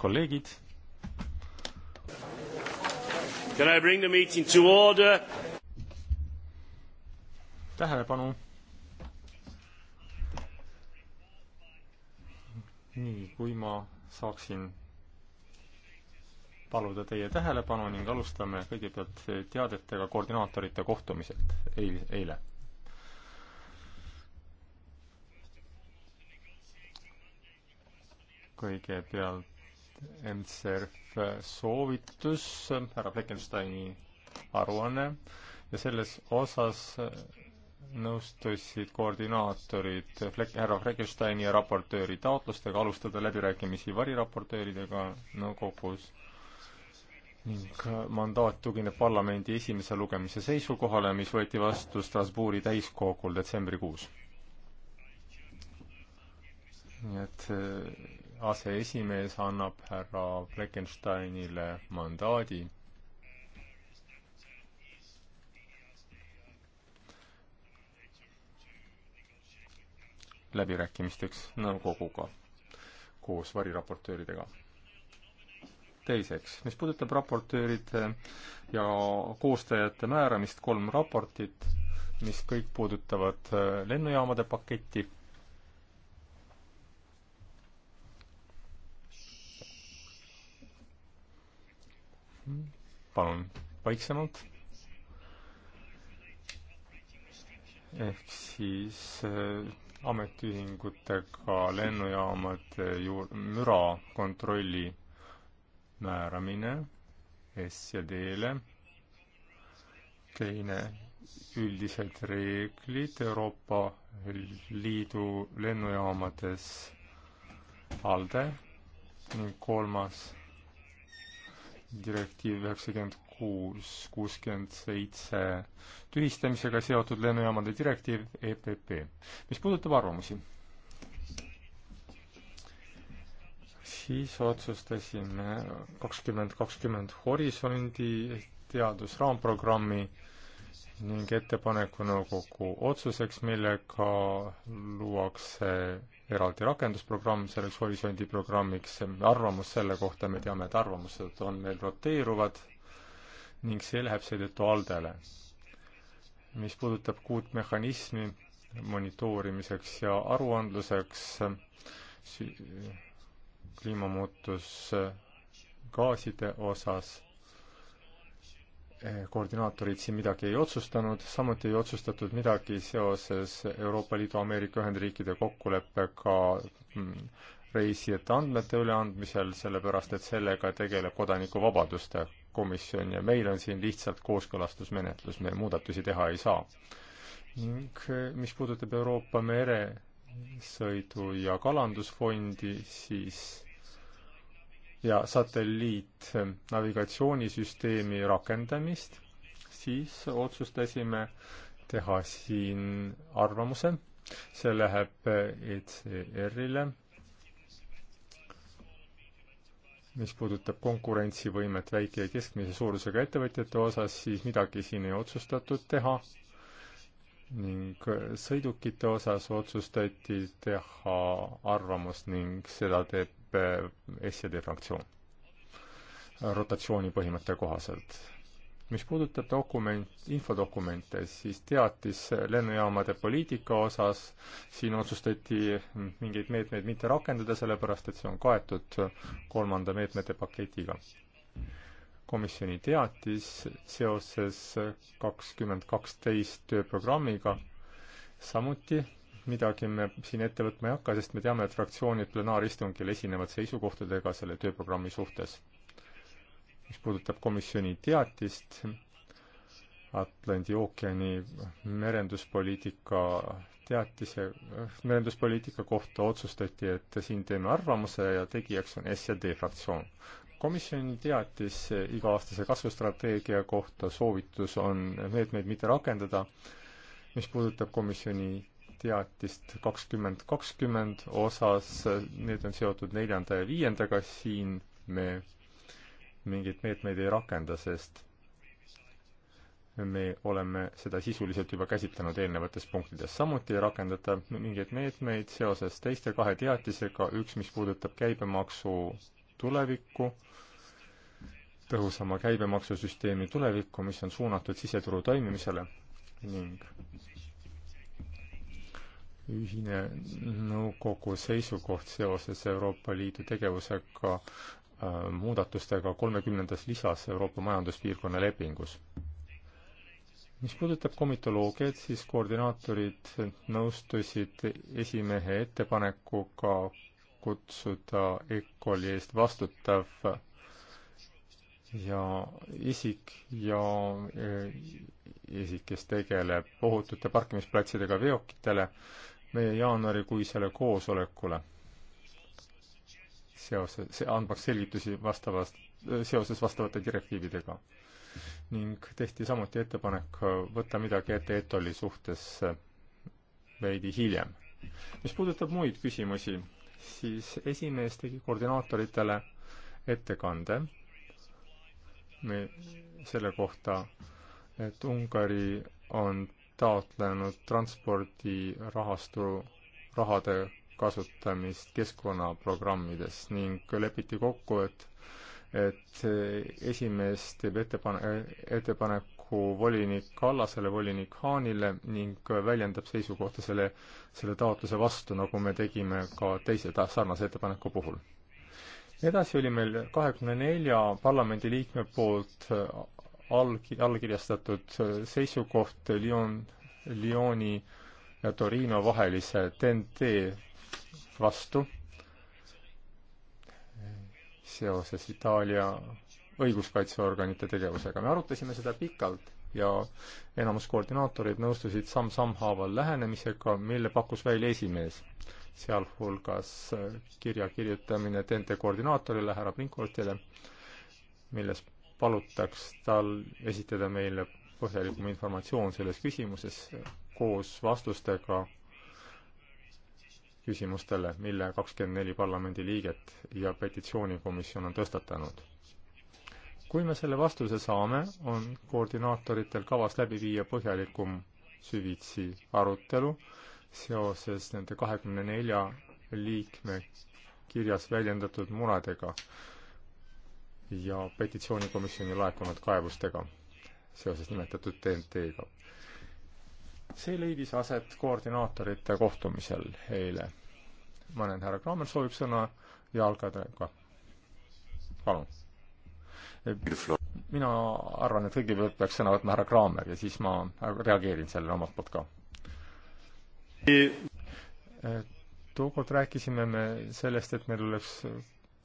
kolleegid. Can I bring the meeting to order? tähelepanu. nii, kui ma saaksin paluda teie tähelepanu ning alustame kõigepealt teadetega koordinaatorite kohtumiselt eil, eile kõigepealt MCRF soovitus, härra Fleckensteini aruanne ja selles osas nõustusid koordinaatorid Fleck-, härra Fleckensteini ja raportööri taotlustega alustada läbirääkimisi variraportööridega nõukogus no, ning mandaat tugineb parlamendi esimese lugemise seisukohale, mis võeti vastu Strasbourgi täiskogul detsembrikuus. nii et aseesimees annab härra Fleckensteinile mandaadi läbirääkimisteks nõukoguga koos variraportööridega. teiseks, mis puudutab raportööride ja koostajate määramist, kolm raportit, mis kõik puudutavad lennujaamade paketti palun vaiksemalt. ehk siis äh, ametiühingutega lennujaamade juur-, müra kontrolli määramine S ja D-le, teine üldised reeglid Euroopa Liidu lennujaamades ALDE ning kolmas direktiiv üheksakümmend kuus, kuuskümmend seitse tühistamisega seotud lennujaamade direktiiv EPP. mis puudutab arvamusi, siis otsustasime kakskümmend kakskümmend Horisondi teadusraamprogrammi ning ettepaneku nõukogu otsuseks, millega luuakse eraldi rakendusprogramm selleks Horisondi programmiks, arvamus selle kohta, me teame, et arvamused on meil roteeruvad ning see läheb seetõttu aldele. mis puudutab kuut mehhanismi monitoorimiseks ja aruandluseks, kliimamuutus gaaside osas Eh, koordinaatorid siin midagi ei otsustanud, samuti ei otsustatud midagi seoses Euroopa Liidu Ameerika Ühendriikide kokkuleppega mm, reisijate andmete üleandmisel, sellepärast et sellega tegeleb kodanikuvabaduste komisjon ja meil on siin lihtsalt kooskõlastusmenetlus, me muudatusi teha ei saa. ning eh, mis puudutab Euroopa meresõidu- ja kalandusfondi, siis ja satelliitnavigatsioonisüsteemi rakendamist, siis otsustasime teha siin arvamuse. see läheb ECR-ile, mis puudutab konkurentsivõimet väike- ja keskmise suurusega ettevõtjate osas, siis midagi siin ei otsustatud teha ning sõidukite osas otsustati teha arvamus ning seda teeb teeb eh, SED fraktsioon rotatsiooni põhimõtte kohaselt. mis puudutab dokument, infodokumente, siis teatis lennujaamade poliitika osas, siin otsustati mingeid meetmeid mitte rakendada, sellepärast et see on kaetud kolmanda meetmete paketiga. komisjoni teatis seoses kakskümmend kaksteist tööprogrammiga samuti midagi me siin ette võtma ei hakka, sest me teame, et fraktsioonid plenaaristungil esinevad seisukohtadega selle tööprogrammi suhtes. mis puudutab komisjoni teatist Atlandi ookeani merenduspoliitika teatise, merenduspoliitika kohta otsustati, et siin teeme arvamuse ja tegijaks on SED fraktsioon komisjoni teatis iga-aastase kasvustrateegia kohta soovitus on meetmeid mitte rakendada. mis puudutab komisjoni teatist kakskümmend kakskümmend osas, need on seotud neljanda ja viiendaga, siin me mingeid meetmeid ei rakenda, sest me oleme seda sisuliselt juba käsitlenud eelnevates punktides. samuti ei rakendata mingeid meetmeid seoses teiste kahe teatisega, üks, mis puudutab käibemaksu tulevikku, tõhusama käibemaksusüsteemi tulevikku, mis on suunatud siseturu toimimisele ning ühine nõukogu seisukoht seoses Euroopa Liidu tegevusega äh, muudatustega kolmekümnendas lisas Euroopa Majanduspiirkonna lepingus. mis puudutab komitoloogiat, siis koordinaatorid nõustusid esimehe ettepanekuga kutsuda EKOL-i eest vastutav ja isik ja äh, isik, kes tegeleb ohutute parkimisplatsidega veokitele meie jaanuarikuisele koosolekule seoses, see andmaks selgitusi vastavast, seoses vastavate direktiividega. ning tehti samuti ettepanek võtta midagi ette Etoli suhtes veidi hiljem. mis puudutab muid küsimusi, siis esimees tegi koordinaatoritele ettekande me selle kohta, et Ungari on taotlenud transpordirahastu rahade kasutamist keskkonnaprogrammides ning lepiti kokku, et et esimees teeb ettepane-, ettepaneku volinik Kallasele, volinik Haanile ning väljendab seisukohta selle, selle taotluse vastu, nagu me tegime ka teise ta-, sarnase ettepaneku puhul. edasi oli meil kahekümne nelja parlamendiliikme poolt alg-, allkirjastatud seisukoht Lyon, Lyoni ja Torino vahelise TNT vastu seoses Itaalia õiguskaitseorganite tegevusega. me arutasime seda pikalt ja enamus koordinaatoreid nõustusid samm-samm haaval lähenemisega, mille pakkus välja esimees, sealhulgas kirja kirjutamine TNT koordinaatorile härra Brinkhortile, milles palutaks tal esitada meile põhjalikum informatsioon selles küsimuses koos vastustega küsimustele, mille kakskümmend neli parlamendiliiget ja petitsioonikomisjon on tõstatanud. kui me selle vastuse saame, on koordinaatoritel kavas läbi viia põhjalikum süvitsi arutelu seoses nende kahekümne nelja liikme kirjas väljendatud muredega ja petitsioonikomisjoni laekunud kaebustega seoses nimetatud TNT-ga. see leidis aset koordinaatorite kohtumisel eile. ma näen, härra Kraamer soovib sõna ja algatajaga. palun. mina arvan, et kõigepealt peaks sõna võtma härra Kraamer ja siis ma reageerin sellele omalt poolt ka e- tookord rääkisime me sellest, et meil oleks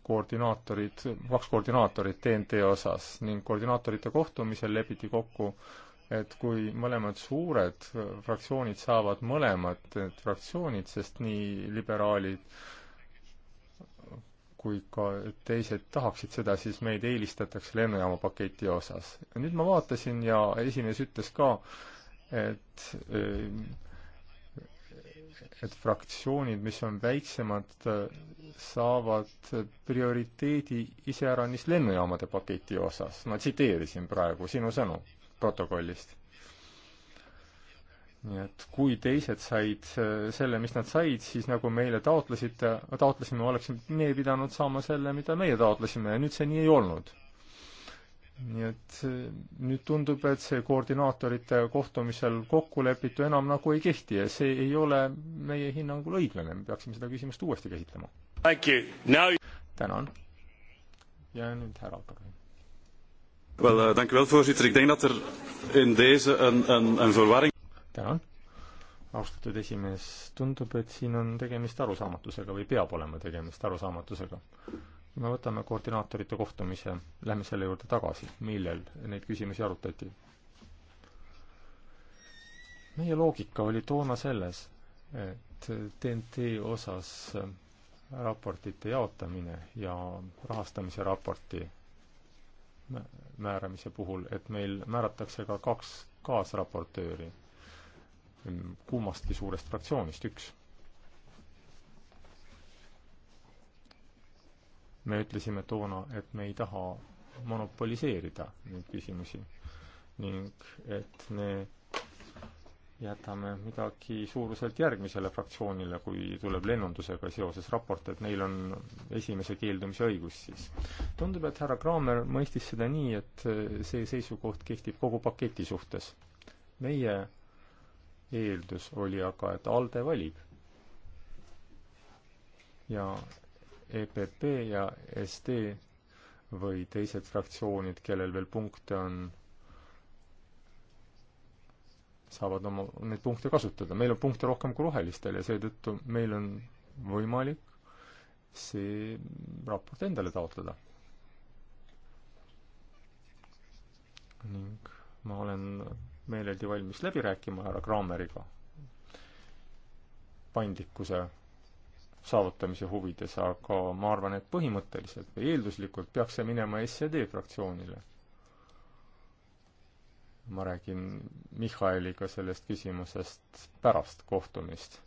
koordinaatorid, kaks koordinaatorit TNT osas ning koordinaatorite kohtumisel lepiti kokku, et kui mõlemad suured fraktsioonid saavad mõlemad fraktsioonid, sest nii liberaalid kui ka teised tahaksid seda, siis meid eelistatakse lennujaama paketi osas. nüüd ma vaatasin ja esimees ütles ka, et et fraktsioonid, mis on väiksemad, saavad prioriteedi iseäranis lennujaamade paketi osas. ma tsiteerisin praegu sinu sõnu protokollist. nii et kui teised said äh, selle, mis nad said, siis nagu meile taotlesite, taotlesime, oleksime meie pidanud saama selle, mida meie taotlesime ja nüüd see nii ei olnud nii et eh, nüüd tundub, et see koordinaatorite kohtumisel kokkulepitu enam nagu ei kehti ja see ei ole meie hinnangul õiglane, me peaksime seda küsimust uuesti käsitlema. Now... tänan. ja nüüd härra Alkarin. Wel, uh, dank u wel, voorzitter. Ik denk dat er in deze een, een, een verwarring... Tänan. Austatud esimees, tundub, et siin on tegemist arusaamatusega või peab olema tegemist arusaamatusega me võtame koordinaatorite kohtumise, lähme selle juurde tagasi, millel neid küsimusi arutati. meie loogika oli toona selles, et TNT osas raportite jaotamine ja rahastamise raporti määramise puhul, et meil määratakse ka kaks kaasraportööri kummastki suurest fraktsioonist, üks me ütlesime toona, et me ei taha monopoliseerida neid küsimusi ning et me jätame midagi suuruselt järgmisele fraktsioonile, kui tuleb lennundusega seoses raport, et neil on esimese keeldumise õigus siis. tundub, et härra Kraamer mõistis seda nii, et see seisukoht kehtib kogu paketi suhtes. meie eeldus oli aga, et ALDE valib. ja EPP ja SD või teised fraktsioonid, kellel veel punkte on, saavad oma, neid punkte kasutada. meil on punkte rohkem kui rohelistel ja seetõttu meil on võimalik see raport endale taotleda. ning ma olen meeleldi valmis läbi rääkima härra Krammeriga paindlikkuse saavutamise huvides, aga ma arvan, et põhimõtteliselt või eelduslikult peaks see minema SED fraktsioonile. ma räägin Michaeliga sellest küsimusest pärast kohtumist,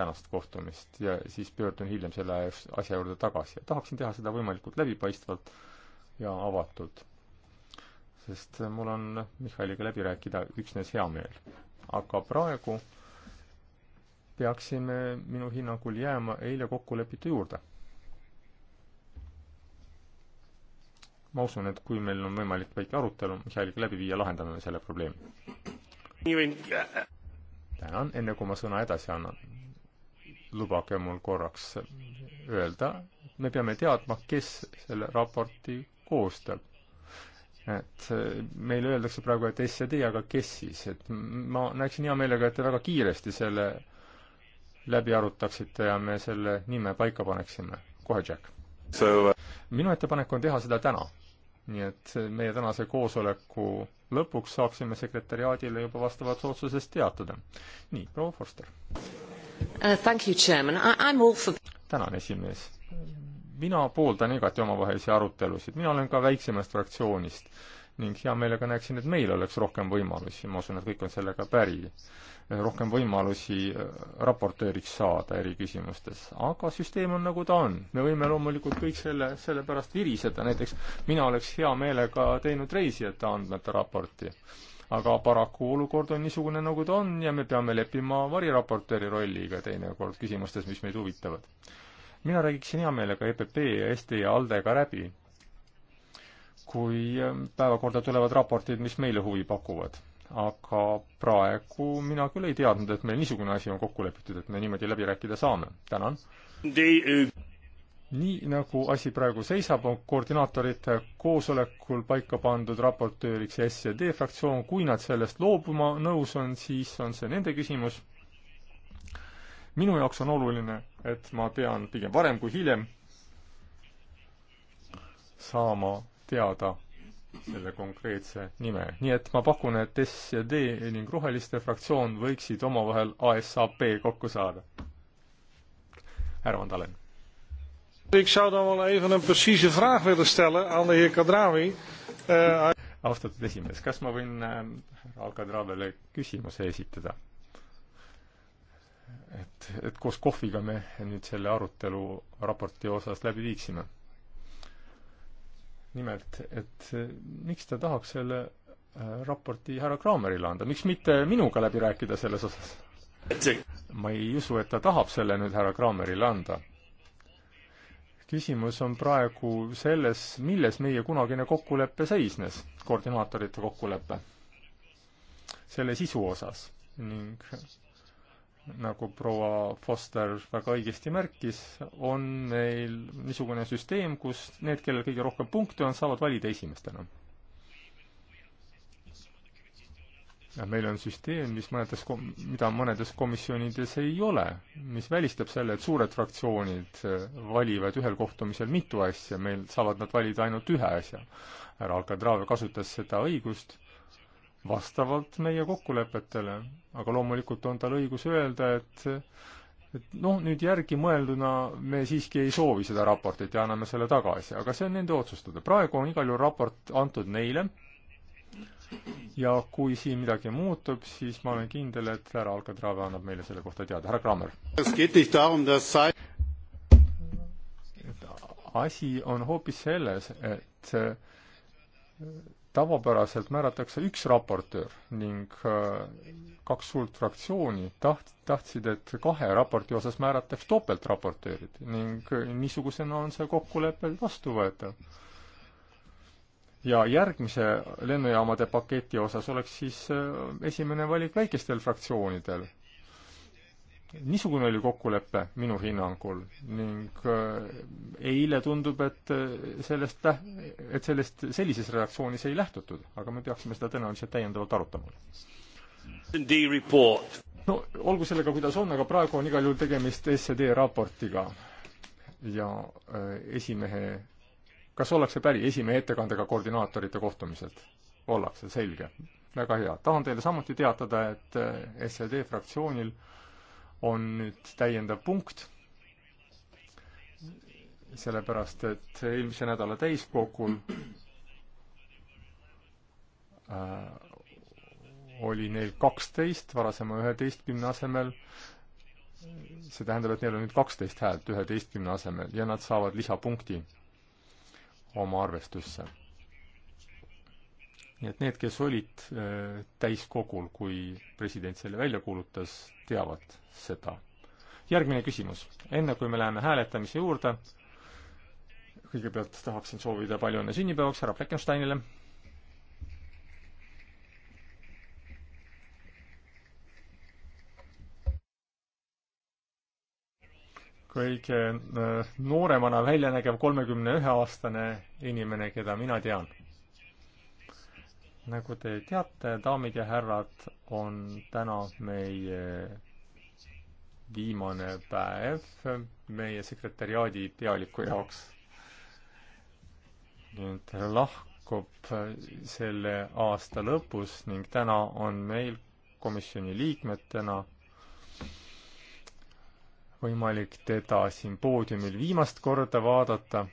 tänast kohtumist, ja siis pöördun hiljem selle asja juurde tagasi ja tahaksin teha seda võimalikult läbipaistvalt ja avatult. sest mul on Michaeliga läbi rääkida üksnes hea meel. aga praegu äh, peaksime minu hinnangul jääma eile kokkulepitu juurde. ma usun, et kui meil on võimalik väike arutelu Mihhailiga läbi viia, lahendame selle probleemi. tänan, enne kui ma sõna edasi annan, lubage mul korraks öelda, me peame teadma, kes selle raporti koostab et meile öeldakse praegu, et SED, aga kes siis, et ma näeksin hea meelega, et te väga kiiresti selle läbi arutaksite ja me selle nime paika paneksime. kohe, Jack. Uh, minu ettepanek on teha seda täna. nii et meie tänase koosoleku lõpuks saaksime sekretäriaadile juba vastavast otsusest teatada. nii, proua Forster uh,. Thank you, chairman, I am all for tänan, esimees. mina pooldan igati omavahelisi arutelusid, mina olen ka väiksemast fraktsioonist ning hea meelega näeksin, et meil oleks rohkem võimalusi, ma usun, et kõik on sellega päri rohkem võimalusi äh, raportööriks saada eriküsimustes. aga süsteem on, nagu ta on. me võime loomulikult kõik selle, selle pärast viriseda, näiteks mina oleks hea meelega teinud reisijate andmete raporti. aga paraku olukord on niisugune, nagu ta on ja me peame leppima variraportööri rolliga teinekord küsimustes, mis meid huvitavad. mina räägiksin hea meelega EPP ja Eesti ja ALDE-ga läbi, kui äh, päevakorda tulevad raportid, mis meile huvi pakuvad aga praegu mina küll ei teadnud, et meil niisugune asi on kokku lepitud, et me niimoodi läbi rääkida saame. tänan. nii nagu asi praegu seisab, on koordinaatorite koosolekul paika pandud raportööriks SED fraktsioon, kui nad sellest loobuma nõus on, siis on see nende küsimus. minu jaoks on oluline, et ma pean pigem varem kui hiljem saama teada selle konkreetse nime. nii et ma pakun, et S ja D ning Roheliste fraktsioon võiksid omavahel ASAP kokku saada. härra Van Dalen. Ik zou dan wel even een precieze vraag willen stellen aan de heer Kadrawi uh.... Eh, austatud esimees, kas ma võin eh, härra äh, Alcadravele küsimuse esitada? et, et koos kohviga me nüüd selle arutelu raporti osas läbi viiksime nimelt, et eh, miks ta tahaks selle eh, raporti härra Kraamerile anda, miks mitte minuga läbi rääkida selles osas? ma ei usu, et ta tahab selle nüüd härra Kraamerile anda. küsimus on praegu selles, milles meie kunagine kokkulepe seisnes, koordinaatorite kokkulepe, selle sisu osas ning nagu proua Foster väga õigesti märkis, on meil niisugune süsteem, kus need, kellel kõige rohkem punkte on, saavad valida esimestena. ja meil on süsteem, mis mõnedes, mida mõnedes komisjonides ei ole, mis välistab selle, et suured fraktsioonid äh, valivad ühel kohtumisel mitu asja, meil saavad nad valida ainult ühe asja. härra Alcadrave kasutas seda õigust vastavalt meie kokkulepetele. aga loomulikult on tal õigus öelda, et et noh, nüüd järgi mõelduna me siiski ei soovi seda raportit ja anname selle tagasi, aga see on nende otsustada. praegu on igal juhul raport antud neile ja kui siin midagi muutub, siis ma olen kindel, et härra Alcatrave annab meile selle kohta teada. härra Krammer. asi on hoopis selles, et tavapäraselt määratakse üks raportöör ning äh, kaks suurt fraktsiooni taht-, tahtsid, et kahe raporti osas määrataks topeltraportöörid ning äh, niisugusena on see kokkulepe vastuvõetav. ja järgmise lennujaamade paketi osas oleks siis äh, esimene valik väikestel fraktsioonidel niisugune oli kokkulepe minu hinnangul ning äh, eile tundub, et äh, sellest läh-, et sellest, sellises reaktsioonis ei lähtutud, aga me peaksime seda tõenäoliselt täiendavalt arutama. no olgu sellega, kuidas on, aga praegu on igal juhul tegemist SED raportiga ja äh, esimehe, kas ollakse päri esimehe ettekandega koordinaatorite kohtumiselt? ollakse, selge. väga hea. tahan teile samuti teatada, et SED fraktsioonil äh, on nüüd täiendav punkt, sellepärast et eelmise nädala täiskogul äh, oli neil kaksteist, varasema üheteistkümne asemel, see tähendab, et neil on nüüd kaksteist häält üheteistkümne asemel ja nad saavad lisapunkti oma arvestusse nii et need, kes olid äh, täiskogul, kui president selle välja kuulutas, teavad seda. järgmine küsimus. enne kui me läheme hääletamise juurde, kõigepealt tahaksin soovida palju õnne sünnipäevaks härra Fleckensteinile. kõige äh, nooremana välja nägev kolmekümne ühe aastane inimene, keda mina tean nagu te teate, daamid ja härrad, on täna meie viimane päev meie sekretäriaadi pealiku jaoks. nüüd lahkub selle aasta lõpus ning täna on meil komisjoni liikmetena võimalik teda siin poodiumil viimast korda vaadata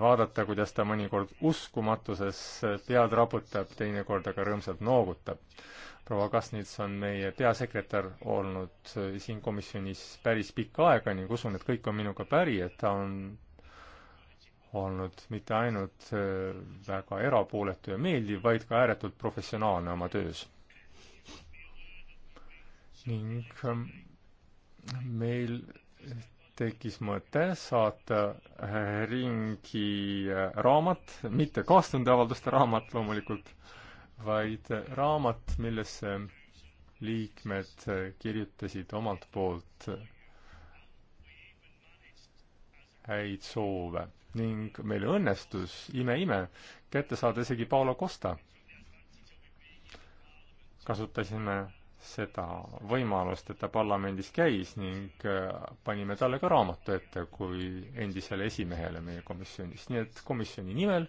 vaadata, kuidas ta mõnikord uskumatuses pead raputab, teinekord aga rõõmsalt noogutab. proua Kasnits on meie peasekretär olnud siin komisjonis päris pikka aega ning usun, et kõik on minuga päri, et ta on olnud mitte ainult äh, väga erapooletu ja meeldiv, vaid ka ääretult professionaalne oma töös. ning ähm, meil tekkis mõte saata äh, ringi äh, raamat, mitte kaastundeavalduste raamat loomulikult, vaid äh, raamat, millesse liikmed kirjutasid omalt poolt häid soove ning meil õnnestus ime-ime kätte saada isegi Paolo Costa. kasutasime seda võimalust, et ta parlamendis käis ning äh, panime talle ka raamatu ette kui endisele esimehele meie komisjonis. nii et komisjoni nimel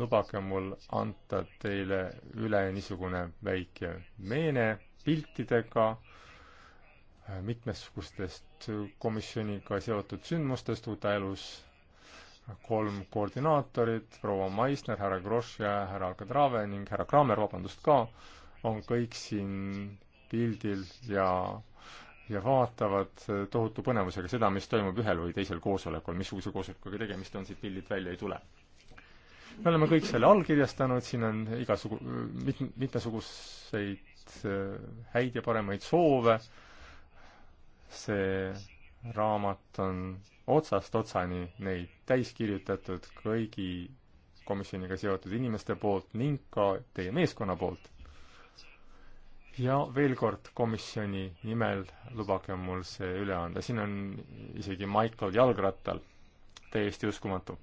lubage mul anda teile üle niisugune väike meene piltidega äh, mitmesugustest komisjoniga seotud sündmustest Uta elus. kolm koordinaatorit, proua Maisner, härra Grosch ja härra Kadrave ning härra Kramer, vabandust ka, on kõik siin pildil ja, ja vaatavad tohutu põnevusega seda, mis toimub ühel või teisel koosolekul, missuguse koosolekuga tegemist on, siit pildilt välja ei tule. me oleme kõik selle allkirjastanud, siin on igasugu, mit-, mitmesuguseid äh, häid ja paremaid soove, see raamat on otsast otsani neid täis kirjutatud kõigi komisjoniga seotud inimeste poolt ning ka teie meeskonna poolt ja veel kord komisjoni nimel lubage mul see üle anda, siin on isegi Michael jalgrattal, täiesti uskumatu.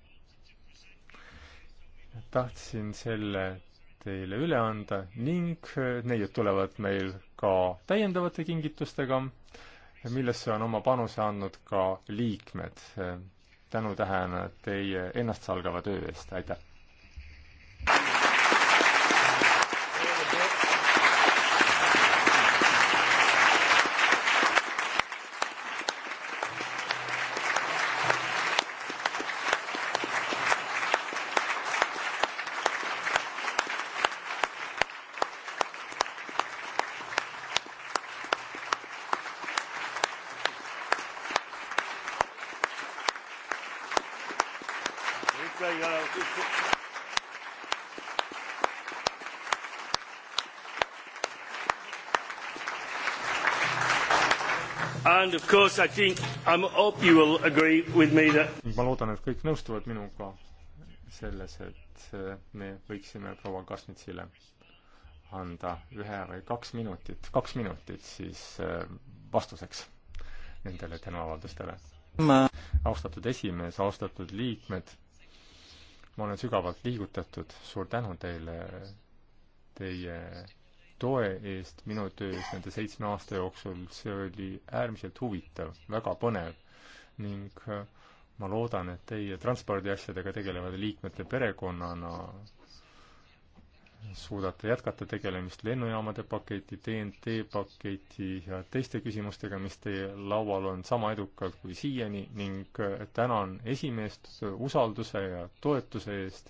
tahtsin selle teile üle anda ning neiud tulevad meil ka täiendavate kingitustega, millesse on oma panuse andnud ka liikmed. tänutähena teie ennastsalgava töö eest, aitäh! course, I think I hope you will agree with me that. ma loodan, et kõik nõustuvad minuga selles, et eh, me võiksime proua Kasnitsile anda ühe või kaks minutit, kaks minutit siis eh, vastuseks nendele tänuavaldustele ma.... austatud esimees, austatud liikmed, ma olen sügavalt liigutatud, suur tänu teile teie toe eest minu töös nende seitsme aasta jooksul, see oli äärmiselt huvitav, väga põnev ning äh, ma loodan, et teie transpordiasjadega tegelevate liikmete perekonnana suudate jätkata tegelemist lennujaamade paketi, TNT paketi ja teiste küsimustega, mis teie laual on, sama edukalt kui siiani ning äh, tänan esimeest usalduse ja toetuse eest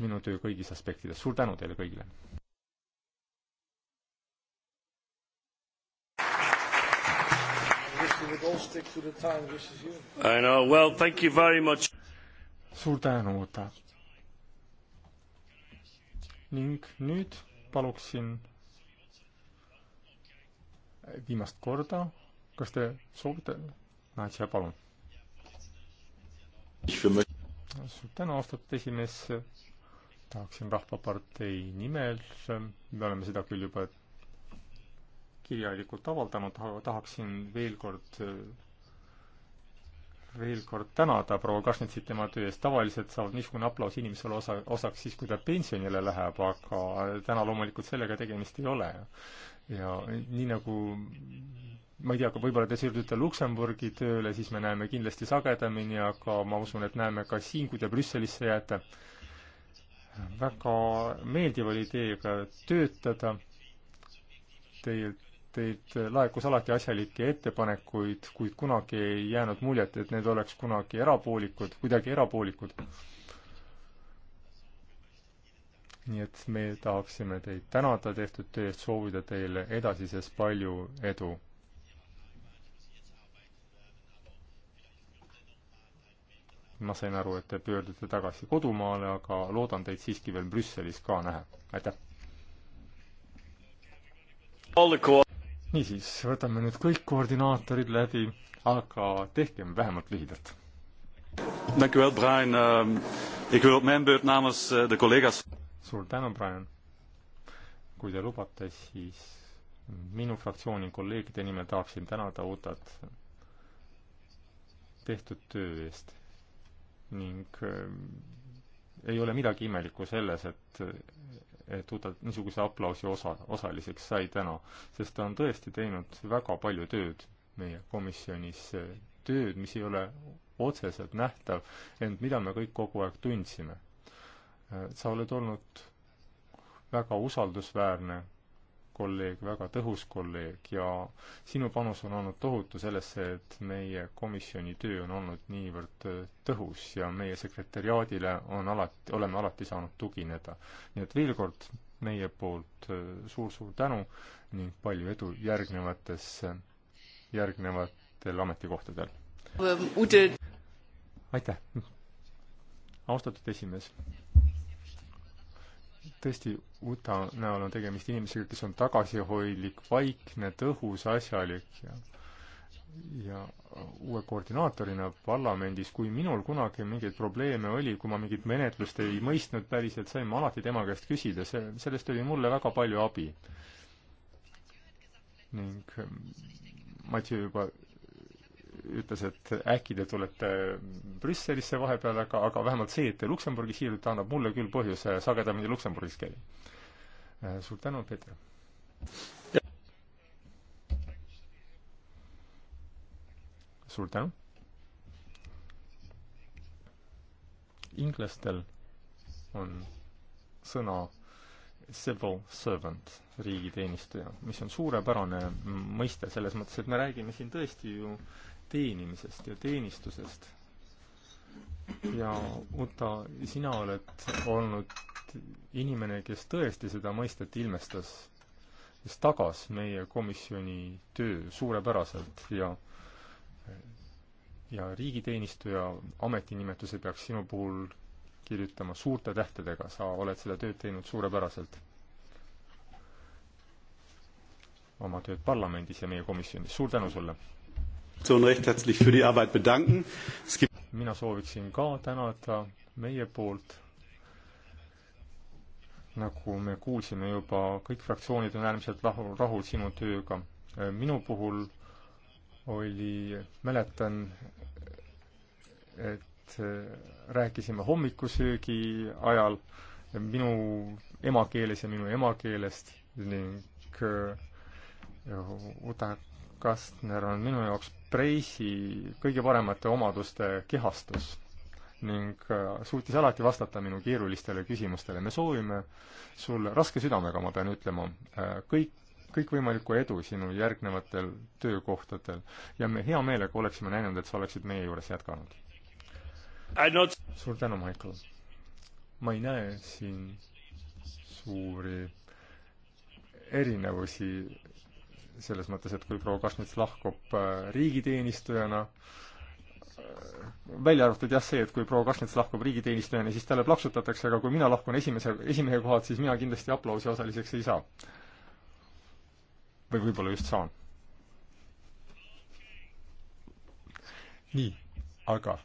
minu töö kõigis aspektides. suur tänu teile kõigile! I know. Well, thank you very much. suur tänu, Uta. ning nüüd paluksin viimast korda, kas te soovite, Nadja, palun. suur tänu, austatud esimees. tahaksin Rahvapartei nimel, me oleme seda küll juba kirjalikult avaldanud, tahaksin veel kord, veel kord tänada proua Kašnitsit tema töö eest. tavaliselt saab niisugune aplaus inimesele osa, osaks siis, kui ta pensionile läheb, aga täna loomulikult sellega tegemist ei ole. ja nii nagu ma ei tea, võib-olla te siirdute Luksemburgi tööle, siis me näeme kindlasti sagedamini, aga ma usun, et näeme ka siin, kui te Brüsselisse jääte. väga meeldiv oli teiega töötada teilt Teilt laekus alati asjalikke ettepanekuid, kuid kunagi ei jäänud muljet, et need oleks kunagi erapoolikud, kuidagi erapoolikud. nii et me tahaksime teid tänada tehtud töö eest, soovida teile edasises palju edu ma sain aru, et te pöördute tagasi kodumaale, aga loodan teid siiski veel Brüsselis ka näha. aitäh! niisiis, võtame nüüd kõik koordinaatorid läbi, aga tehkem vähemalt lühidalt. Dank u wel, Brian uh,. Ik wil op mijn beurt namens eh, de collega's. suur tänu, Brian. kui te lubate, siis minu fraktsiooni kolleegide nimel tahaksin tänada Utat tehtud töö eest ning äh, ei ole midagi imelikku selles, et Tuda niisuguse aplausi osa, osaliseks sai täna, sest ta on tõesti teinud väga palju tööd meie komisjonis, tööd, mis ei ole otseselt nähtav, ent mida me kõik kogu aeg tundsime. sa oled olnud väga usaldusväärne kolleeg, väga tõhus kolleeg ja sinu panus on olnud tohutu sellesse, et meie komisjoni töö on olnud niivõrd äh, tõhus ja meie sekretäriaadile on alati, oleme alati saanud tugineda. nii et veel kord meie poolt suur-suur äh, tänu ning palju edu järgnevates, järgnevatel ametikohtadel! Um, aitäh! austatud esimees! tõesti, Uta näol on tegemist inimesega, kes on tagasihoidlik, vaikne, tõhus, asjalik ja ja uue koordinaatorina parlamendis, kui minul kunagi mingeid probleeme oli, kui ma mingit menetlust ei mõistnud päriselt, sain ma alati tema käest küsida, see, sellest oli mulle väga palju abi. ning ähm, Matju juba ütles, et äkki te tulete Brüsselisse vahepeal, aga, aga vähemalt see, et te Luksemburgis hiilute, annab mulle küll põhjuse sagedamini Luksemburgis käia. Äh, suur tänu, Peeter! suur tänu! inglastel on sõna civil servant, riigiteenistuja, mis on suurepärane mõiste selles mõttes, et me räägime siin tõesti ju äh, teenimisest ja teenistusest. ja Uta, sina oled olnud inimene, kes tõesti seda mõistet ilmestas, kes tagas meie komisjoni töö suurepäraselt ja ja riigiteenistuja ametinimetuse peaks sinu puhul kirjutama suurte tähtedega, sa oled seda tööd teinud suurepäraselt oma tööd parlamendis ja meie komisjonis. suur tänu sulle! mina sooviksin ka tänada meie poolt. nagu me kuulsime juba, kõik fraktsioonid on äärmiselt rahul, rahul sinu tööga. minu puhul oli, mäletan, et äh, rääkisime hommikusöögi ajal minu emakeeles ja minu emakeelest ning äh, Uta Kastner on minu jaoks Preisi kõige paremate omaduste kehastus ning äh, suutis alati vastata minu keerulistele küsimustele. me soovime sulle raske südamega, ma pean ütlema, äh, kõik, kõikvõimalikku edu sinu järgnevatel töökohtadel ja me hea meelega oleksime näinud, et sa oleksid meie juures jätkanud. Not... suur tänu, Michael. ma ei näe siin suuri erinevusi selles mõttes, et kui proua Kašnits lahkub äh, riigiteenistujana, äh, välja arvatud jah see, et kui proua Kašnets lahkub riigiteenistujana, siis talle plaksutatakse, aga kui mina lahkun esimese, esimehe kohalt, siis mina kindlasti aplausi osaliseks ei saa. või võib-olla just saan. nii, aga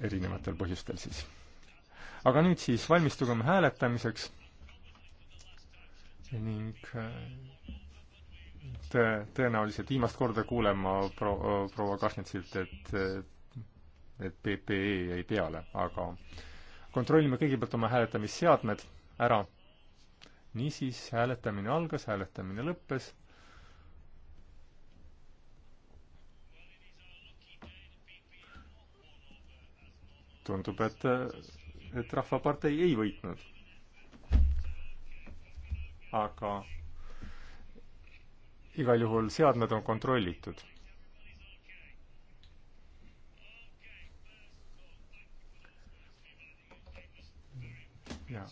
erinevatel põhjustel siis. aga nüüd siis valmistugem hääletamiseks ning äh, tõe, tõenäoliselt viimast korda kuulen ma äh, proua, proua Kašnitsilt, et, äh, et PPE jäi peale, aga kontrollime kõigepealt oma hääletamisseadmed ära. niisiis, hääletamine algas, hääletamine lõppes tundub, et, et Rahvapartei ei võitnud aga igal juhul seadmed on kontrollitud. ja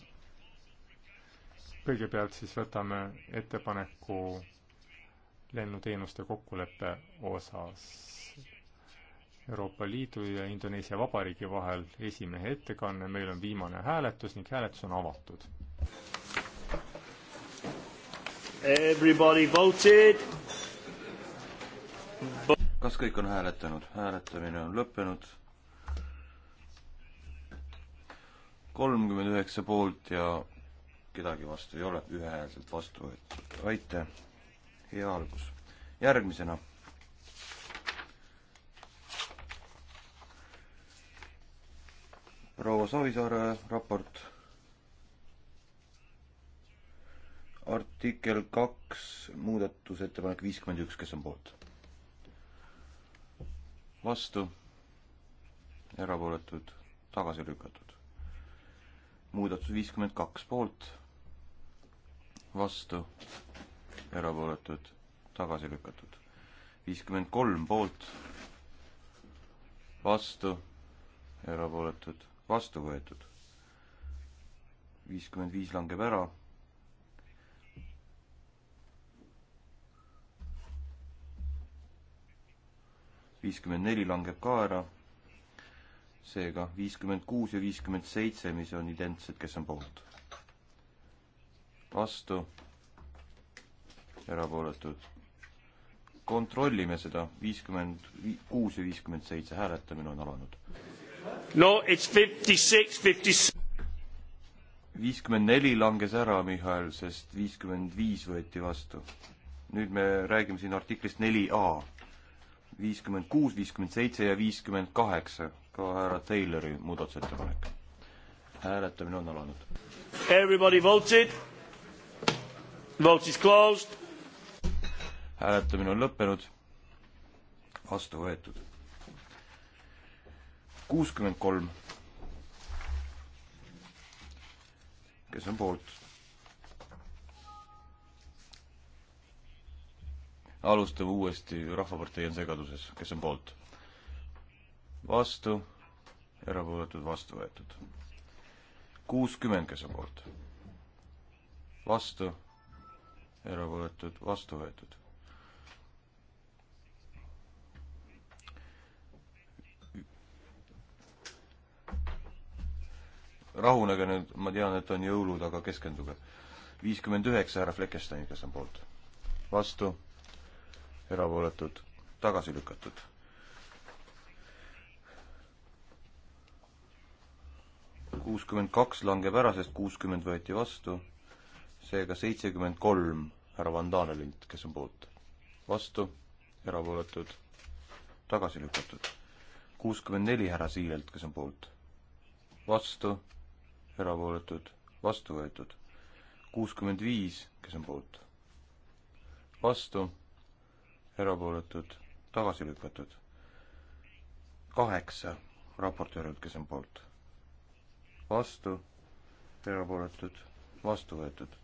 kõigepealt siis võtame ettepaneku lennuteenuste kokkuleppe osas Euroopa Liidu ja Indoneesia Vabariigi vahel esimehe ettekanne, meil on viimane hääletus ning hääletus on avatud. Everybody voted. kas kõik on hääletanud? hääletamine on lõppenud. kolmkümmend üheksa poolt ja kedagi vastu ei ole, ühehäälselt vastu võetud. aitäh, hea algus. järgmisena. proua Savisaare raport artikkel kaks, muudatusettepanek viiskümmend üks, kes on poolt? vastu, erapooletud, tagasi lükatud. muudatus viiskümmend kaks poolt, vastu, erapooletud, tagasi lükatud. viiskümmend kolm poolt, vastu, erapooletud, vastu võetud. viiskümmend viis langeb ära viiskümmend neli langeb ka ära, seega viiskümmend kuus ja viiskümmend seitse, mis on identsed, kes on poolt. vastu, erapooletud. kontrollime seda, viiskümmend kuus ja viiskümmend seitse, hääletamine on alanud. no it's fifty six, fifty six viiskümmend neli langes ära, Mihhail, sest viiskümmend viis võeti vastu. nüüd me räägime siin artiklist neli A viiskümmend kuus, viiskümmend seitse ja viiskümmend kaheksa, ka härra Taylori muudatusettepanek. hääletamine on alanud. Everybody voted. Vote is closed. hääletamine on lõppenud. vastu võetud. kuuskümmend kolm. kes on poolt? alustame uuesti, Rahvapartei on segaduses, kes on poolt? vastu, erapooletud, vastu võetud. kuuskümmend, kes on poolt? vastu, erapooletud, vastu võetud. rahunege nüüd, ma tean, et on jõulud, aga keskenduge. viiskümmend üheksa härra Fleckenstein, kes on poolt? vastu erapooletud, tagasi lükatud. kuuskümmend kaks langeb ära, sest kuuskümmend võeti vastu, seega seitsekümmend kolm härra Van Danelilt, kes on poolt, vastu, erapooletud, tagasi lükatud. kuuskümmend neli härra Siilelt, kes on poolt, vastu, erapooletud, vastu võetud. kuuskümmend viis, kes on poolt, vastu erapooletud, tagasi lükatud. kaheksa raportöörilt, kes on poolt, vastu, erapooletud, vastu võetud.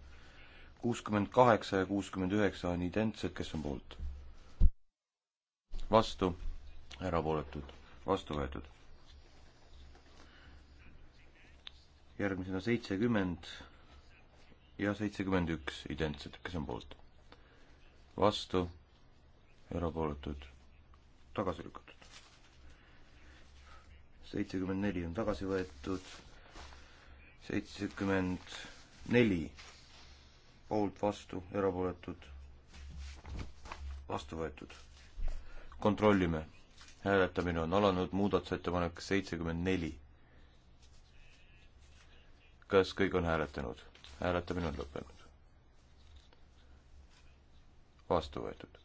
kuuskümmend kaheksa ja kuuskümmend üheksa on identsed, kes on poolt, vastu, erapooletud, vastu võetud. järgmisena seitsekümmend ja seitsekümmend üks identsed, kes on poolt, vastu erapooletud, tagasi lükatud. seitsekümmend neli on tagasi võetud, seitsekümmend neli poolt, vastu, erapooletud, vastu võetud. kontrollime. hääletamine on alanud, muudatusettepanek seitsekümmend neli. kas kõik on hääletanud? hääletamine on lõppenud. vastu võetud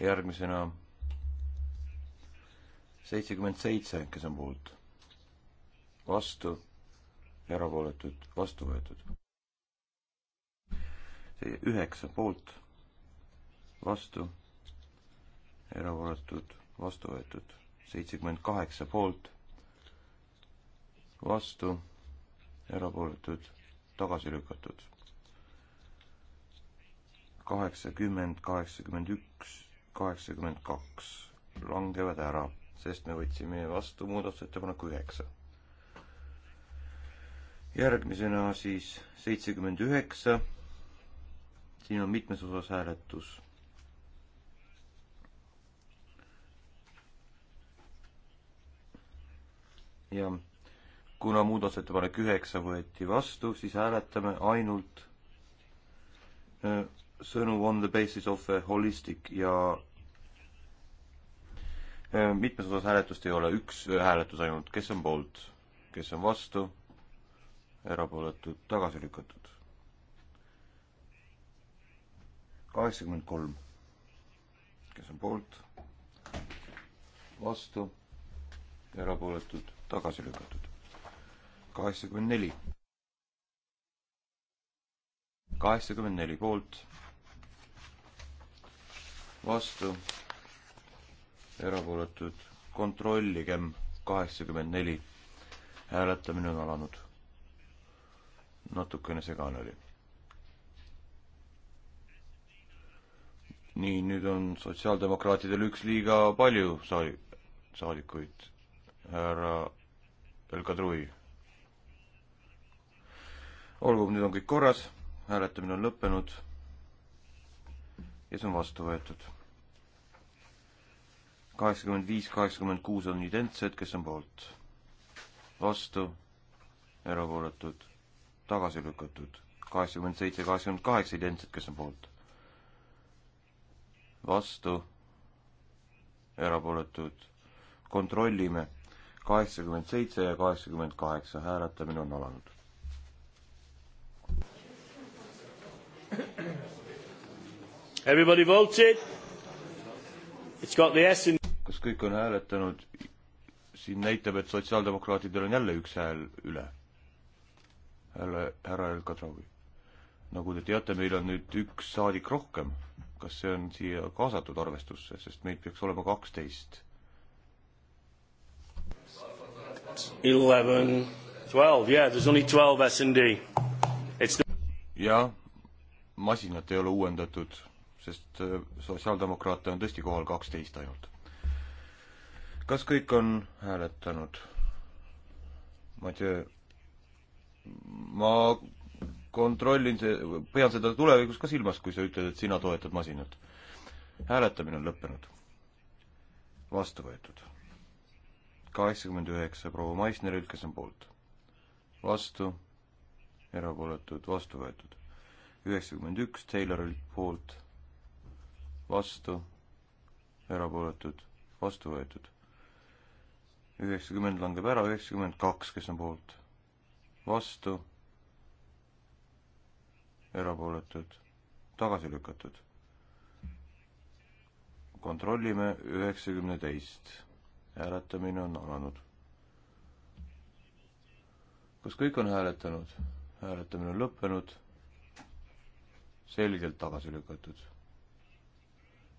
järgmisena seitsekümmend seitse, kes on poolt, vastu, erapooletud, vastu võetud. see üheksa poolt, vastu, erapooletud, vastu võetud, seitsekümmend kaheksa poolt, vastu, erapooletud, tagasi lükatud kaheksakümmend, kaheksakümmend üks kaheksakümmend kaks langevad ära, sest me võtsime vastu muudatusettepaneku üheksa. järgmisena siis seitsekümmend üheksa. siin on mitmes osas hääletus ja kuna muudatusettepanek üheksa võeti vastu, siis hääletame ainult äh, sõnu on the basis of a holistic ja äh, mitmes osas hääletust ei ole, üks hääletus ainult, kes on poolt, kes on vastu, erapooletud, tagasi lükatud. kaheksakümmend kolm, kes on poolt, vastu, erapooletud, tagasi lükatud. kaheksakümmend neli, kaheksakümmend neli poolt vastu, erapooletud, kontrolligem, kaheksakümmend neli. hääletamine on alanud. natukene segane oli. nii, nüüd on sotsiaaldemokraatidel üks liiga palju saali, saadikuid. härra Elkadrui. olgu, nüüd on kõik korras, hääletamine on lõppenud ja see on vastu võetud. kaheksakümmend viis, kaheksakümmend kuus on identsed, kes on poolt? vastu, erapooletud, tagasi lükatud. kaheksakümmend seitse, kaheksakümmend kaheksa identsed, kes on poolt? vastu, erapooletud, kontrollime. kaheksakümmend seitse ja kaheksakümmend kaheksa hääletamine on alanud. Everybody voted? It's got the S in kas kõik on hääletanud? siin näitab, et sotsiaaldemokraatidel on jälle üks hääl üle. härra, härra El Kadraoui. nagu te teate, meil on nüüd üks saadik rohkem. kas see on siia kaasatud arvestusse, sest meid peaks olema kaksteist? Eleven, twelve, yeah, there is only twelve S and D. jah, masinat ei ole uuendatud sest äh, sotsiaaldemokraate on tõesti kohal kaksteist ainult. kas kõik on hääletanud? ma ei tea, ma kontrollin, pean seda tulevikus ka silmas, kui sa ütled, et sina toetad masinat. hääletamine on lõppenud. vastu võetud. kaheksakümmend üheksa proua Maisnerilt, kes on poolt. vastu, erapooletud, vastu võetud. üheksakümmend üks Taylorilt poolt vastu, erapooletud, vastu võetud. üheksakümmend langeb ära, üheksakümmend kaks, kes on poolt, vastu, erapooletud, tagasi lükatud. kontrollime üheksakümne teist. hääletamine on alanud. kas kõik on hääletanud? hääletamine on lõppenud, selgelt tagasi lükatud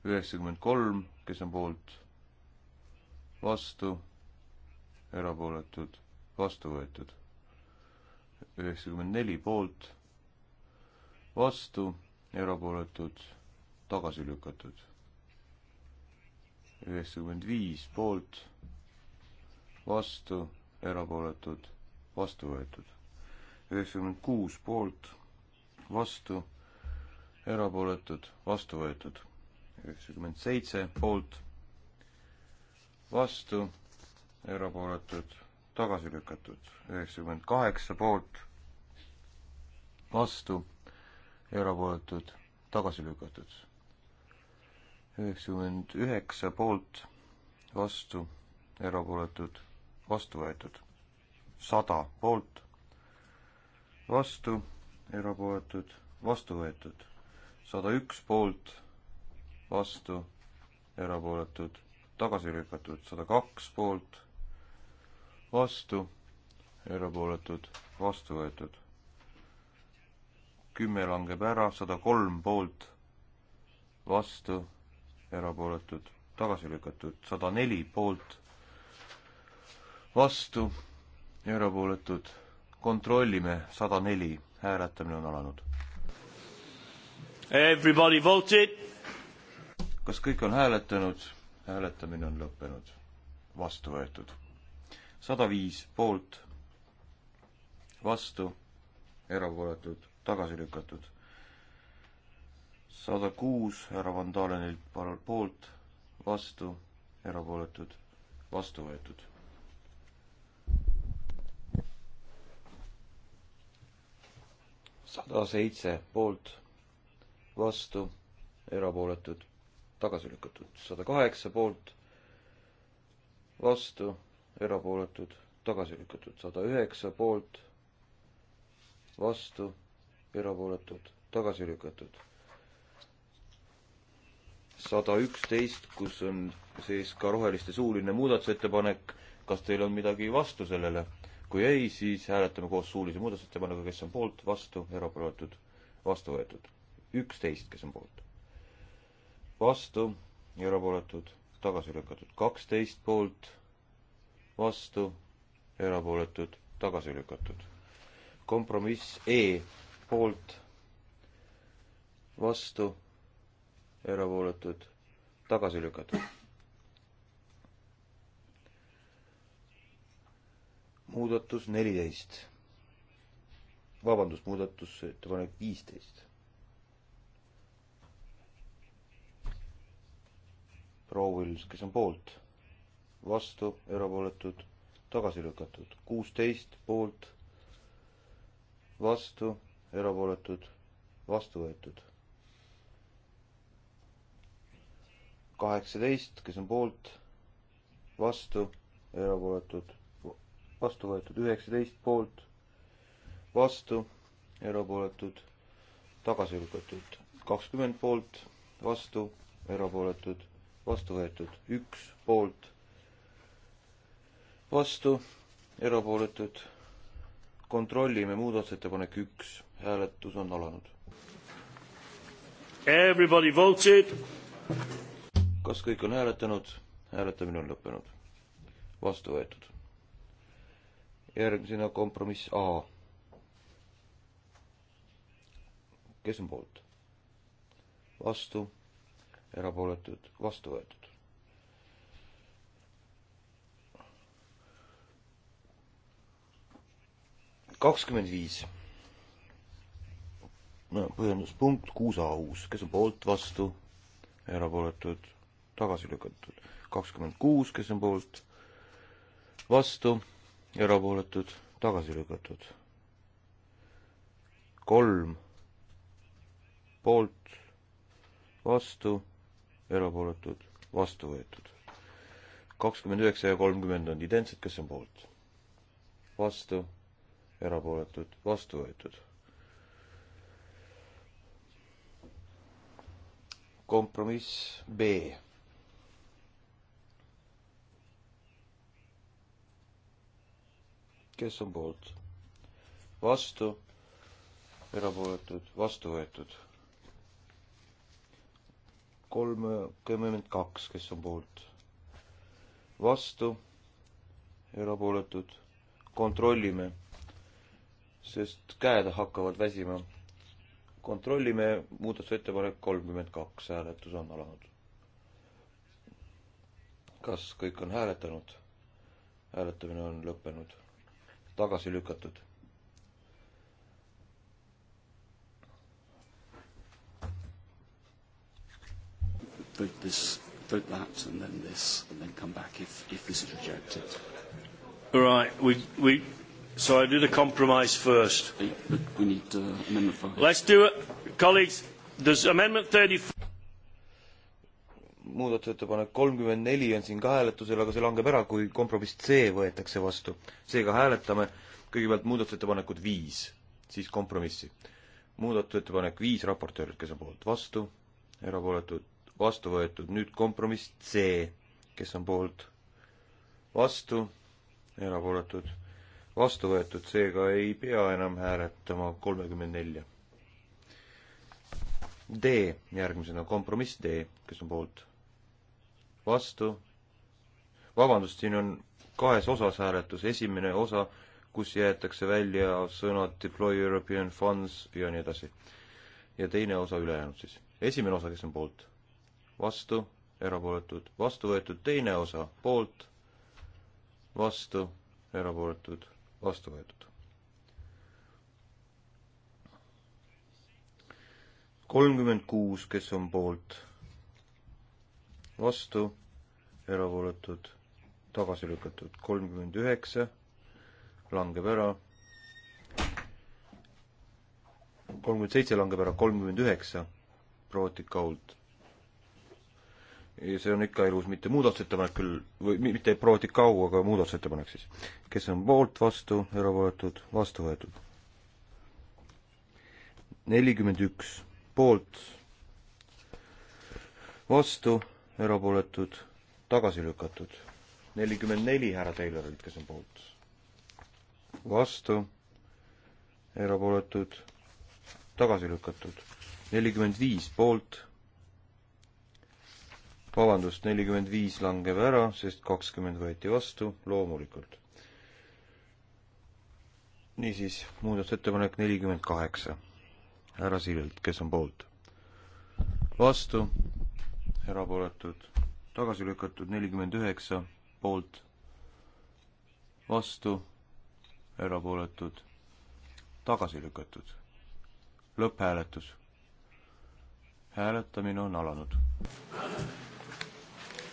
üheksakümmend kolm, kes on poolt, vastu, erapooletud, vastu võetud. üheksakümmend neli poolt, vastu, erapooletud, tagasi lükatud. üheksakümmend viis poolt, vastu, erapooletud, vastu võetud. üheksakümmend kuus poolt, vastu, erapooletud, vastu võetud üheksakümmend seitse poolt, vastu, erapooletud, tagasi lükatud, üheksakümmend kaheksa poolt, vastu, erapooletud, tagasi lükatud, üheksakümmend üheksa poolt, vastu, erapooletud, vastu võetud, sada poolt, vastu, erapooletud, vastu võetud, sada üks poolt vastu, erapooletud, tagasi lükatud, sada kaks poolt, vastu, erapooletud, vastu võetud. kümme langeb ära, sada kolm poolt, vastu, erapooletud, tagasi lükatud, sada neli poolt, vastu, erapooletud, kontrollime, sada neli, hääletamine on alanud. Everybody voted kas kõik on hääletanud? hääletamine on lõppenud. vastu võetud. sada viis poolt, vastu, erapooletud, tagasi lükatud. sada kuus härra Van Dalenilt poolt, vastu, erapooletud, vastu võetud. sada seitse poolt, vastu, erapooletud, tagasi lükatud, sada kaheksa poolt, vastu, erapooletud, tagasi lükatud, sada üheksa poolt, vastu, erapooletud, tagasi lükatud. sada üksteist, kus on sees ka roheliste suuline muudatusettepanek, kas teil on midagi vastu sellele? kui ei, siis hääletame koos suulise muudatusettepanekuga, kes on poolt, vastu, erapooletud, vastu võetud. üksteist, kes on poolt vastu, erapooletud, tagasi lükatud. kaksteist poolt, vastu, erapooletud, tagasi lükatud. kompromiss E poolt, vastu, erapooletud, tagasi lükatud. muudatus neliteist. vabandust, muudatusettepanek viisteist proua Vils, kes on poolt, vastu, erapooletud, tagasi lükatud, kuusteist poolt, vastu, erapooletud, vastu võetud. kaheksateist, kes on poolt, vastu, erapooletud, vastu võetud, üheksateist poolt, vastu, erapooletud, tagasi lükatud, kakskümmend poolt, vastu, erapooletud vastu võetud üks poolt, vastu, erapooletud. kontrollime muudatusettepanek üks, hääletus on alanud. Everybody voted. kas kõik on hääletanud? hääletamine on lõppenud. vastu võetud. järgmisena kompromiss A. kes on poolt? vastu erapooletud, vastu võetud. kakskümmend viis. põhjenduspunkt kuus A uus, kes on poolt, vastu, erapooletud, tagasi lükatud. kakskümmend kuus, kes on poolt, vastu, erapooletud, tagasi lükatud. kolm poolt, vastu, erapooletud, vastu võetud. kakskümmend üheksa ja kolmkümmend on identsed, kes on poolt? vastu, erapooletud, vastu võetud. kompromiss B. kes on poolt? vastu, erapooletud, vastu võetud kolmkümmend kaks, kes on poolt, vastu, erapooletud, kontrollime, sest käed hakkavad väsima. kontrollime, muudatusettepanek kolmkümmend kaks, hääletus on alanud. kas kõik on hääletanud? hääletamine on lõppenud, tagasi lükatud vote this, vote that, and then this, and then come back if, if this is rejected. Right. We, we, so I do the compromise first. But we need uh, amendment five. Let's do it, colleagues. There's amendment 34 muudatusettepanek kolmkümmend neli on siin ka hääletusel, aga see langeb ära, kui kompromiss C võetakse vastu. seega hääletame kõigepealt muudatusettepanekut viis, siis kompromissi. muudatusettepanek viis raportöörilt, kes on poolt vastu, erapooletud vastu võetud, nüüd kompromiss C, kes on poolt, vastu, erapooletud, vastu võetud, seega ei pea enam hääletama kolmekümmend nelja. D järgmisena, kompromiss D, kes on poolt, vastu, vabandust, siin on kahes osas hääletus, esimene osa, kus jäetakse välja sõnad deploy European funds ja nii edasi. ja teine osa ülejäänud siis. esimene osa, kes on poolt vastu, erapooletud, vastu võetud teine osa poolt, vastu, erapooletud, vastu võetud. kolmkümmend kuus, kes on poolt, vastu, erapooletud, tagasi lükatud, kolmkümmend üheksa, langeb ära, kolmkümmend seitse langeb ära, kolmkümmend üheksa, Prootika Old see on ikka elus mitte muudatusettepanek küll, või mitte proua Tikau, aga muudatusettepanek siis. kes on poolt, vastu, erapooletud, vastu võetud. nelikümmend üks poolt, vastu, erapooletud, tagasi lükatud. nelikümmend neli härra Taylorilt, kes on poolt, vastu, erapooletud, tagasi lükatud. nelikümmend viis poolt vabandust, nelikümmend viis langeb ära, sest kakskümmend võeti vastu, loomulikult. niisiis, muudatusettepanek nelikümmend kaheksa. härra Sillelt, kes on poolt? vastu, erapooletud, tagasi lükatud nelikümmend üheksa, poolt, vastu, erapooletud, tagasi lükatud. lõpphääletus. hääletamine on alanud.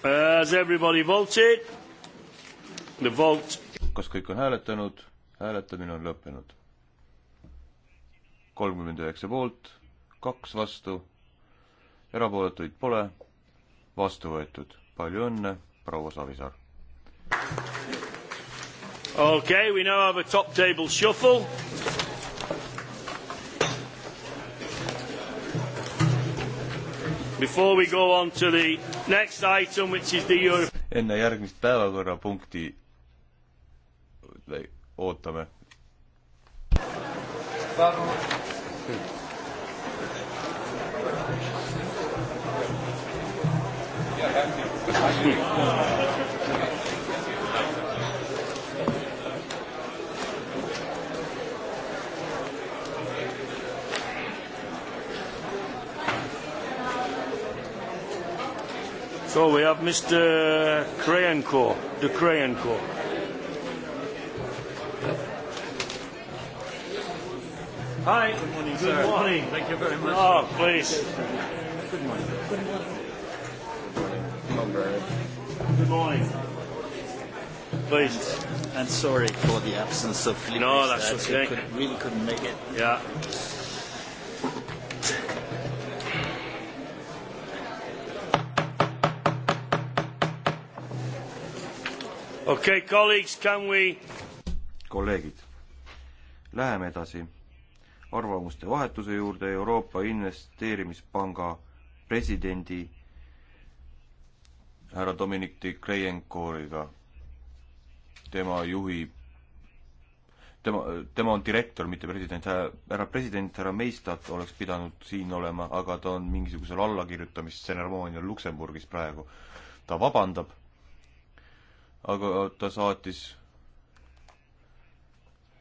Has everybody voted? The vote. kas kõik on hääletanud? hääletamine on lõppenud. kolmkümmend üheksa poolt, kaks vastu, erapooletuid pole, vastu võetud. palju õnne, proua Savisaar! okei okay,, we now have a top table shuffle. Euro... enne järgmist päevakorrapunkti ootame. Yeah, thank you. No, we have Mr. Krayenko, the Krayenko. Hi. Good morning, Good sir. morning. Thank you very much. Oh, please. Good morning. Good morning. Good morning. Please. And, and sorry for the absence of Filippis. No, that's that okay. Could, really couldn't make it. Yeah. okay, colleagues, can we... kolleegid, läheme edasi arvamuste vahetuse juurde Euroopa Investeerimispanga presidendi härra Dominik de Kreienkoriga. tema juhib, tema, tema on direktor, mitte president, härra president, härra Meistat oleks pidanud siin olema, aga ta on mingisugusel allakirjutamistseremoonial Luksemburgis praegu. ta vabandab aga ta saatis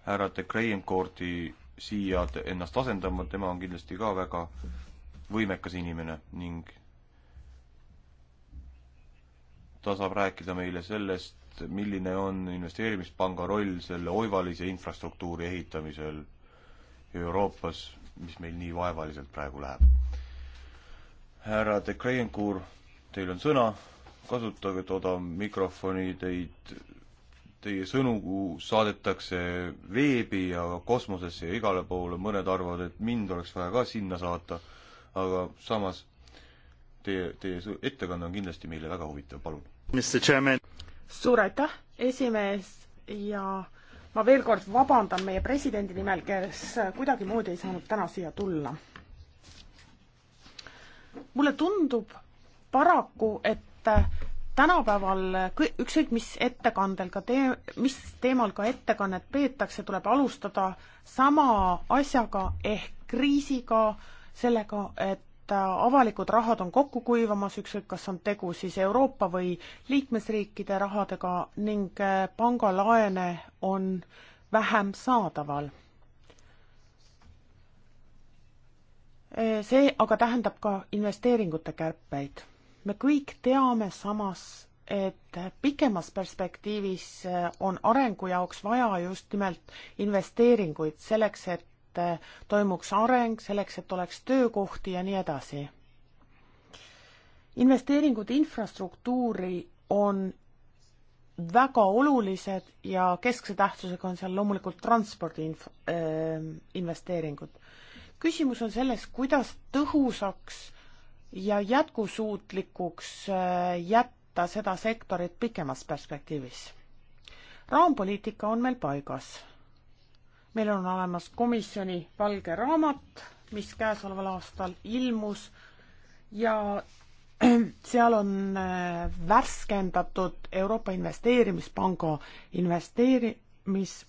härra de Kreenkordi siia ennast asendama, tema on kindlasti ka väga võimekas inimene ning ta saab rääkida meile sellest, milline on investeerimispanga roll selle oivalise infrastruktuuri ehitamisel Euroopas, mis meil nii vaevaliselt praegu läheb. härra de Kreenkur, teil on sõna kasutage toda mikrofoni, teid, teie sõnu saadetakse veebi ja kosmosesse ja igale poole, mõned arvavad, et mind oleks vaja ka sinna saata, aga samas teie, teie ettekanne on kindlasti meile väga huvitav, palun. suur aitäh, esimees ja ma veel kord vabandan meie presidendi nimel, kes kuidagimoodi ei saanud täna siia tulla. mulle tundub paraku, et et tänapäeval ükskõik mis ettekandel ka tee-, mis teemal ka ettekannet peetakse, tuleb alustada sama asjaga ehk kriisiga, sellega, et avalikud rahad on kokku kuivamas, ükskõik kas on tegu siis Euroopa või liikmesriikide rahadega ning äh, pangalaene on vähem saadaval. Äh, see aga tähendab ka investeeringute kärpeid me kõik teame samas, et pikemas perspektiivis eh, on arengu jaoks vaja just nimelt investeeringuid selleks, et eh, toimuks areng, selleks, et oleks töökohti ja nii edasi. investeeringud infrastruktuuri on väga olulised ja keskse tähtsusega on seal loomulikult transpordi inf-, äh, investeeringud. küsimus on selles, kuidas tõhusaks ja jätkusuutlikuks äh, jätta seda sektorit pikemas perspektiivis. raampoliitika on meil paigas. meil on olemas komisjoni valge raamat, mis käesoleval aastal ilmus ja seal on äh, värskendatud Euroopa Investeerimispanga investeerimis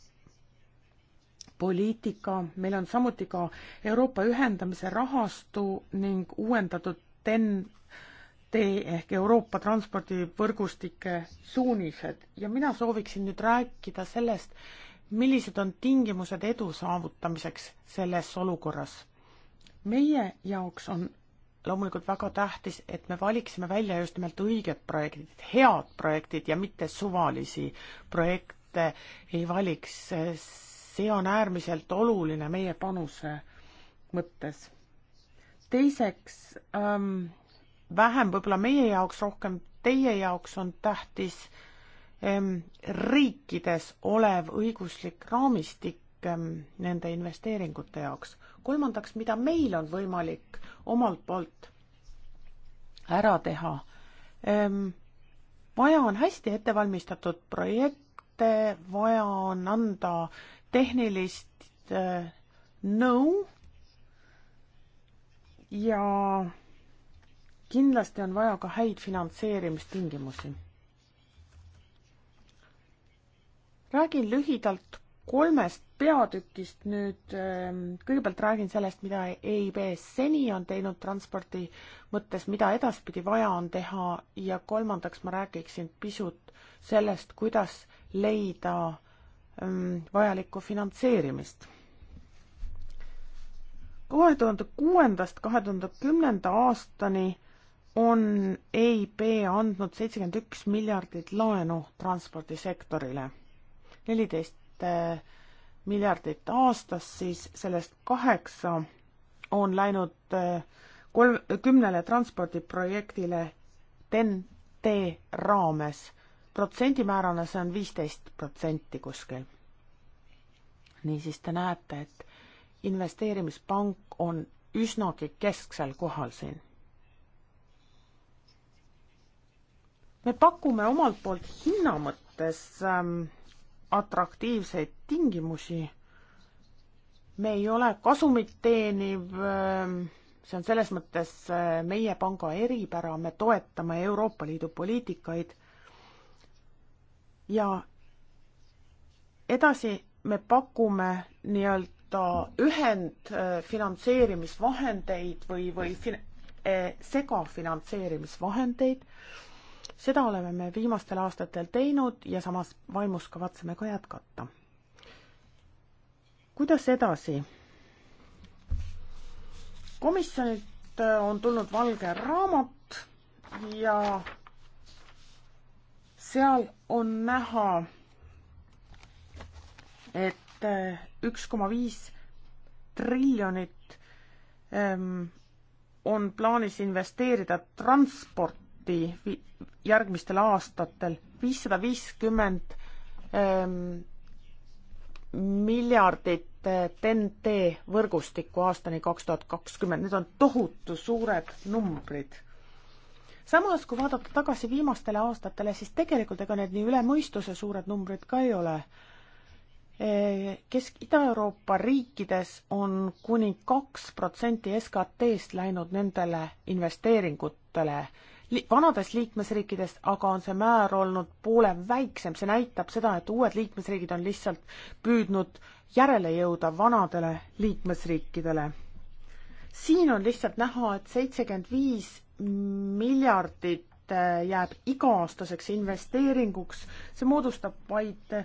poliitika, meil on samuti ka Euroopa ühendamise rahastu ning uuendatud TEN-T ehk Euroopa transpordivõrgustike suunised ja mina sooviksin nüüd rääkida sellest, millised on tingimused edu saavutamiseks selles olukorras. meie jaoks on loomulikult väga tähtis, et me valiksime välja just nimelt õiged projektid, head projektid ja mitte suvalisi projekte ei valiks. see on äärmiselt oluline meie panuse mõttes teiseks ähm,, vähem võib-olla meie jaoks, rohkem teie jaoks on tähtis ähm, riikides olev õiguslik raamistik ähm, nende investeeringute jaoks. kolmandaks, mida meil on võimalik omalt poolt ära teha ähm,. vaja on hästi ettevalmistatud projekte, vaja on anda tehnilist äh, nõu no, ja kindlasti on vaja ka häid finantseerimistingimusi. räägin lühidalt kolmest peatükist nüüd, ähm, kõigepealt räägin sellest, mida EIB seni on teinud transpordi mõttes, mida edaspidi vaja on teha ja kolmandaks ma räägiksin pisut sellest, kuidas leida ähm, vajalikku finantseerimist kahe tuhande kuuendast kahe tuhande kümnenda aastani on EIB andnud seitsekümmend üks miljardit laenu transpordisektorile. neliteist eh, miljardit aastas, siis sellest kaheksa on läinud eh, kolm, kümnele transpordiprojektile TEN-T raames. protsendimäärana see on viisteist protsenti kuskil. niisiis te näete, et investeerimispank on üsnagi kesksel kohal siin. me pakume omalt poolt hinna mõttes ähm, atraktiivseid tingimusi. me ei ole kasumit teeniv ähm, see on selles mõttes äh, meie panga eripära, me toetame Euroopa Liidu poliitikaid ja edasi me pakume nii-öelda kasuta ühendfinantseerimisvahendeid äh, või, või fin-, äh, segafinantseerimisvahendeid. seda oleme me viimastel aastatel teinud ja samas vaimus kavatseme ka jätkata. kuidas edasi? komisjonilt äh, on tulnud valge raamat ja seal on näha, et et eh, üks koma viis triljonit ähm, on plaanis investeerida transporti järgmistel aastatel viissada viiskümmend ehm, miljardit TNT eh, võrgustikku aastani kaks tuhat kakskümmend, need on tohutu suured numbrid. samas, kui vaadata tagasi viimastele aastatele, siis tegelikult ega need nii üle mõistuse suured numbrid ka ei ole Eh, Kesk-Ida-Euroopa riikides on kuni kaks protsenti SKT-st läinud nendele investeeringutele. vanades liikmesriikides aga on see määr olnud poole väiksem, see näitab seda, et uued liikmesriigid on lihtsalt püüdnud järele jõuda vanadele liikmesriikidele. siin on lihtsalt näha, et seitsekümmend viis miljardit eh, jääb iga-aastaseks investeeringuks, see moodustab vaid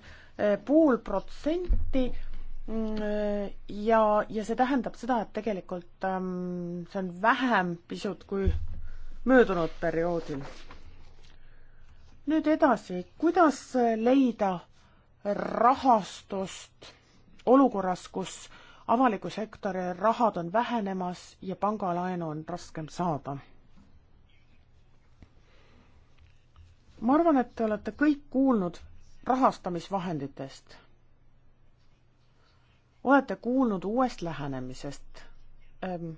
pool protsenti ja, ja see tähendab seda, et tegelikult ähm, see on vähem pisut kui möödunud perioodil. nüüd edasi, kuidas leida rahastust olukorras, kus avaliku sektori rahad on vähenemas ja pangalaenu on raskem saada? ma arvan, et te olete kõik kuulnud rahastamisvahenditest. olete kuulnud uuest lähenemisest, ähm,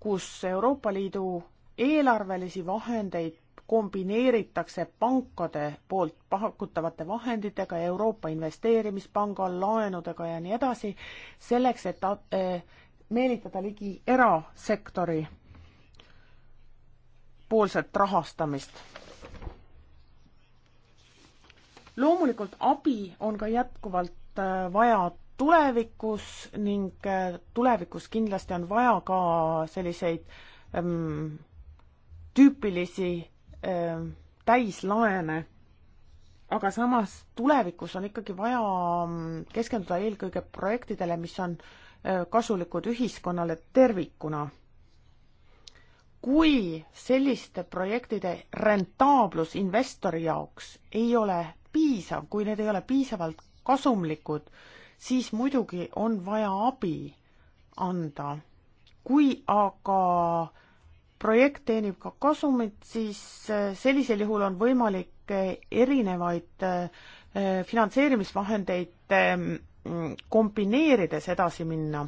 kus Euroopa Liidu eelarvelisi vahendeid kombineeritakse pankade poolt pakutavate vahenditega, Euroopa Investeerimispangal laenudega ja nii edasi, selleks, et äh, meelitada ligi erasektori poolset rahastamist loomulikult abi on ka jätkuvalt äh, vaja tulevikus ning äh, tulevikus kindlasti on vaja ka selliseid ähm, tüüpilisi ähm, täislaene, aga samas tulevikus on ikkagi vaja mm, keskenduda eelkõige projektidele, mis on äh, kasulikud ühiskonnale tervikuna kui selliste projektide rentaablus investori jaoks ei ole piisav, kui need ei ole piisavalt kasumlikud, siis muidugi on vaja abi anda. kui aga projekt teenib ka kasumit, siis eh, sellisel juhul on võimalik eh, erinevaid eh, finantseerimisvahendeid mm, kombineerides edasi minna.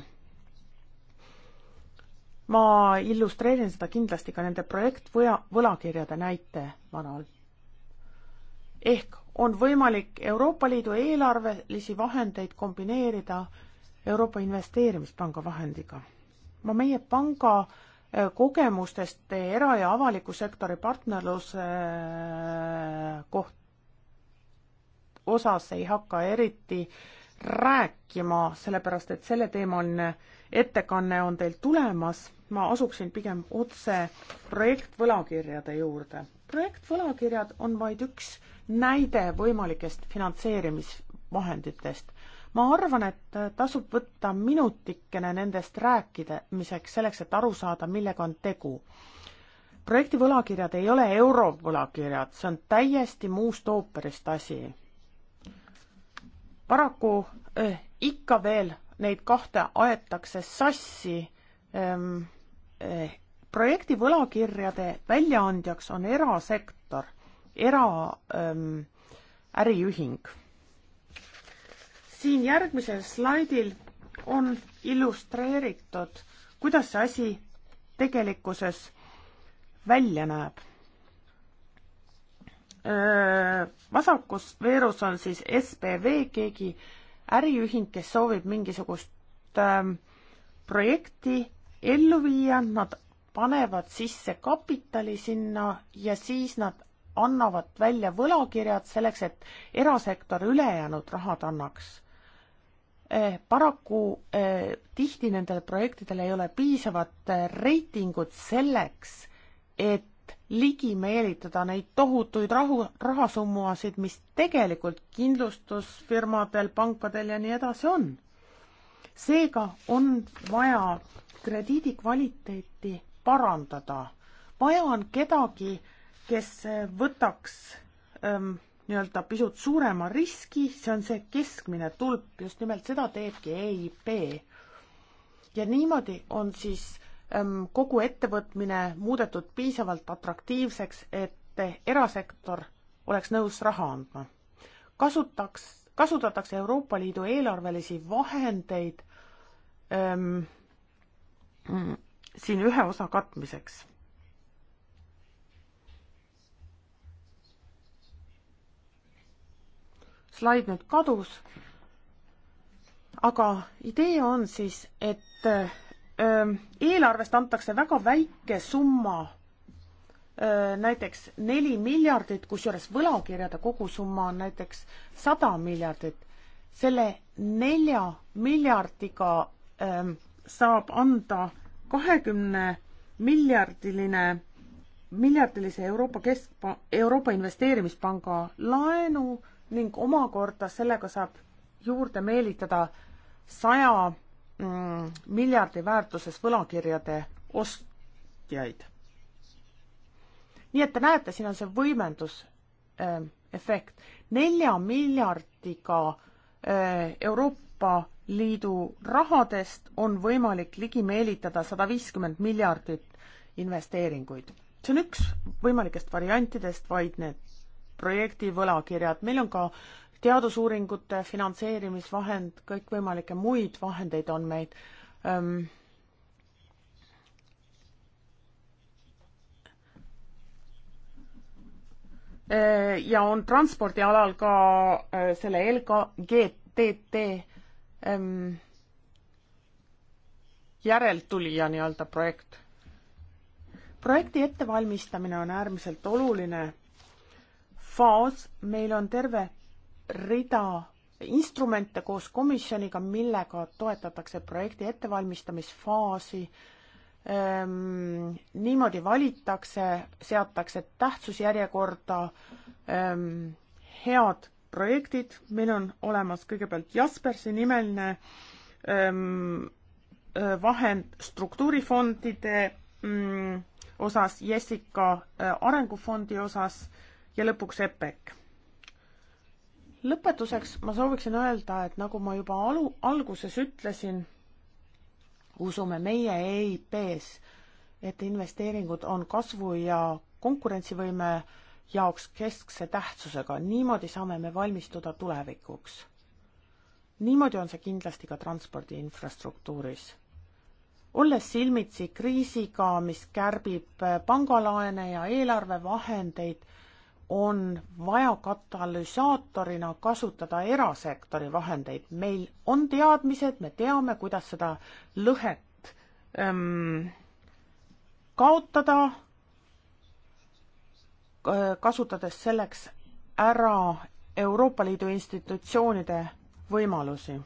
ma illustreerin seda kindlasti ka nende projekt võla, võlakirjade näite varal ehk on võimalik Euroopa Liidu eelarvelisi vahendeid kombineerida Euroopa Investeerimispanga vahendiga. ma meie panga eh, kogemustest era- ja avaliku sektori partnerluse eh, koht-, osas ei hakka eriti rääkima, sellepärast et selleteemaline ettekanne on teil tulemas, ma asuksin pigem otse projektvõlakirjade juurde. projektvõlakirjad on vaid üks näide võimalikest finantseerimisvahenditest. ma arvan, et tasub võtta minutikene nendest rääkimiseks, selleks et aru saada, millega on tegu projekti võlakirjad ei ole eurovõlakirjad, see on täiesti muust ooperist asi. paraku eh, ikka veel neid kahte aetakse sassi ähm, eh,. projekti võlakirjade väljaandjaks on erasektor, era- ähm,, äriühing. siin järgmisel slaidil on illustreeritud, kuidas see asi tegelikkuses välja näeb öö, vasakus veerus on siis SBV, keegi äriühing, kes soovib mingisugust ähm, projekti ellu viia, nad panevad sisse kapitali sinna ja siis nad annavad välja võlakirjad selleks, et erasektor ülejäänud rahad annaks eh, paraku eh, tihti nendel projektidel ei ole piisavat eh, reitingut selleks, et ligi meelitada neid tohutuid rahu, rahasummuasid, mis tegelikult kindlustusfirmadel, pankadel ja nii edasi on. seega on vaja krediidi kvaliteeti parandada. vaja on kedagi, kes võtaks ähm, nii-öelda pisut suurema riski, see on see keskmine tulp, just nimelt seda teebki EIP. ja niimoodi on siis Ehm, kogu ettevõtmine muudetud piisavalt atraktiivseks, et erasektor oleks nõus raha andma. kasutaks, kasutatakse Euroopa Liidu eelarvelisi vahendeid ähm, siin ühe osa katmiseks. slaid nüüd kadus, aga idee on siis, et eelarvest antakse väga väike summa, näiteks neli miljardit, kusjuures võlakirjade kogusumma on näiteks sada miljardit. selle nelja miljardiga saab anda kahekümne miljardiline, miljardilise Euroopa Keskpa-, Euroopa Investeerimispanga laenu ning omakorda sellega saab juurde meelitada saja mm, miljardi väärtuses võlakirjade ostjaid. nii et te näete, siin on see võimendusefekt. Ähm, nelja miljardiga äh, Euroopa Liidu rahadest on võimalik ligi meelitada sada viiskümmend miljardit investeeringuid. see on üks võimalikest variantidest, vaid need projekti võlakirjad, meil on ka äh, teadusuuringute finantseerimisvahend, kõikvõimalikke muid vahendeid on meid ähm,. Äh, ja on transpordialal ka äh, selle LKGTT ähm, järeltulija nii-öelda projekt. projekti ettevalmistamine on äärmiselt oluline faas, meil on terve rida instrumente koos komisjoniga, millega toetatakse projekti ettevalmistamisfaasi. Ehm, niimoodi valitakse, seatakse tähtsusjärjekorda ehm, head projektid, meil on olemas kõigepealt Jaspersi nimeline ehm, vahend struktuurifondide mm, osas, Jessica e, arengufondi osas ja lõpuks EPEC lõpetuseks ma sooviksin öelda, et nagu ma juba alu-, alguses ütlesin, usume meie EIP-s, et investeeringud on kasvu ja konkurentsivõime jaoks keskse tähtsusega, niimoodi saame me valmistuda tulevikuks. niimoodi on see kindlasti ka transpordi infrastruktuuris. olles silmitsi kriisiga, mis kärbib pangalaene ja eelarvevahendeid, on vaja katalüsaatorina kasutada erasektori vahendeid. meil on teadmised, me teame, kuidas seda lõhet ähm, kaotada, kasutades selleks ära Euroopa Liidu institutsioonide võimalusi.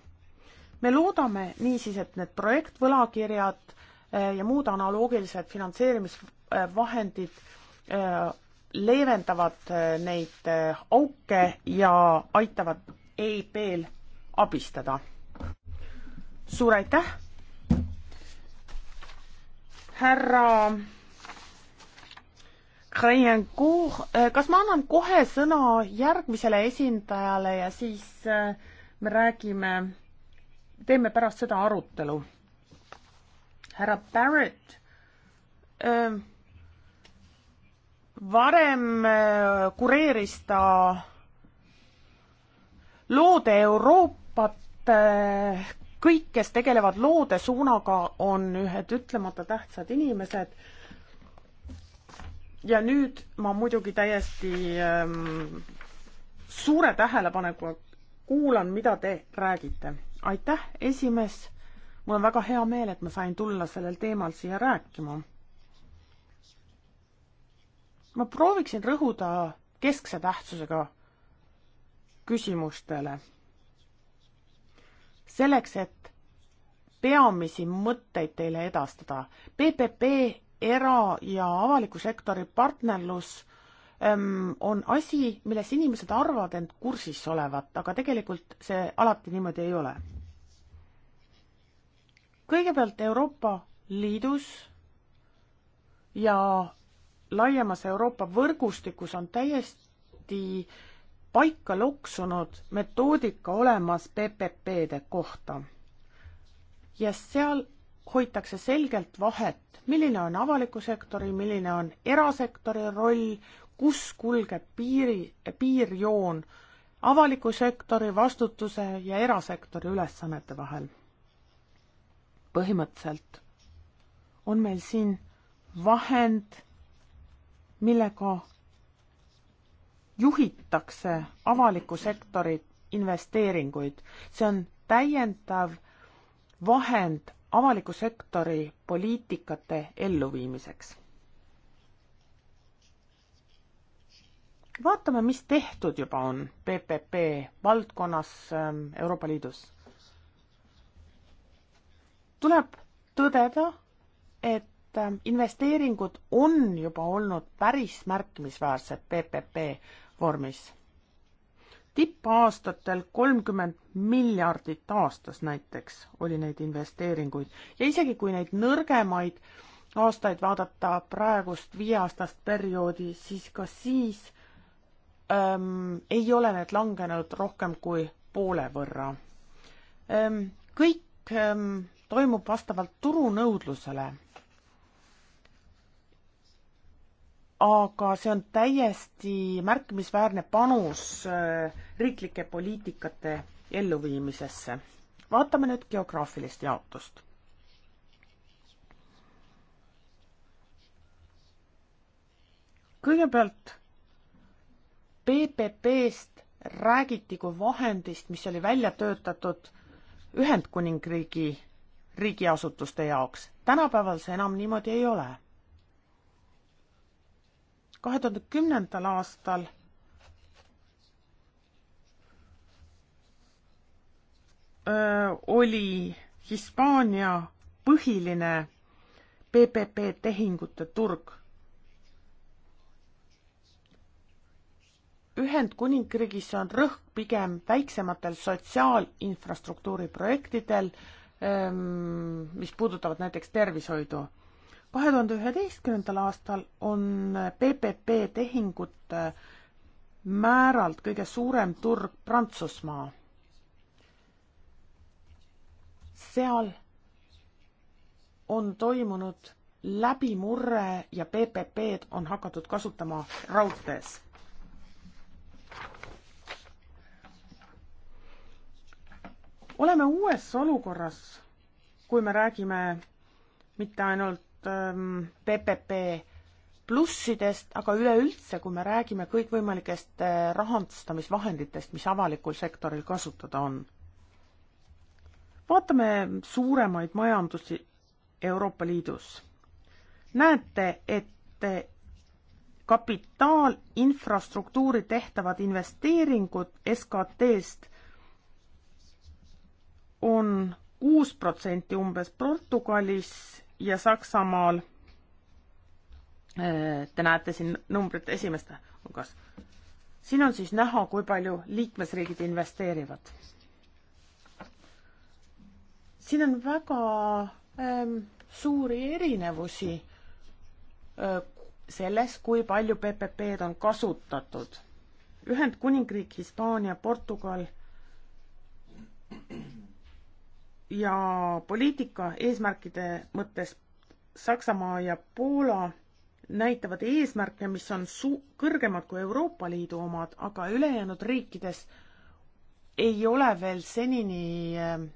me loodame niisiis, et need projektvõlakirjad äh, ja muud analoogilised finantseerimisvahendid äh, leevendavad äh, neid äh, auke ja aitavad EIP-l abistada. suur aitäh, härra äh, kas ma annan kohe sõna järgmisele esindajale ja siis me räägime, teeme pärast seda arutelu. härra Barrett varem äh, kureeris ta loode Euroopat, äh, kõik, kes tegelevad loode suunaga, on ühed ütlemata tähtsad inimesed. ja nüüd ma muidugi täiesti ähm, suure tähelepanekuga kuulan, mida te räägite. aitäh, esimees. mul on väga hea meel, et ma sain tulla sellel teemal siia rääkima ma prooviksin rõhuda keskse tähtsusega küsimustele. selleks, et peamisi mõtteid teile edastada, PPP era- ja avaliku sektori partnerlus öm, ähm, on asi, milles inimesed arvavad end kursis olevat, aga tegelikult see alati niimoodi ei ole. kõigepealt Euroopa Liidus ja laiemas Euroopa võrgustikus on täiesti paika loksunud metoodika olemas PPP-de kohta. ja seal hoitakse selgelt vahet, milline on avaliku sektori, milline on erasektori roll, kus kulgeb piiri, piirjoon avaliku sektori vastutuse ja erasektori ülesannete vahel. põhimõtteliselt on meil siin vahend millega juhitakse avaliku sektori investeeringuid. see on täiendav vahend avaliku sektori poliitikate elluviimiseks. vaatame, mis tehtud juba on PPP valdkonnas ähm, Euroopa Liidus. tuleb tõdeda, et et äh, investeeringud on juba olnud päris märkimisväärsed PPP vormis. tippaastatel kolmkümmend miljardit aastas näiteks oli neid investeeringuid ja isegi kui neid nõrgemaid aastaid vaadata praegust viieaastast perioodi, siis ka siis ähm, ei ole need langenud rohkem kui poole võrra ähm,. kõik ähm, toimub vastavalt turunõudlusele aga see on täiesti märkimisväärne panus äh, riiklike poliitikate elluviimisesse. vaatame nüüd geograafilist jaotust. kõigepealt PPP-st räägiti kui vahendist, mis oli välja töötatud Ühendkuningriigi riigiasutuste jaoks. tänapäeval see enam niimoodi ei ole kahe tuhande kümnendal aastal öö, oli Hispaania põhiline PPP tehingute turg. Ühendkuningriigis on rõhk pigem väiksematel sotsiaalinfrastruktuuri projektidel, mis puudutavad näiteks tervishoidu kahe tuhande üheteistkümnendal aastal on PPP tehingute äh, määralt kõige suurem turg Prantsusmaa. seal on toimunud läbimurre ja PPP-d on hakatud kasutama raudtees. oleme uues olukorras, kui me räägime mitte ainult PPP ähm, plussidest, aga üleüldse, kui me räägime kõikvõimalikest äh, rahastamisvahenditest, mis avalikul sektoril kasutada on. vaatame suuremaid majandusi Euroopa Liidus. näete, et äh, kapitaal, infrastruktuuri tehtavad investeeringud SKT-st on kuus protsenti umbes Portugalis ja Saksamaal eh, te näete siin numbrit esimeste hulgas. siin on siis näha, kui palju liikmesriigid investeerivad. siin on väga ähm, suuri erinevusi äh, selles, kui palju PPP-d on kasutatud. Ühendkuningriik, Hispaania, Portugal ja poliitika eesmärkide mõttes Saksamaa ja Poola näitavad eesmärke, mis on su-, kõrgemad kui Euroopa Liidu omad, aga ülejäänud riikides ei ole veel senini ähm,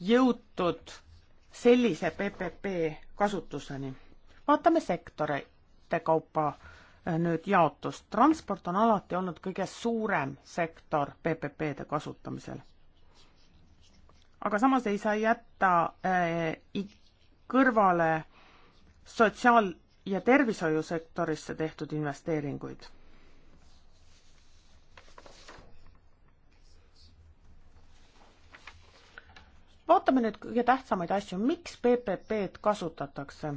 jõutud sellise PPP kasutuseni. vaatame sektorite kaupa äh, nüüd jaotust. transport on alati olnud kõige suurem sektor PPP-de kasutamisel aga samas ei saa jätta äh, kõrvale sotsiaal- ja tervishoiusektorisse tehtud investeeringuid. vaatame nüüd kõige tähtsamaid asju, miks PPP-d kasutatakse.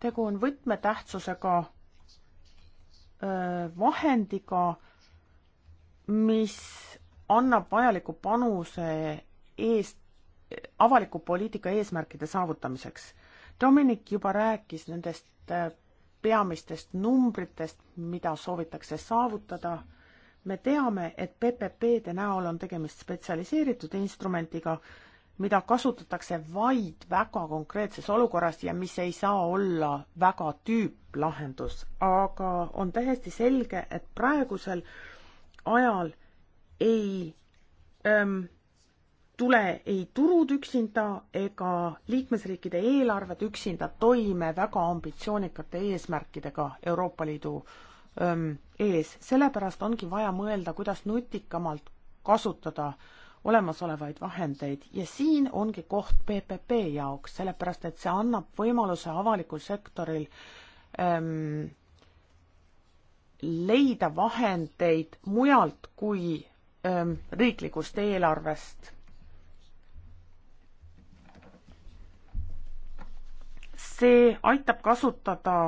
tegu on võtmetähtsusega vahendiga, mis annab vajaliku panuse eest, avaliku poliitika eesmärkide saavutamiseks. Dominic juba rääkis nendest äh, peamistest numbritest, mida soovitakse saavutada. me teame, et PPP-de näol on tegemist spetsialiseeritud instrumendiga, mida kasutatakse vaid väga konkreetses olukorras ja mis ei saa olla väga tüüplahendus, aga on täiesti selge, et praegusel ajal ei öm, ähm, tule ei turud üksinda ega liikmesriikide eelarved üksinda toime väga ambitsioonikate eesmärkidega Euroopa Liidu öö, ees, sellepärast ongi vaja mõelda, kuidas nutikamalt kasutada olemasolevaid vahendeid ja siin ongi koht PPP jaoks, sellepärast et see annab võimaluse avalikul sektoril ähm, leida vahendeid mujalt kui ähm, riiklikust eelarvest see aitab kasutada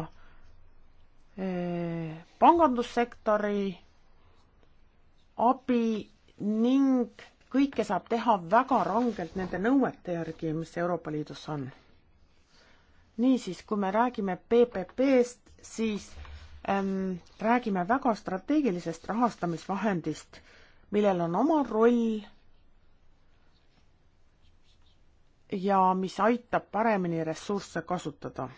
eh, pangandussektori abi ning kõike saab teha väga rangelt nende nõuete järgi, mis Euroopa Liidus on. niisiis, kui me räägime PPP-st, siis ähm, räägime väga strateegilisest rahastamisvahendist, millel on oma roll ja mis aitab paremini ressursse kasutada.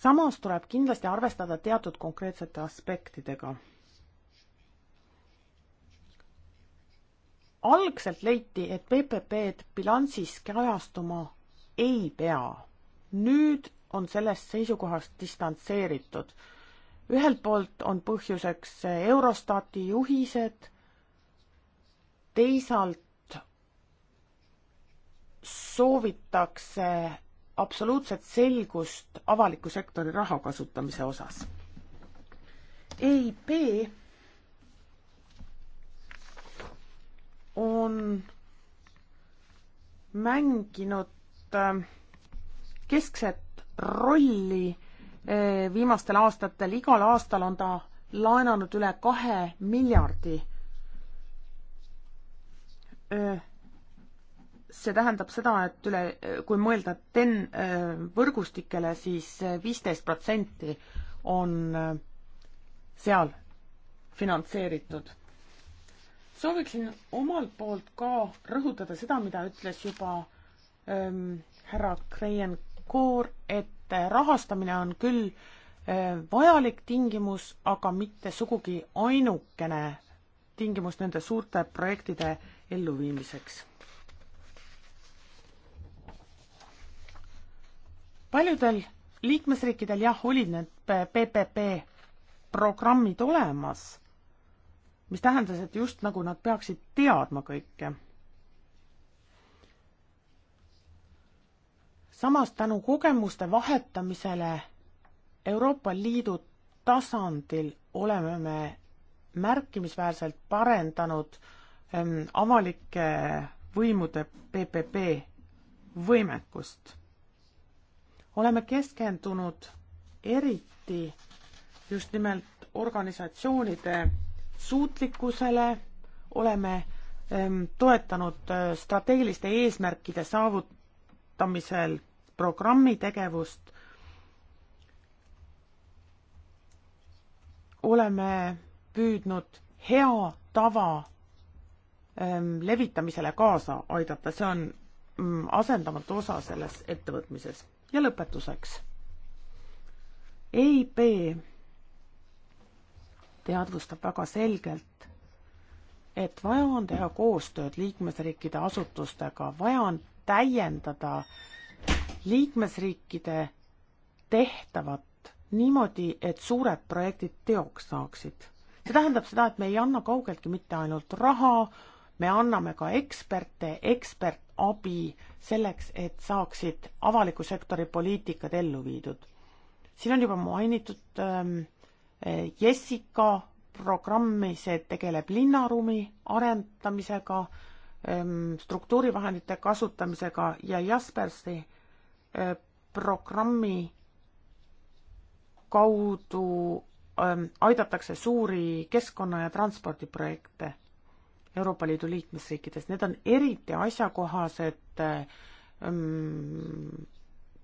samas tuleb kindlasti arvestada teatud konkreetsete aspektidega. algselt leiti, et PPP-d bilansis kajastuma ei pea. nüüd on sellest seisukohast distantseeritud. ühelt poolt on põhjuseks Eurostati juhised, teisalt soovitakse absoluutset selgust avaliku sektori raha kasutamise osas. EIP on mänginud äh, keskset rolli äh, viimastel aastatel, igal aastal on ta laenanud üle kahe miljardi äh, see tähendab seda, et üle, kui mõelda TEN äh, võrgustikele, siis viisteist protsenti on äh, seal finantseeritud. sooviksin omalt poolt ka rõhutada seda, mida ütles juba ähm, härra Kreien Koor, et äh, rahastamine on küll äh, vajalik tingimus, aga mitte sugugi ainukene tingimus nende suurte projektide elluviimiseks paljudel liikmesriikidel jah, olid need PPP programmid olemas, mis tähendas, et just nagu nad peaksid teadma kõike. samas tänu kogemuste vahetamisele Euroopa Liidu tasandil oleme me märkimisväärselt parendanud ähm, avalike võimude PPP võimekust oleme keskendunud eriti just nimelt organisatsioonide suutlikkusele, oleme ehm, toetanud äh, strateegiliste eesmärkide saavutamisel programmi tegevust, oleme püüdnud hea tava ehm, levitamisele kaasa aidata, see on mm, asendamatu osa selles ettevõtmises ja lõpetuseks. EIB teadvustab väga selgelt, et vaja on teha koostööd liikmesriikide asutustega, vaja on täiendada liikmesriikide tehtavat niimoodi, et suured projektid teoks saaksid. see tähendab seda, et me ei anna kaugeltki mitte ainult raha, me anname ka eksperte, ekspertabi selleks, et saaksid avaliku sektori poliitikad ellu viidud. siin on juba mainitud ähm, äh, Jessica programmi, see tegeleb linnaruumi arendamisega ähm,, struktuurivahendite kasutamisega ja Jaspersi äh, programmi kaudu ähm, aidatakse suuri keskkonna- ja transpordiprojekte Euroopa Liidu liikmesriikides, need on eriti asjakohased ähm,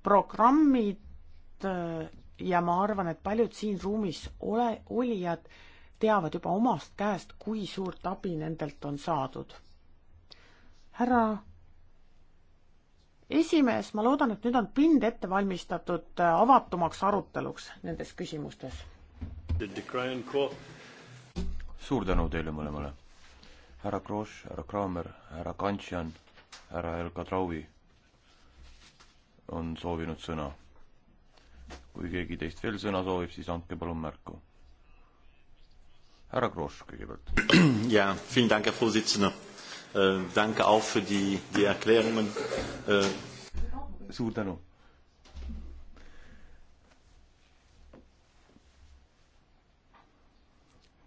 programmid äh, ja ma arvan, et paljud siin ruumis ole, olijad teavad juba omast käest, kui suurt abi nendelt on saadud. härra esimees, ma loodan, et nüüd on pind ette valmistatud äh, avatumaks aruteluks nendes küsimustes. suur tänu teile mõlemale härra Grosch, härra Kramer, härra Kantšan, härra El Kadraoui on soovinud sõna. kui keegi teist veel sõna soovib, siis andke palun märku. härra Grosch kõigepealt. jaa, vielen Dank, Herr Vorsitzender äh,. Danke auch für die, die Erklärungen äh.... suur tänu.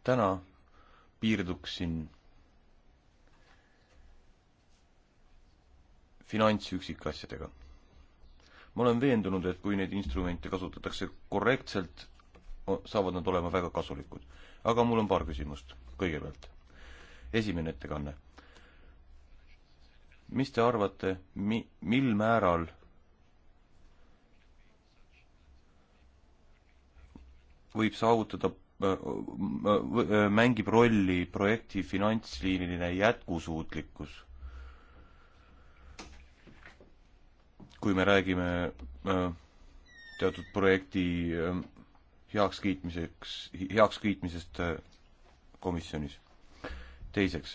täna piirduksin finantsüksikasjadega. ma olen veendunud, et kui neid instrumente kasutatakse korrektselt, saavad nad olema väga kasulikud. aga mul on paar küsimust kõigepealt. esimene ettekanne. mis te arvate, mi-, mil määral võib saavutada äh, äh, mängib rolli projekti finantsliiniline jätkusuutlikkus kui me räägime äh, teatud projekti äh, heakskiitmiseks, heakskiitmisest äh, komisjonis. teiseks,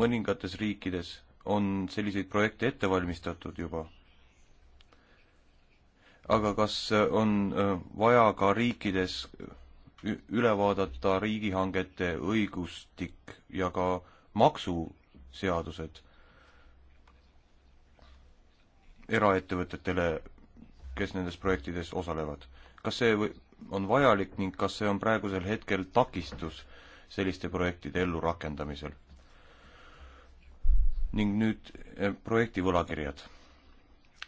mõningates riikides on selliseid projekte ette valmistatud juba, aga kas on vaja ka riikides üle vaadata riigihangete õigustik ja ka maksu seadused eraettevõtetele, kes nendes projektides osalevad. kas see on vajalik ning kas see on praegusel hetkel takistus selliste projektide ellurakendamisel? ning nüüd eh, projekti võlakirjad.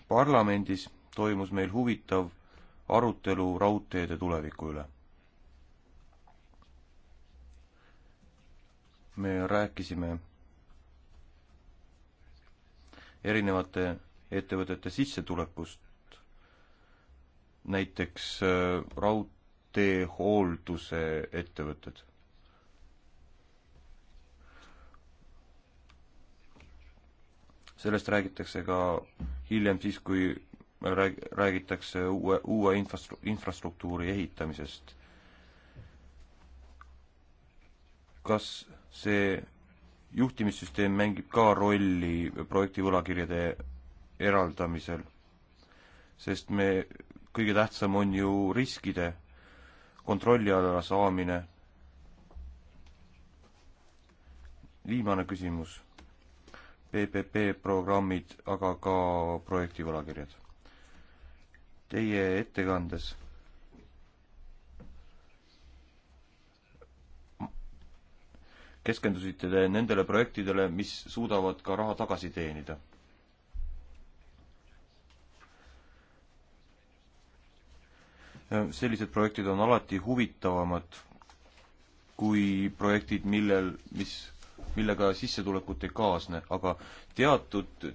parlamendis toimus meil huvitav arutelu raudteede tuleviku üle. me rääkisime erinevate ettevõtete sissetulekust, näiteks äh, raudteehoolduse ettevõtted. sellest räägitakse ka hiljem siis, kui rääg-, räägitakse uue, uue infrastru-, infrastruktuuri ehitamisest. kas see juhtimissüsteem mängib ka rolli projekti võlakirjade eraldamisel, sest me, kõige tähtsam on ju riskide kontrolli alla saamine. viimane küsimus. PPP programmid, aga ka projekti võlakirjad. Teie ettekandes keskendusite te nendele projektidele, mis suudavad ka raha tagasi teenida? sellised projektid on alati huvitavamad kui projektid, millel, mis, millega sissetulekut ei kaasne, aga teatud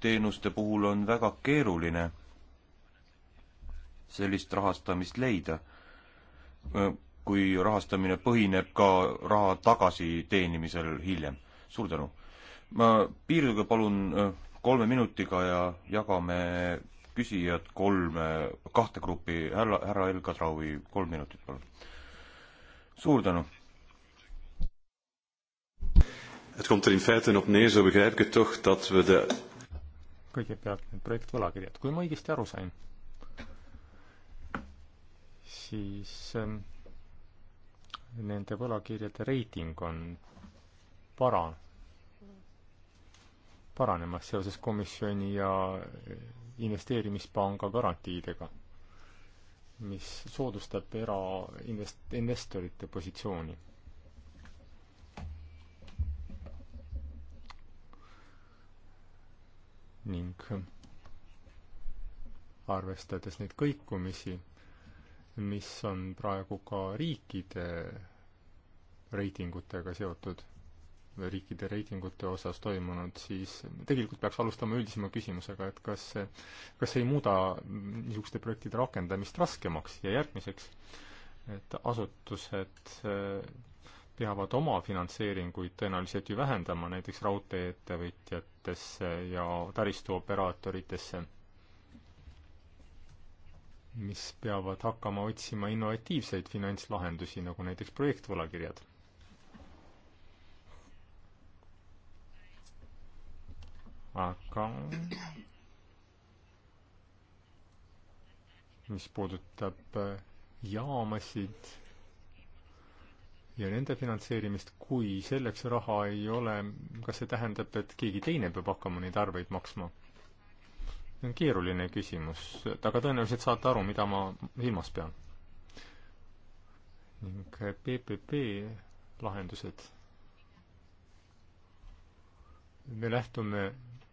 teenuste puhul on väga keeruline sellist rahastamist leida kui rahastamine põhineb ka raha tagasiteenimisel hiljem. suur tänu. ma piirduge palun äh, kolme minutiga ja jagame küsijad kolme, kahte gruppi, härra, härra El Kadraoui, kolm minutit, palun. suur tänu. Het komt er in feite op neer, zo begrijp ik het toch, dat we de kõigepealt need projektvõlakirjad, kui ma õigesti aru sain, siis ähm, nende võlakirjade reiting on para-, paranemas seoses komisjoni ja investeerimispanga garantiidega, mis soodustab erainvest-, investorite positsiooni. ning arvestades neid kõikumisi mis on praegu ka riikide reitingutega seotud, riikide reitingute osas toimunud, siis tegelikult peaks alustama üldisema küsimusega, et kas see, kas see ei muuda niisuguste projektide rakendamist raskemaks ja järgmiseks, et asutused eh, peavad oma finantseeringuid tõenäoliselt ju vähendama näiteks raudtee-ettevõtjatesse ja taristuoperaatoritesse mis peavad hakkama otsima innovatiivseid finantslahendusi, nagu näiteks projektvõlakirjad. aga mis puudutab äh, jaamasid ja nende finantseerimist, kui selleks raha ei ole, kas see tähendab, et keegi teine peab hakkama neid arveid maksma? see on keeruline küsimus, aga tõenäoliselt saate aru, mida ma silmas pean. ning PPP lahendused. me lähtume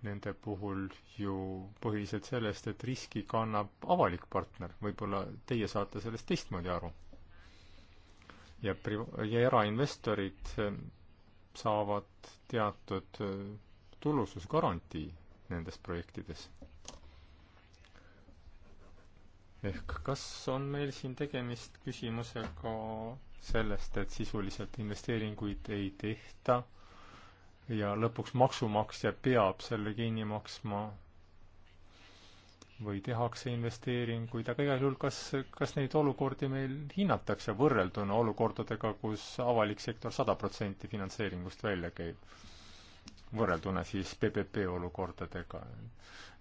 nende puhul ju põhiliselt sellest, et riski kannab avalik partner, võib-olla teie saate sellest teistmoodi aru. ja pri-, ja erainvestorid eh, saavad teatud eh, tulususgarantii nendes projektides ehk kas on meil siin tegemist küsimusega sellest, et sisuliselt investeeringuid ei tehta ja lõpuks maksumaksja peab selle kinni maksma või tehakse investeeringuid, aga igal juhul, kas, kas neid olukordi meil hinnatakse võrrelduna olukordadega kus, kus avalik sektor sada protsenti finantseeringust välja käib? võrrelduna siis PPP olukordadega.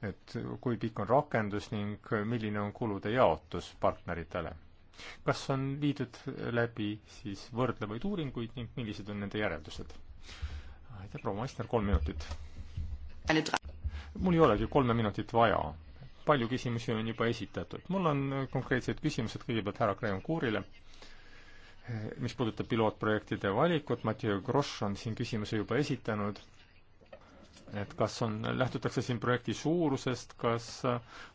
et kui pikk on rakendus ning milline on kulude jaotus partneritele. kas on viidud läbi siis võrdlevaid uuringuid ning millised on nende järeldused? aitäh, proua Maisner, kolm minutit. mul ei olegi kolme minutit vaja palju küsimusi on juba esitatud. mul on konkreetsed küsimused kõigepealt härra Graham Coorile, mis puudutab pilootprojektide valikut, Mathieu Grosch on siin küsimuse juba esitanud et kas on, lähtutakse siin projekti suurusest, kas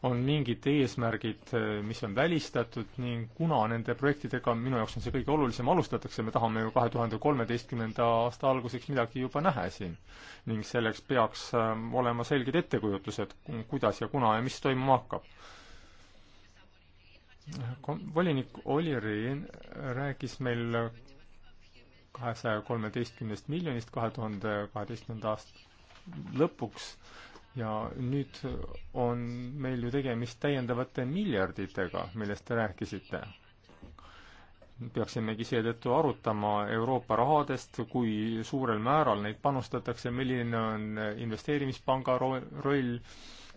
on mingid eesmärgid, mis on välistatud ning kuna nende projektidega, minu jaoks on see kõige olulisem, alustatakse, me tahame ju kahe tuhande kolmeteistkümnenda aasta alguseks midagi juba näha siin. ning selleks peaks ähm, olema selged ettekujutused, kuidas ja kuna ja mis toimuma hakkab. volinik Olli Rehn rääkis meil kahesaja kolmeteistkümnest miljonist kahe tuhande kaheteistkümnenda aasta lõpuks ja nüüd on meil ju tegemist täiendavate miljarditega, millest te rääkisite. peaksimegi seetõttu arutama Euroopa rahadest, kui suurel määral neid panustatakse, milline on investeerimispanga ro roll,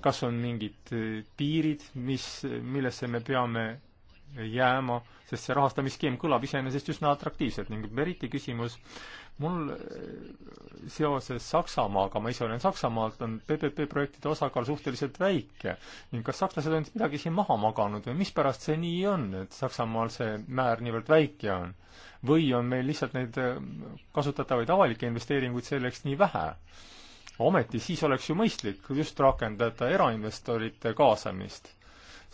kas on mingid piirid, mis, millesse me peame jääma, sest see rahastamisskeem kõlab iseenesest üsna atraktiivselt ning eriti küsimus äh, mul äh, seoses Saksamaaga, ma ise olen Saksamaalt, on PPP projektide osakaal suhteliselt väike ning kas sakslased on midagi siin maha maganud või mispärast see nii on, et Saksamaal see määr niivõrd väike on? või on meil lihtsalt neid äh, kasutatavaid avalikke investeeringuid selleks nii vähe? ometi siis oleks ju mõistlik just rakendada erainvestorite kaasamist,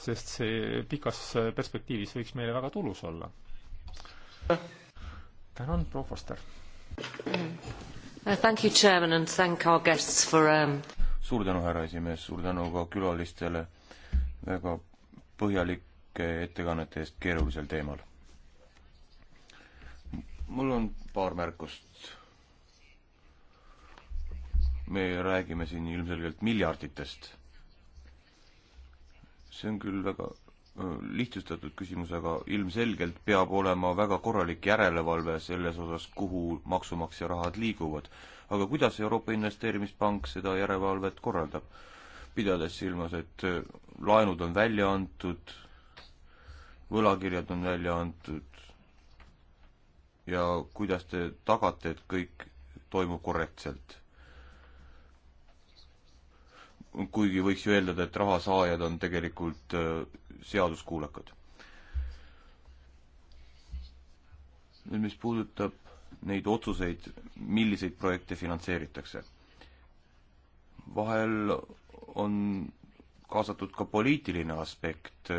sest see pikas äh, perspektiivis võiks meile väga tulus olla. tänan, proua Foster! Uh, um... suur tänu, härra esimees, suur tänu ka külalistele väga põhjalike ettekannete eest keerulisel teemal. mul on paar märkust. me räägime siin ilmselgelt miljarditest. see on küll väga lihtsustatud küsimus, aga ilmselgelt peab olema väga korralik järelevalve selles osas, kuhu maksumaksja rahad liiguvad. aga kuidas Euroopa Investeerimispank seda järelevalvet korraldab? pidades silmas, et äh, laenud on välja antud, võlakirjad on välja antud ja kuidas te tagate, et kõik toimub korrektselt? kuigi võiks ju eeldada, et rahasaajad on tegelikult äh, seaduskuulekad. nüüd, mis puudutab neid otsuseid, milliseid projekte finantseeritakse. vahel on kaasatud ka poliitiline aspekt,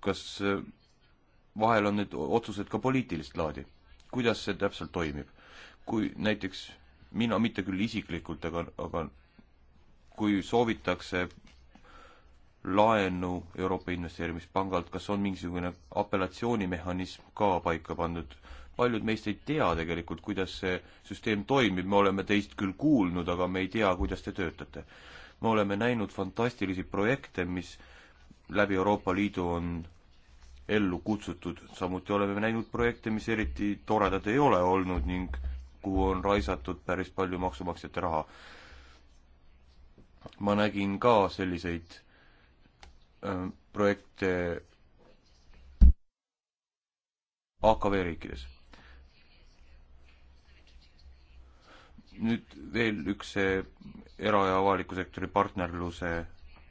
kas vahel on need otsused ka poliitilist laadi? kuidas see täpselt toimib? kui näiteks mina, mitte küll isiklikult, aga, aga kui soovitakse laenu Euroopa Investeerimispangalt, kas on mingisugune apellatsioonimehhanism ka paika pandud? paljud meist ei tea tegelikult, kuidas see süsteem toimib, me oleme teist küll kuulnud, aga me ei tea, kuidas te töötate. me oleme näinud fantastilisi projekte, mis läbi Euroopa Liidu on ellu kutsutud, samuti oleme näinud projekte, mis eriti toredad ei ole olnud ning kuhu on raisatud päris palju maksumaksjate raha. ma nägin ka selliseid Äh, projekte AKV riikides. nüüd veel üks see era- ja avaliku sektori partnerluse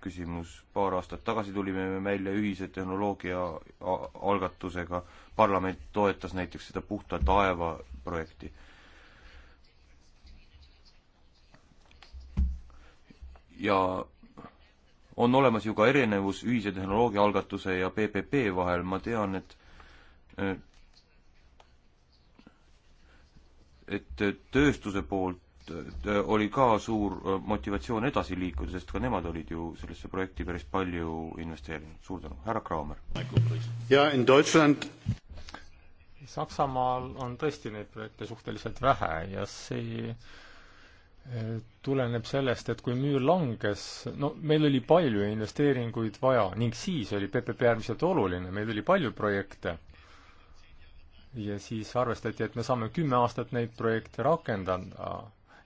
küsimus. paar aastat tagasi tulime me välja ühise tehnoloogia algatusega. parlament toetas näiteks seda Puhta taeva projekti. ja on olemas ju ka erinevus ühise tehnoloogia algatuse ja PPP vahel, ma tean, et et tööstuse poolt oli ka suur äh, motivatsioon edasi liikuda, sest ka nemad olid ju sellesse projekti päris palju investeerinud. suur tänu, härra Kraamer. ja in Deutschland Saksamaal on tõesti neid projekte suhteliselt vähe ja see tuleneb sellest, et kui müür langes, no meil oli palju investeeringuid vaja ning siis oli PPP äärmiselt oluline, meil oli palju projekte. ja siis arvestati, et me saame kümme aastat neid projekte rakendada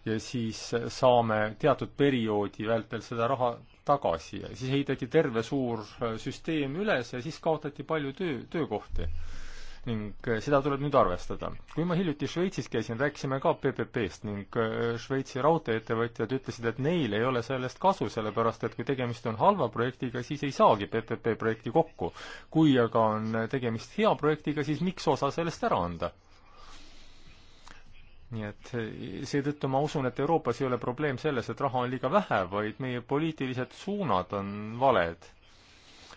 ja siis saame teatud perioodi vältel seda raha tagasi ja siis ehitati terve suur äh, süsteem üles ja siis kaotati palju töö, töökohti ning äh, seda tuleb nüüd arvestada. kui ma hiljuti Šveitsis käisin, rääkisime ka PPP-st ning äh, Šveitsi raudtee-ettevõtjad ütlesid, et neil ei ole sellest kasu, sellepärast et kui tegemist on halva projektiga, siis ei saagi PPP-projekti kokku. kui aga on tegemist hea projektiga, siis miks osa sellest ära anda? nii et äh, seetõttu ma usun, et Euroopas ei ole probleem selles, et raha on liiga vähe, vaid meie poliitilised suunad on valed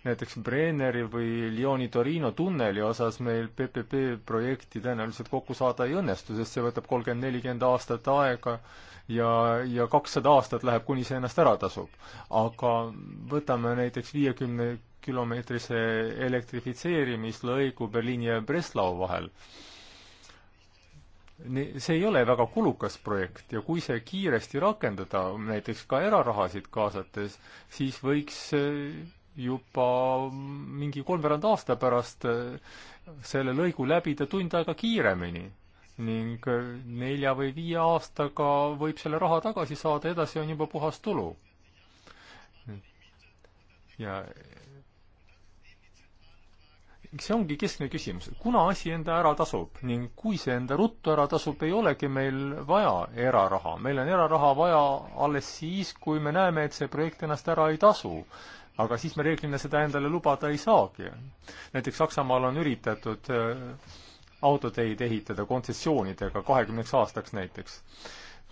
näiteks Brenneri või Lyoni-Torino tunneli osas meil PPP projekti tõenäoliselt kokku saada ei õnnestu, sest see võtab kolmkümmend, nelikümmend aastat aega ja, ja kakssada aastat läheb, kuni see ennast ära tasub. aga võtame näiteks viiekümne kilomeetrise elektrifitseerimislõigu Berliini ja Breslau vahel see ei ole väga kulukas projekt ja kui see kiiresti rakendada, näiteks ka erarahasid kaasates, siis võiks juba mingi kolmveerand aasta pärast eh, selle lõigu läbida tund aega kiiremini ning eh, nelja või viie aastaga võib selle raha tagasi saada, edasi on juba puhas tulu. ja eh, see ongi keskne küsimus, kuna asi enda ära tasub ning kui see enda ruttu ära tasub, ei olegi meil vaja eraraha. meil on eraraha vaja alles siis, kui me näeme, et see projekt ennast ära ei tasu aga siis me reeglina seda endale lubada ei saagi. näiteks Saksamaal on üritatud äh, autoteid ehitada kontsessioonidega kahekümneks aastaks näiteks.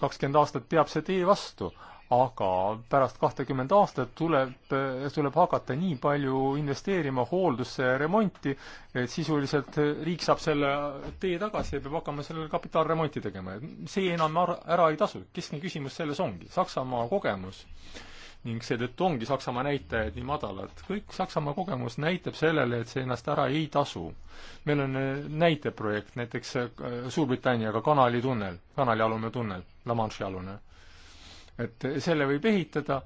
kakskümmend aastat peab see tee vastu, aga pärast kahtekümmend aastat tuleb, äh, tuleb hakata nii palju investeerima hooldusse ja remonti, et sisuliselt äh, riik saab selle tee tagasi ja peab hakkama sellele kapitaalremonti tegema. see enam ära ei tasu. keskne küsimus selles ongi. Saksamaa kogemus äh, ning seetõttu ongi Saksamaa näitajad nii madalad. kõik Saksamaa kogemus näitab sellele, et see ennast ära ei tasu. meil on äh, näiteprojekt, näiteks äh, Suurbritanniaga kanali tunnel, kanalialune tunnel, La Manche'i alune. et äh, selle võib ehitada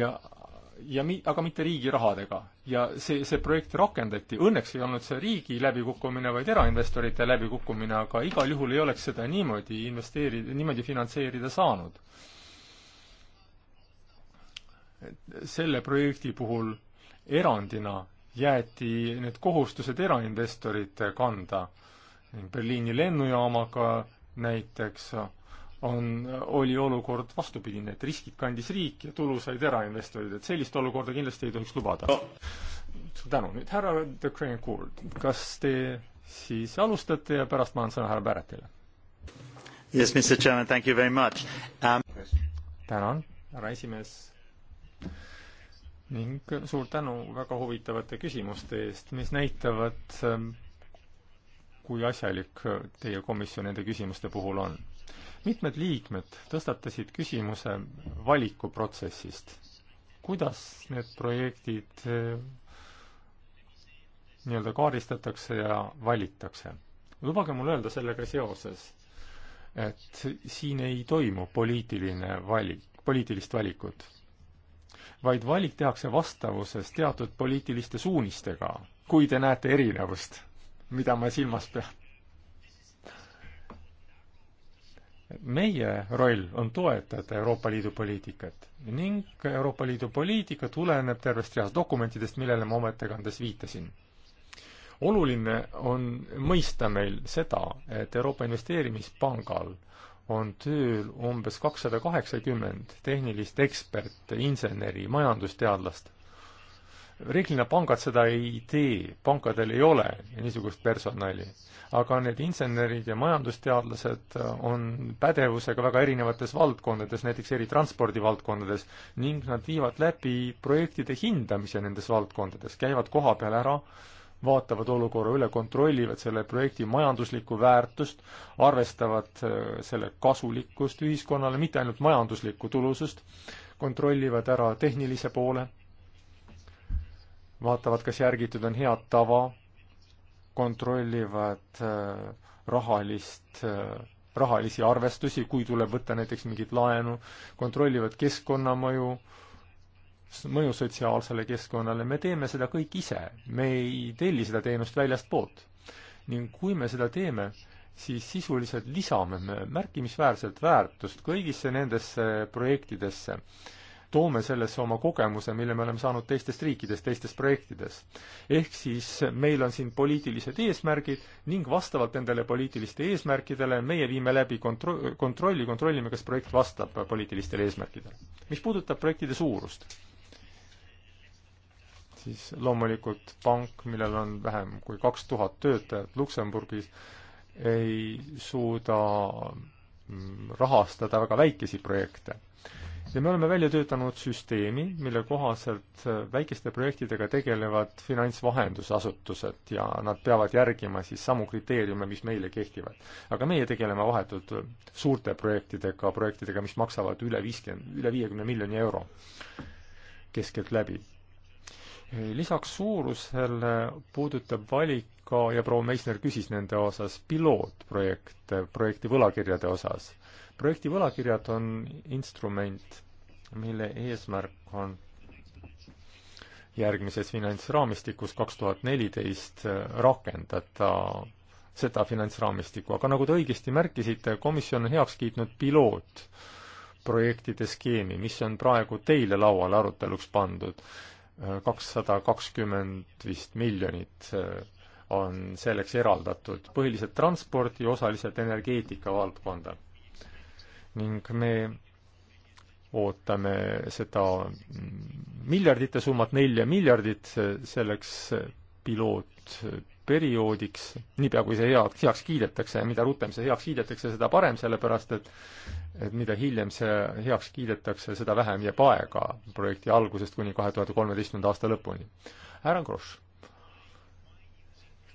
ja ja mi-, aga mitte riigi rahadega. ja see, see projekt rakendati, õnneks ei olnud see riigi läbikukkumine, vaid erainvestorite läbikukkumine, aga igal juhul ei oleks seda niimoodi investeerida, niimoodi finantseerida saanud selle projekti puhul erandina jäeti need kohustused erainvestorite kanda. Berliini lennujaamaga näiteks on, oli olukord vastupidine, et riskid kandis riik ja tulu said erainvestorid, et sellist olukorda kindlasti ei tohiks lubada no.. suur tänu, nüüd härra De Crane-Court, kas te siis alustate ja pärast ma annan sõna härra Barrettile? Yes, Mr Chairman, thank you very much um.... tänan, härra esimees ning suur tänu väga huvitavate küsimuste eest, mis näitavad, ähm, kui asjalik teie komisjon nende küsimuste puhul on. mitmed liikmed tõstatasid küsimuse valikuprotsessist. kuidas need projektid äh, nii-öelda kaardistatakse ja valitakse? lubage mul öelda sellega seoses, et siin ei toimu poliitiline valik, poliitilist valikut vaid valik tehakse vastavuses teatud poliitiliste suunistega, kui te näete erinevust, mida ma silmas pean. meie roll on toetada Euroopa Liidu poliitikat ning Euroopa Liidu poliitika tuleneb tervest reast dokumentidest, millele ma oma ettekandes viitasin. oluline on mõista meil seda, et Euroopa Investeerimispangal äh, on tööl umbes kakssada kaheksakümmend tehnilist eksperti, inseneri, majandusteadlast. reeglina pangad seda ei tee, pankadel ei ole niisugust personali. aga need insenerid ja majandusteadlased äh, on pädevusega väga erinevates valdkondades, näiteks eri transpordivaldkondades, ning nad viivad läbi projektide hindamise nendes valdkondades, käivad koha peal ära äh, vaatavad olukorra üle, kontrollivad selle projekti majanduslikku väärtust, arvestavad äh, selle kasulikkust ühiskonnale, mitte ainult majanduslikku tulusust, kontrollivad ära tehnilise poole, vaatavad, kas järgitud on head tava, kontrollivad äh, rahalist, äh, rahalisi arvestusi, kui tuleb võtta näiteks mingit laenu, kontrollivad keskkonnamõju, mõju sotsiaalsele keskkonnale, me teeme seda kõik ise, me ei telli seda teenust väljastpoolt. ning kui me seda teeme, siis sisuliselt lisame me märkimisväärselt väärtust kõigisse nendesse projektidesse. toome sellesse oma kogemuse, mille me oleme saanud teistest riikidest, teistes projektides. ehk siis meil on siin poliitilised eesmärgid ning vastavalt nendele poliitiliste eesmärkidele meie viime läbi kontro-, kontrolli, kontrollime, kas projekt vastab poliitilistele eesmärkidele. mis puudutab projektide suurust siis loomulikult pank, millel on vähem kui kaks tuhat töötajat Luksemburgis, ei suuda mm, rahastada väga väikesi projekte. ja me oleme välja töötanud süsteemi, mille kohaselt äh, väikeste projektidega tegelevad finantsvahendusasutused ja nad peavad järgima siis samu kriteeriume, mis meile kehtivad. aga meie tegeleme vahetult äh, suurte projektidega, projektidega, mis maksavad üle viiskümmend, üle viiekümne miljoni euro keskeltläbi lisaks suurusele puudutab valik ka ja proua Meissner küsis nende osas pilootprojekte, projekti võlakirjade osas. projekti võlakirjad on instrument, mille eesmärk on järgmises finantsraamistikus kaks tuhat neliteist äh, rakendada seda finantsraamistikku, aga nagu te õigesti märkisite, komisjon on heaks kiitnud pilootprojektide skeemi, mis on praegu teile lauale aruteluks pandud kakssada kakskümmend vist miljonit eh, on selleks eraldatud, põhiliselt transpordi, osaliselt energeetika valdkonda. ning me ootame seda miljardite summat, nelja miljardit eh, selleks piloot, perioodiks, niipea kui see hea, heaks kiidetakse ja mida rutem see heaks kiidetakse, seda parem, sellepärast et et mida hiljem see heaks kiidetakse, seda vähem jääb aega projekti algusest kuni kahe tuhande kolmeteistkümnenda aasta lõpuni. härra Grosch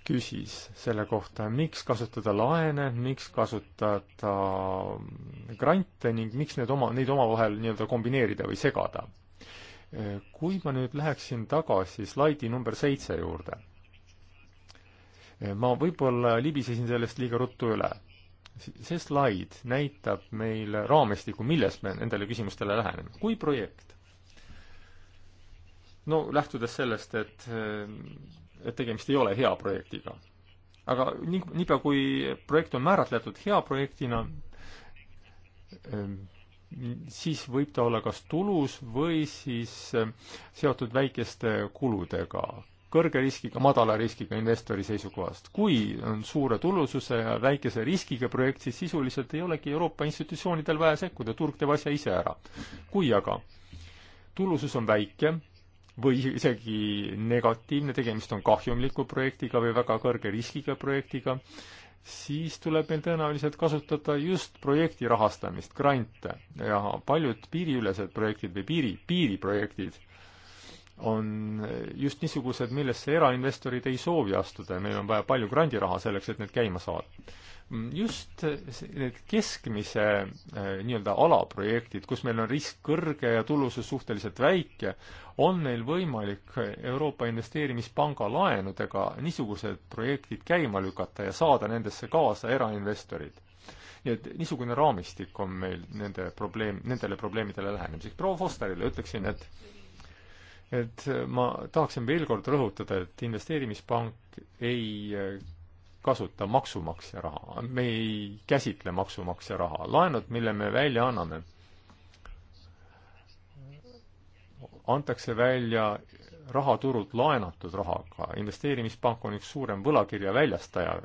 küsis selle kohta, miks kasutada laene, miks kasutada grante ning miks need oma, neid omavahel nii-öelda kombineerida või segada. Kui ma nüüd läheksin tagasi slaidi number seitse juurde ma võib-olla libisesin sellest liiga ruttu üle. see slaid näitab meile raamistikku, milles me nendele küsimustele läheneme. kui projekt, no lähtudes sellest, et, et tegemist ei ole hea projektiga, aga nii, niipea kui projekt on määratletud hea projektina, siis võib ta olla kas tulus või siis seotud väikeste kuludega kõrge riskiga, madala riskiga investori seisukohast. kui on suure tulususe ja väikese riskiga projekt, siis sisuliselt ei olegi Euroopa institutsioonidel vaja sekkuda, turg teeb asja ise ära. kui aga tulusus on väike või isegi negatiivne, tegemist on kahjumliku projektiga või väga kõrge riskiga projektiga, siis tuleb meil tõenäoliselt kasutada just projekti rahastamist, grante ja paljud piiriülesed projektid või piiri, piiriprojektid on just niisugused, millesse erainvestorid ei soovi astuda ja meil on vaja palju grandiraha selleks, et need käima saada. just need keskmise äh, nii-öelda alaprojektid, kus meil on risk kõrge ja tulusus suhteliselt väike, on meil võimalik Euroopa Investeerimispanga laenudega niisugused projektid käima lükata ja saada nendesse kaasa erainvestorid nii et niisugune raamistik on meil nende probleem, nendele probleemidele lähenemiseks. proua Fosterile ütleksin, et et ma tahaksin veel kord rõhutada, et investeerimispank ei kasuta maksumaksja raha, me ei käsitle maksumaksja raha, laenud, mille me välja anname, antakse välja rahaturult laenatud rahaga, investeerimispank on üks suurem võlakirja väljastaja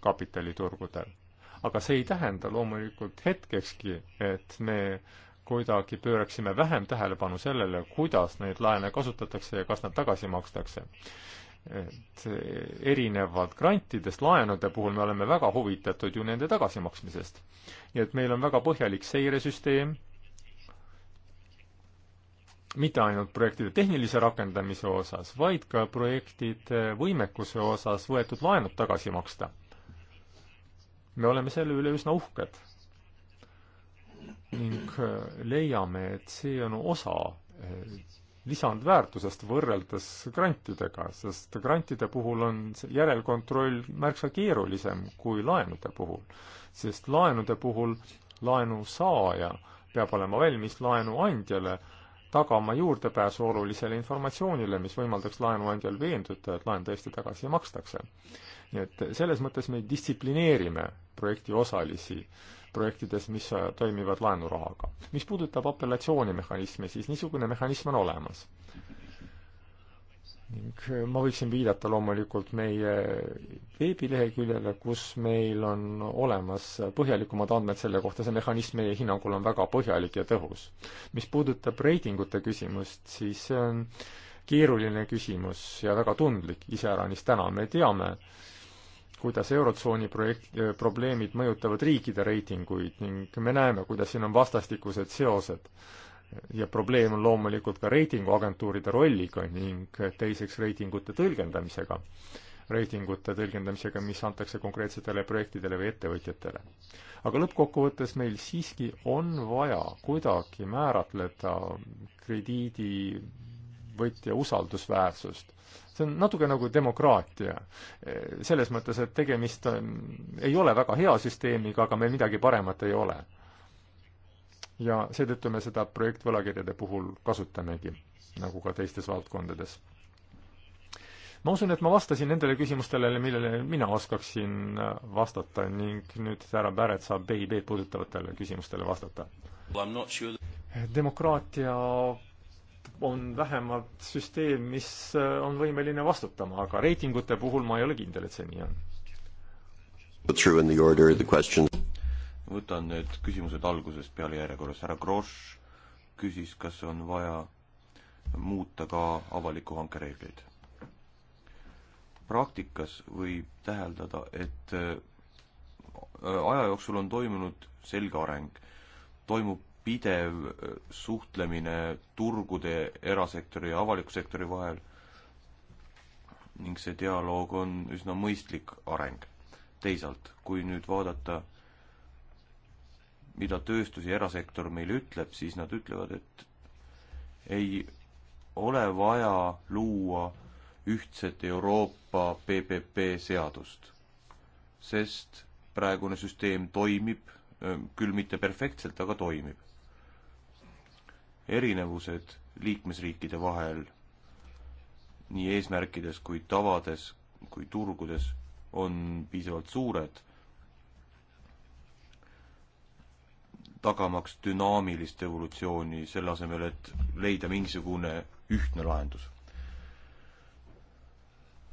kapitaliturgudel. aga see ei tähenda loomulikult hetkekski, et me äh, kuidagi pööraksime vähem tähelepanu sellele, kuidas neid laene kasutatakse ja kas nad tagasi makstakse. et erinevalt grantidest laenude puhul me oleme väga huvitatud ju nende tagasimaksmisest. nii et meil on väga põhjalik seiresüsteem, mitte ainult projektide tehnilise rakendamise osas, vaid ka projektide võimekuse osas võetud laenud tagasi maksta. me oleme selle üle üsna uhked ning äh, leiame, et see on osa äh, lisandväärtusest võrreldes grantidega, sest grantide puhul on järelkontroll märksa keerulisem kui laenude puhul. sest laenude puhul laenusaaja peab olema valmis laenuandjale tagama juurdepääsu olulisele informatsioonile, mis võimaldaks laenuandjal veenduda, et laen tõesti tagasi makstakse. nii et selles mõttes me distsiplineerime projekti osalisi äh, projektides, mis äh, toimivad laenurahaga. mis puudutab apellatsioonimehhanismi, siis niisugune mehhanism on olemas. ning äh, ma võiksin viidata loomulikult meie veebileheküljele, kus meil on olemas põhjalikumad andmed selle kohta, see mehhanism meie hinnangul on väga põhjalik ja tõhus. mis puudutab reitingute küsimust, siis see on keeruline küsimus ja väga tundlik, iseäranis täna me teame, kuidas Eurotsooni projekt, eh, probleemid mõjutavad riikide reitinguid ning me näeme, kuidas siin on vastastikused seosed. ja probleem on loomulikult ka reitinguagentuuride rolliga ning teiseks reitingute tõlgendamisega. reitingute tõlgendamisega, mis antakse konkreetsetele projektidele või ettevõtjatele. aga lõppkokkuvõttes meil siiski on vaja kuidagi määratleda krediidivõtja usaldusväärsust see on natuke nagu demokraatia. selles mõttes, et tegemist on, ei ole väga hea süsteemiga, aga meil midagi paremat ei ole. ja seetõttu me seda projektvõlakirjade puhul kasutamegi, nagu ka teistes valdkondades. ma usun, et ma vastasin nendele küsimustele, millele mina oskaksin vastata ning nüüd härra Päret saab PIB-d puudutavatele küsimustele vastata. Sure that... demokraatia on vähemalt süsteem, mis äh, on võimeline vastutama, aga reitingute puhul ma ei ole kindel, et see nii on. võtan need küsimused algusest peale järjekorras. härra Grosch küsis, kas on vaja muuta ka avaliku hanke reegleid. praktikas võib täheldada, et äh, aja jooksul on toimunud selge areng. toimub pidev äh, suhtlemine turgude, erasektori ja avaliku sektori vahel ning see dialoog on üsna mõistlik areng. teisalt, kui nüüd vaadata, mida tööstus ja erasektor meile ütleb, siis nad ütlevad, et ei ole vaja luua ühtset Euroopa PPP seadust, sest praegune süsteem toimib, äh, küll mitte perfektselt, aga toimib erinevused liikmesriikide vahel nii eesmärkides kui tavades kui turgudes on piisavalt suured, tagamaks dünaamilist evolutsiooni, selle asemel, et leida mingisugune ühtne lahendus.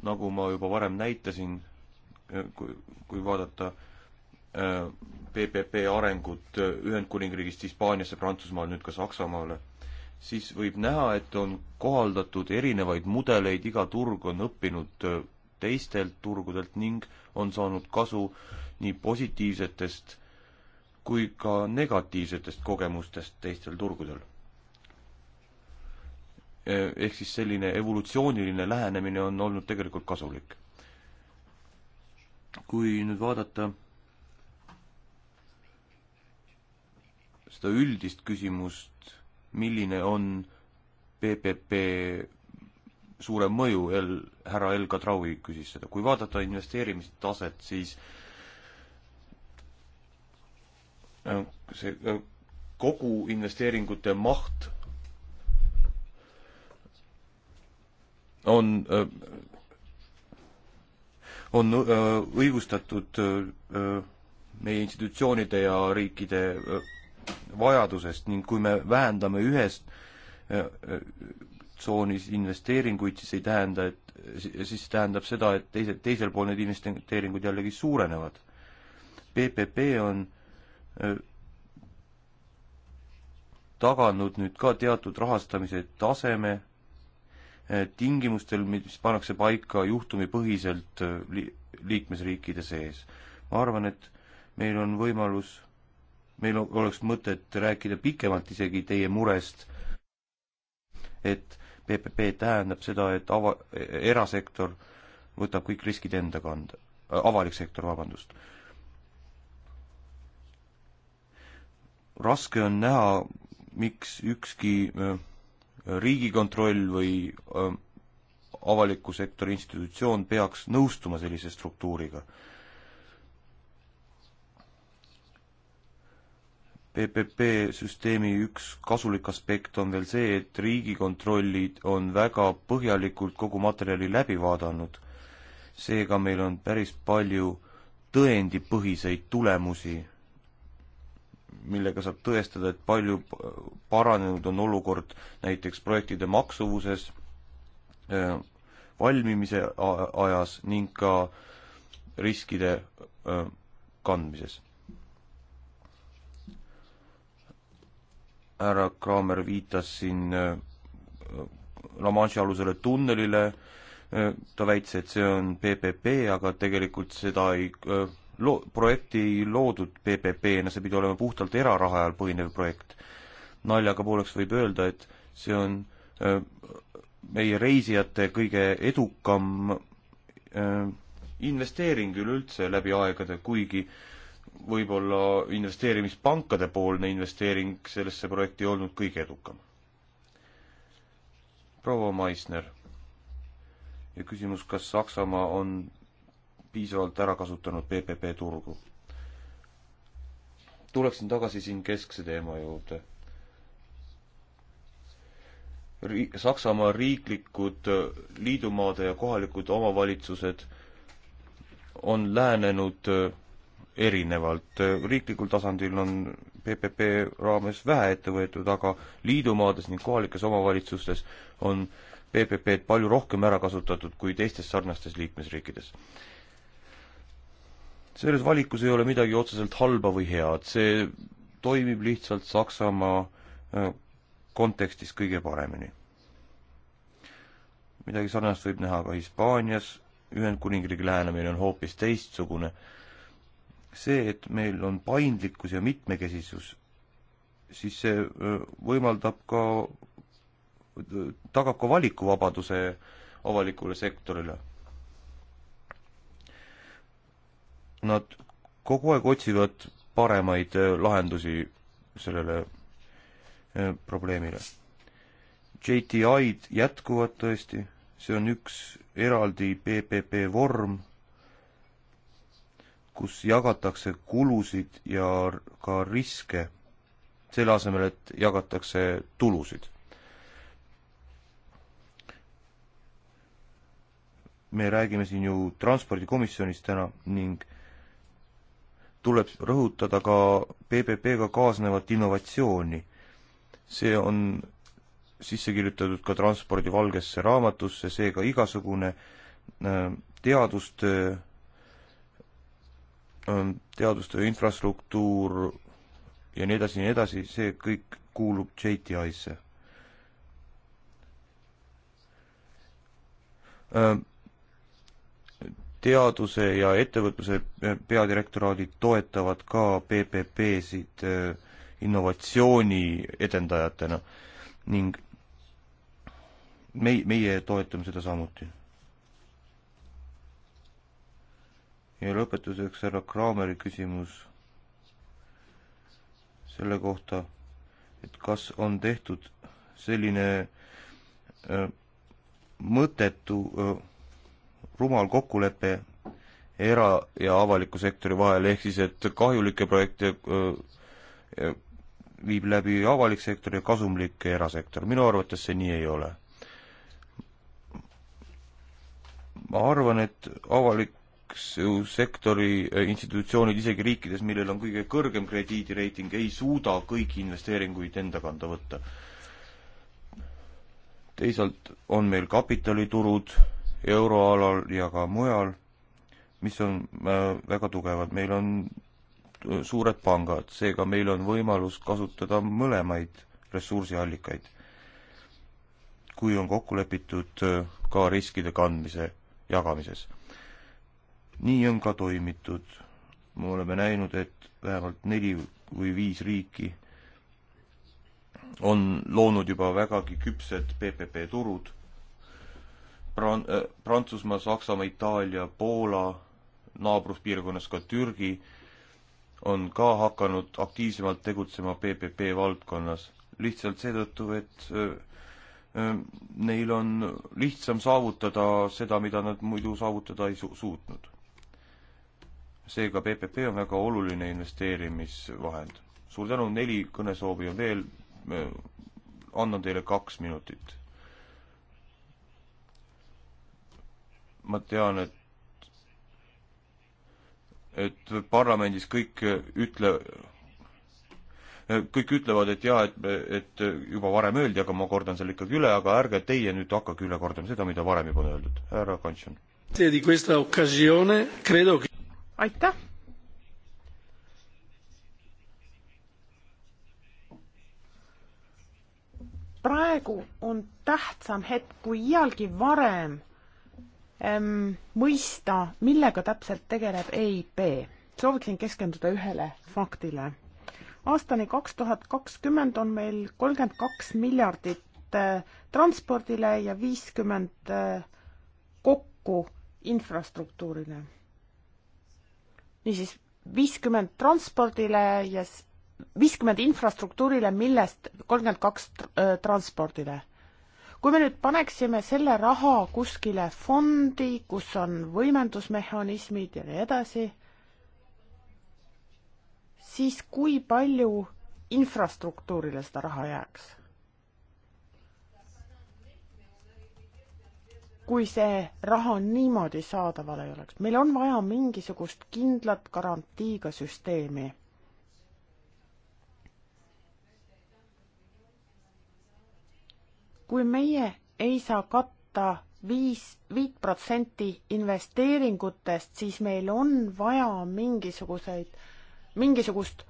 nagu ma juba varem näitasin, kui, kui vaadata äh, PPP arengut Ühendkuningriigist Hispaaniasse, Prantsusmaale, nüüd ka Saksamaale, siis võib näha, et on kohaldatud erinevaid mudeleid, iga turg on õppinud äh, teistelt turgudelt ning on saanud kasu nii positiivsetest kui ka negatiivsetest kogemustest teistel turgudel. Äh, ehk siis selline evolutsiooniline lähenemine on olnud tegelikult kasulik. kui nüüd vaadata seda üldist küsimust, milline on PPP suurem mõju, El, härra El Kadraui küsis seda, kui vaadata investeerimistaset, siis äh, see äh, kogu investeeringute maht on, äh, on õigustatud meie institutsioonide ja riikide vajadusest ning kui me vähendame ühes eh, eh, tsoonis investeeringuid, siis ei tähenda, et siis tähendab seda, et teised, teisel pool need investeeringud jällegi suurenevad. PPP on eh, taganud nüüd ka teatud rahastamise taseme tingimustel, mis pannakse paika juhtumipõhiselt li-, liikmesriikide sees. ma arvan, et meil on võimalus meil oleks mõtet rääkida pikemalt isegi teie murest, et PPP tähendab seda, et ava-, erasektor võtab kõik riskid enda kanda, avalik sektor, vabandust. raske on näha, miks ükski riigikontroll või avaliku sektori institutsioon peaks nõustuma sellise struktuuriga PPP süsteemi üks kasulik aspekt on veel see, et riigikontrollid on väga põhjalikult kogu materjali läbi vaadanud. seega meil on päris palju tõendipõhiseid tulemusi, millega saab tõestada, et palju paranenud on olukord näiteks projektide maksuvuses, äh, valmimise ajas ning ka riskide äh, kandmises härra Kraamer viitas siin äh, La Manche'i alusele tunnelile, äh, ta väitis, et see on PPP, aga tegelikult seda ei äh, lo-, projekti ei loodud PPP-na, see pidi olema puhtalt erarahajal põhinev projekt. naljaga pooleks võib öelda, et see on meie reisijate kõige edukam investeering üleüldse läbi aegade, kuigi äh, võib-olla investeerimispankade poolne investeering sellesse projekti olnud kõige edukam. proua Maisner ja küsimus, kas Saksamaa on piisavalt ära kasutanud PPP turgu? tuleksin tagasi siin keskse teema juurde Ri. Saksamaa riiklikud liidumaade ja kohalikud omavalitsused on lähenenud erinevalt. riiklikul tasandil on PPP raames vähe ette võetud, aga liidumaades ning kohalikes omavalitsustes on PPP-d palju rohkem ära kasutatud kui teistes sarnastes liikmesriikides. selles valikus ei ole midagi otseselt halba või head, see toimib lihtsalt Saksamaa äh, kontekstis kõige paremini. midagi sarnast võib näha ka Hispaanias, Ühendkuningriigi lähenemine on hoopis teistsugune see, et meil on paindlikkus ja mitmekesisus, siis see võimaldab ka, tagab ka valikuvabaduse avalikule sektorile. Nad kogu aeg otsivad paremaid lahendusi sellele probleemile. JTI-d jätkuvad tõesti, see on üks eraldi PPP vorm kus jagatakse kulusid ja ka riske, selle asemel, et jagatakse tulusid. me räägime siin ju transpordikomisjonist täna ning tuleb rõhutada ka PPP-ga kaasnevat innovatsiooni. see on sisse kirjutatud ka transpordi valgesse raamatusse, seega igasugune äh, teadustöö teadustöö infrastruktuur ja nii edasi ja nii edasi, see kõik kuulub JTI-sse. Äh, teaduse ja ettevõtluse peadirektoraadid toetavad ka PPP-sid äh, innovatsiooni edendajatena ning mei-, meie toetame seda samuti ja lõpetuseks härra Kraameri küsimus selle kohta, et kas on tehtud selline öö, äh, mõttetu öö, äh, rumal kokkulepe era- ja avaliku sektori vahel, ehk siis et kahjulikke projekte öö, äh, viib läbi avalik sektor ja kasumlik erasektor. minu arvates see nii ei ole. ma arvan, et avalik finantssektori eh, institutsioonid isegi riikides, millel on kõige kõrgem krediidireiting, ei suuda kõiki investeeringuid enda kanda võtta. teisalt on meil kapitaliturud euroalal ja ka mujal, mis on äh, väga tugevad, meil on äh, suured pangad, seega meil on võimalus kasutada mõlemaid ressursiallikaid, kui on kokku lepitud äh, ka riskide kandmise jagamises nii on ka toimitud. me oleme näinud, et vähemalt neli või viis riiki on loonud juba vägagi küpsed PPP turud. Pran-, äh, Prantsusmaa, Saksamaa, Itaalia, Poola, naabruspiirkonnas ka Türgi on ka hakanud aktiivsemalt tegutsema PPP valdkonnas. lihtsalt seetõttu, et äh, äh, neil on lihtsam saavutada seda, mida nad muidu saavutada ei su-, suutnud seega PPP on väga oluline investeerimisvahend. suur tänu, neli kõnesoovi on veel, annan teile kaks minutit. ma tean, et et parlamendis kõik ütle, kõik ütlevad, et jaa, et, et juba varem öeldi, aga ma kordan selle ikkagi üle, aga ärge teie nüüd hakake üle kordama seda, mida varem juba on öeldud. härra Kantsjon aitäh. praegu on tähtsam hetk kui iialgi varem ähm, mõista, millega täpselt tegeleb EIP. sooviksin keskenduda ühele faktile. aastani kaks tuhat kakskümmend on meil kolmkümmend kaks miljardit äh, transpordile ja viiskümmend äh, kokku infrastruktuurile niisiis viiskümmend transpordile ja viiskümmend infrastruktuurile, millest kolmkümmend kaks äh, transpordile. kui me nüüd paneksime selle raha kuskile fondi, kus on võimendusmehhanismid ja nii edasi, siis kui palju infrastruktuurile seda raha jääks? kui see raha niimoodi saadaval ei oleks. meil on vaja mingisugust kindlat garantiiga süsteemi. kui meie ei saa katta viis, viit protsenti investeeringutest, siis meil on vaja mingisuguseid, mingisugust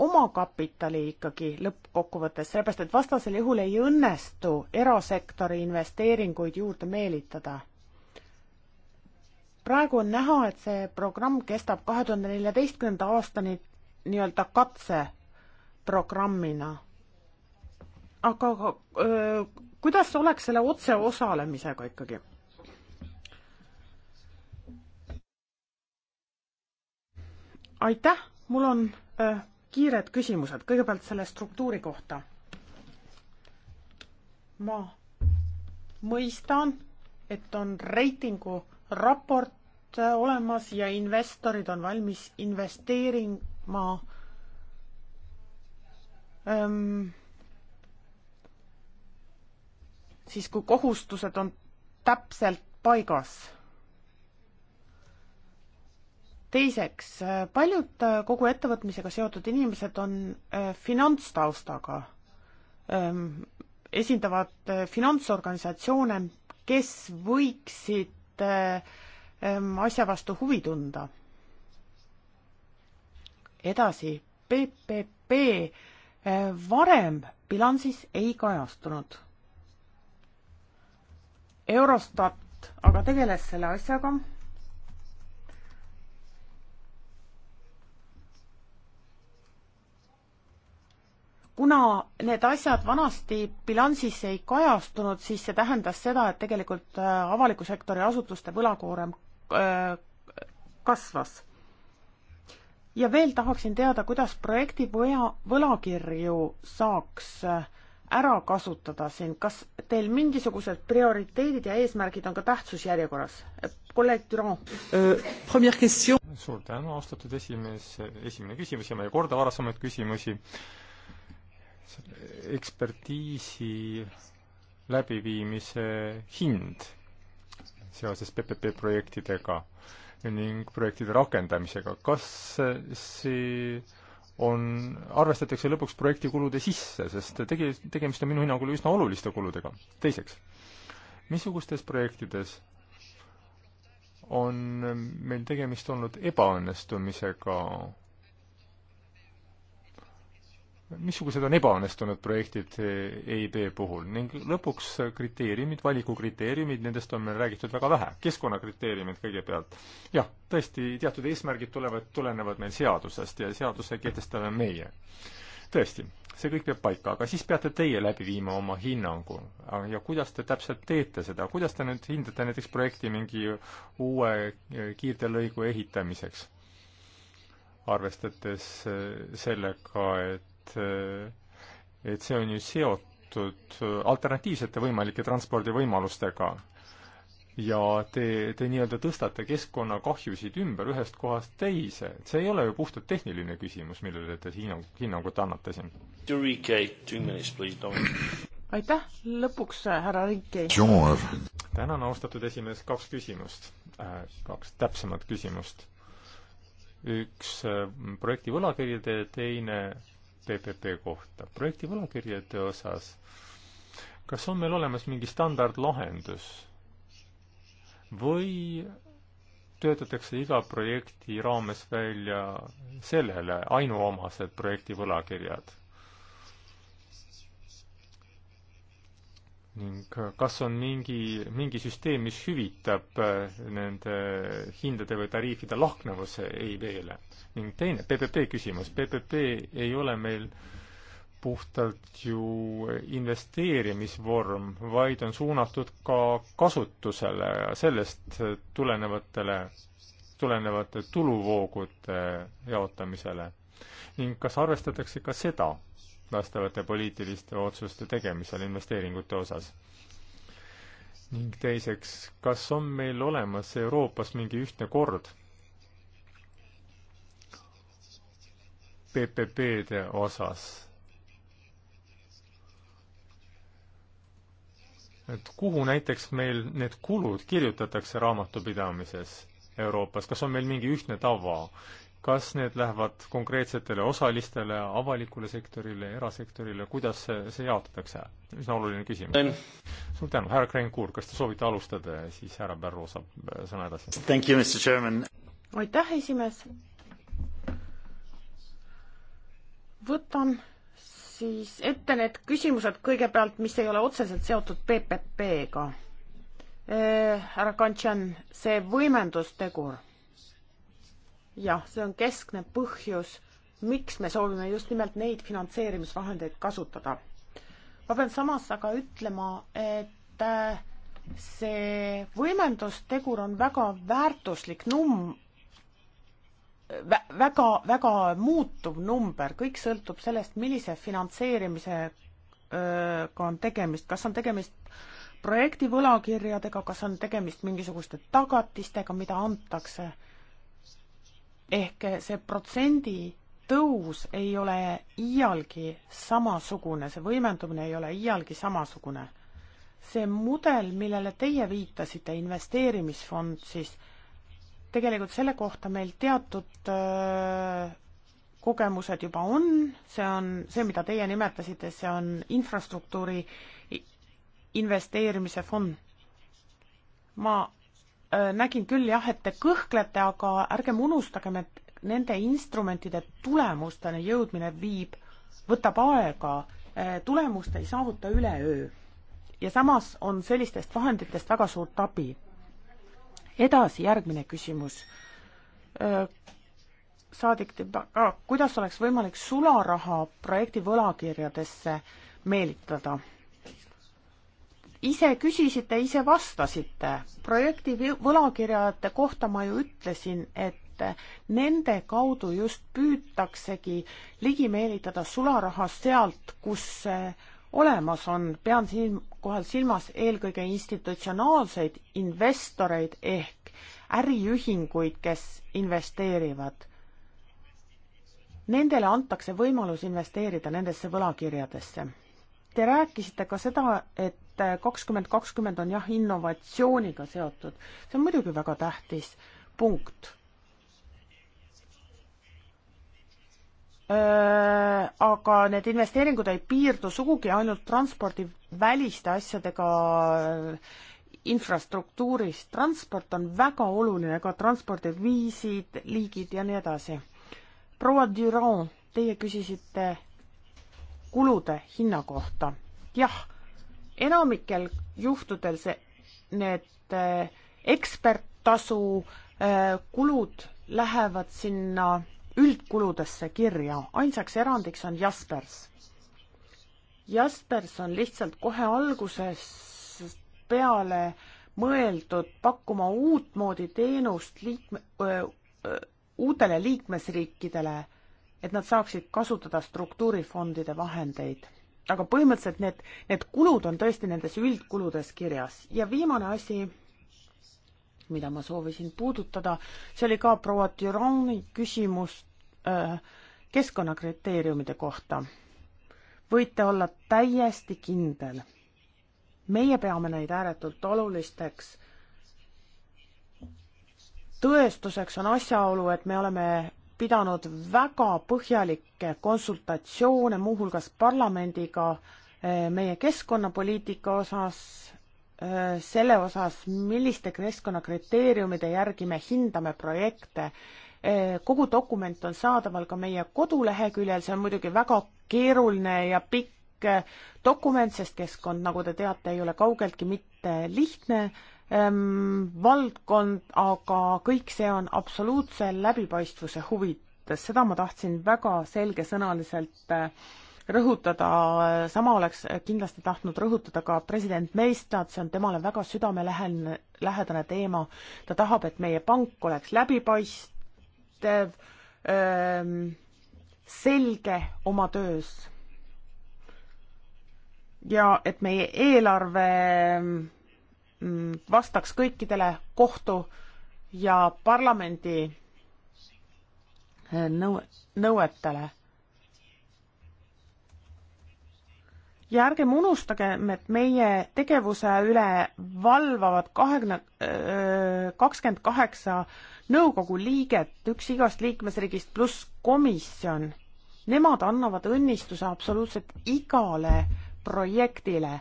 omakapitali ikkagi lõppkokkuvõttes, sellepärast et vastasel juhul ei õnnestu erasektori investeeringuid juurde meelitada. praegu on näha, et see programm kestab kahe tuhande neljateistkümnenda aastani nii-öelda katseprogrammina. aga öö, kuidas oleks selle otseosalemisega ikkagi? aitäh, mul on öö, kiired küsimused, kõigepealt selle struktuuri kohta. ma mõistan, et on reitingu raport olemas ja investorid on valmis investeerima ähm, siis, kui kohustused on täpselt paigas teiseks, äh, paljud äh, kogu ettevõtmisega seotud inimesed on äh, finantstaustaga, ähm, esindavad finantsorganisatsioone, kes võiksid ähm, asja vastu huvi tunda. edasi, PPP varem bilansis ei kajastunud. Eurostat aga tegeles selle asjaga kuna need asjad vanasti bilansis ei kajastunud, siis see tähendas seda, et tegelikult äh, avaliku sektori asutuste võlakoorem äh, kasvas. ja veel tahaksin teada, kuidas projekti võla, võlakirju saaks äh, ära kasutada siin, kas teil mingisugused prioriteedid ja eesmärgid on ka tähtsusjärjekorras? kolleeg Düran. suur tänu, austatud esimees, esimene küsimus ja ma ei korda varasemaid küsimusi ekspertiisi läbiviimise hind seoses PPP projektidega ning projektide rakendamisega, kas see on, arvestatakse lõpuks projekti kulude sisse, sest tegi, tegemist on minu hinnangul üsna oluliste kuludega. teiseks, missugustes projektides on meil tegemist olnud ebaõnnestumisega missugused on ebaõnnestunud projektid EIB puhul ning lõpuks kriteeriumid, valikukriteeriumid, nendest on meil räägitud väga vähe. keskkonnakriteeriumid kõigepealt. jah, tõesti, teatud eesmärgid tulevad, tulenevad meil seadusest ja seaduse kehtestame meie. tõesti, see kõik peab paika, aga siis peate teie läbi viima oma hinnangu. ja kuidas te täpselt teete seda, kuidas te nüüd hindate näiteks projekti mingi uue kiirteelõigu ehitamiseks? arvestades sellega, et et, et see on ju seotud alternatiivsete võimalike transpordivõimalustega ja te, te nii-öelda tõstate keskkonnakahjusid ümber ühest kohast teise, et see ei ole ju puhtalt tehniline küsimus, millele te hinnang, hinnangut annate siin. aitäh, lõpuks äh, härra Rikki. tänan, austatud esimees, kaks küsimust, äh, kaks täpsemat küsimust. üks äh, projekti võlakirjade, teine PPP kohta. projekti võlakirjade osas, kas on meil olemas mingi standardlahendus või töötatakse iga projekti raames välja sellele ainuomased projekti võlakirjad? ning äh, kas on mingi, mingi süsteem, mis hüvitab äh, nende hindade või tariifide lahknevuse EIB-le? ning teine, PPP küsimus. PPP ei ole meil puhtalt ju investeerimisvorm, vaid on suunatud ka kasutusele ja sellest äh, tulenevatele, tulenevate tuluvoogude jaotamisele. ning kas arvestatakse ka seda, vastavate poliitiliste otsuste tegemisel investeeringute osas? ning teiseks, kas on meil olemas Euroopas mingi ühtne kord PPP-de osas? et kuhu näiteks meil need kulud kirjutatakse raamatupidamises Euroopas, kas on meil mingi ühtne tava kas need lähevad konkreetsetele osalistele, avalikule sektorile, erasektorile, kuidas see, see jaotatakse? üsna oluline küsimus. suur tänu, härra Kreenkuur, kas te soovite alustada ja siis härra Pärru saab äh, sõna edasi? aitäh, esimees! võtan siis ette need küsimused kõigepealt, mis ei ole otseselt seotud PPP-ga. Äh, härra Kantšan, see võimendustegur jah, see on keskne põhjus, miks me soovime just nimelt neid finantseerimisvahendeid kasutada. ma pean samas aga ütlema, et äh, see võimendustegur on väga väärtuslik num-, väga, väga muutuv number, kõik sõltub sellest, millise finantseerimisega on tegemist, kas on tegemist projekti võlakirjadega, kas on tegemist mingisuguste tagatistega, mida antakse ehk see protsendi tõus ei ole iialgi samasugune, see võimendumine ei ole iialgi samasugune. see mudel, millele teie viitasite, investeerimisfond siis, tegelikult selle kohta meil teatud öö, äh, kogemused juba on, see on see, mida teie nimetasite, see on infrastruktuuri investeerimise fond. ma Äh, nägin küll jah, et te kõhklete, aga ärgem unustagem, et nende instrumentide tulemusteni jõudmine viib, võtab aega, äh, tulemust ei saavuta üleöö. ja samas on sellistest vahenditest väga suurt abi. edasi, järgmine küsimus. Äh, saadik, ah, kuidas oleks võimalik sularaha projekti võlakirjadesse meelitada? ise küsisite, ise vastasite. projekti võlakirjade kohta ma ju ütlesin, et nende kaudu just püütaksegi ligi meelitada sularaha sealt, kus see olemas on, pean siinkohal silmas eelkõige institutsionaalseid investoreid ehk äriühinguid, kes investeerivad. Nendele antakse võimalus investeerida nendesse võlakirjadesse. Te rääkisite ka seda, et et kakskümmend kakskümmend on jah, innovatsiooniga seotud. see on muidugi väga tähtis punkt. aga need investeeringud ei piirdu sugugi ainult transpordi väliste asjadega infrastruktuuris. transport on väga oluline, ka transpordiviisid, liigid ja nii edasi. proua Durand, teie küsisite kulude hinna kohta. jah enamikel juhtudel see, need eh, eksperttasu eh, kulud lähevad sinna üldkuludesse kirja, ainsaks erandiks on Jaspers. Jaspers on lihtsalt kohe alguses peale mõeldud pakkuma uutmoodi teenust liikme, uutele liikmesriikidele, et nad saaksid kasutada struktuurifondide vahendeid aga põhimõtteliselt need, need kulud on tõesti nendes üldkuludes kirjas ja viimane asi, mida ma soovisin puudutada, see oli ka proua Türani küsimus äh, keskkonnakriteeriumide kohta. võite olla täiesti kindel, meie peame neid ääretult olulisteks tõestuseks on asjaolu, et me oleme pidanud väga põhjalikke konsultatsioone muuhulgas parlamendiga eh, meie keskkonnapoliitika osas, eh, selle osas, milliste keskkonnakriteeriumide järgi me hindame projekte. Eh, kogu dokument on saadaval ka meie koduleheküljel, see on muidugi väga keeruline ja pikk dokument, sest keskkond, nagu te teate, ei ole kaugeltki mitte lihtne ähm, valdkond, aga kõik see on absoluutse läbipaistvuse huvides, seda ma tahtsin väga selgesõnaliselt äh, rõhutada, sama oleks eh, kindlasti tahtnud rõhutada ka president Meistad, see on temale väga südamelähedane, lähedane teema. ta tahab, et meie pank oleks läbipaistev, ehm, selge oma töös. ja et meie eelarve Mm, vastaks kõikidele kohtu ja parlamendi eh, nõu-, nõuetele. ja ärgem unustagem, et meie tegevuse üle valvavad kahekümne, eh, kakskümmend kaheksa nõukogu liiget, üks igast liikmesriigist pluss komisjon. Nemad annavad õnnistuse absoluutselt igale projektile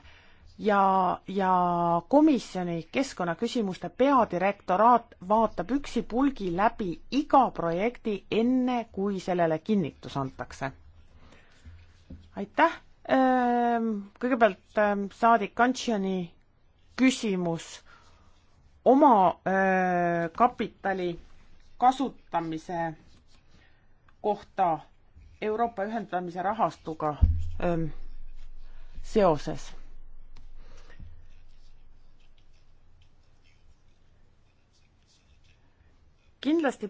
ja, ja komisjoni keskkonnaküsimuste peadirektoraat vaatab üksipulgi läbi iga projekti, enne kui sellele kinnitus antakse. aitäh, ehm, kõigepealt ehm, saadik Kantšeni küsimus oma öö, ehm, kapitali kasutamise kohta Euroopa ühendamise rahastuga öö, seoses kindlasti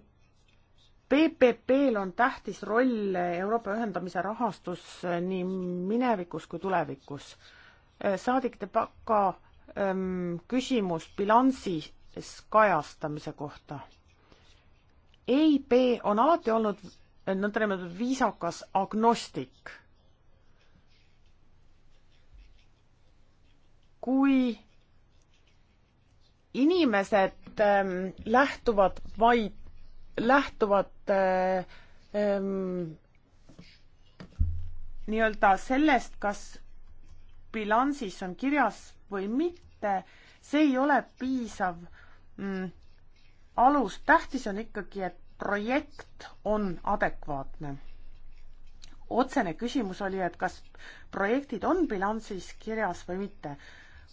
PPP-l on tähtis roll Euroopa ühendamise rahastus eh, nii minevikus kui tulevikus. Eh, saadik Debaka ehm, küsimus bilansis kajastamise kohta. EIB on alati olnud nõndanimetatud viisakas agnostik. kui inimesed ähm, lähtuvad vaid, lähtuvad äh, ähm, nii-öelda sellest, kas bilansis on kirjas või mitte, see ei ole piisav mm, alus, tähtis on ikkagi, et projekt on adekvaatne. otsene küsimus oli, et kas projektid on bilansis kirjas või mitte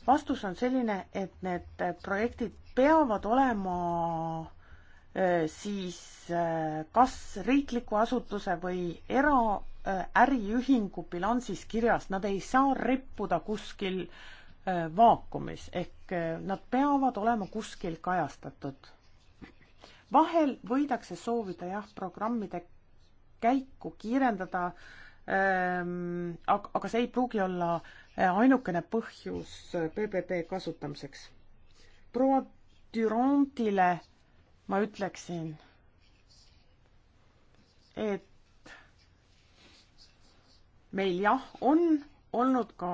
vastus on selline, et need projektid peavad olema eh, siis eh, kas riikliku asutuse või eraäriühingu bilansis kirjas, nad ei saa rippuda kuskil eh, vaakumis ehk nad peavad olema kuskil kajastatud. vahel võidakse soovida jah, programmide käiku kiirendada ähm,, aga, aga see ei pruugi olla äh, ainukene põhjus PPP kasutamiseks. proua Durandile ma ütleksin, et meil jah, on olnud ka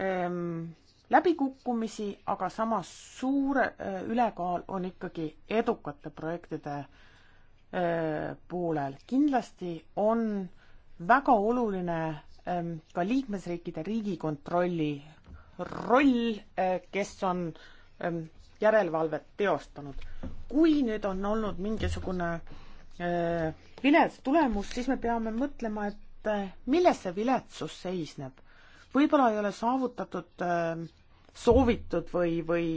ähm, läbikukkumisi, aga samas suur äh, eh, ülekaal on ikkagi edukate projektide äh, poolel. kindlasti on väga oluline Ähm, ka liikmesriikide riigikontrolli roll, äh, kes on ähm, järelevalvet teostanud. kui nüüd on olnud mingisugune äh, vilets tulemus, siis me peame mõtlema, et äh, milles see viletsus seisneb. võib-olla ei ole saavutatud soovitud või, või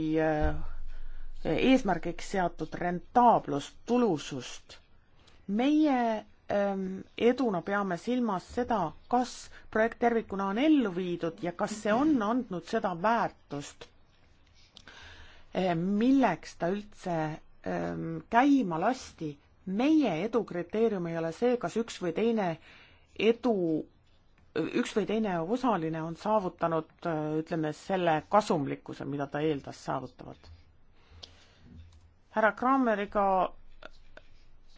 eesmärgiks seatud rentaablust, tulusust. meie Ähm, eduna peame silmas seda, kas projekt tervikuna on ellu viidud ja kas see on andnud seda väärtust, eh, milleks ta üldse ähm, käima lasti. meie edu kriteerium ei ole see, kas üks või teine edu, üks või teine osaline on saavutanud, äh, ütleme, selle kasumlikkuse, mida ta eeldas saavutavat. härra Krammeriga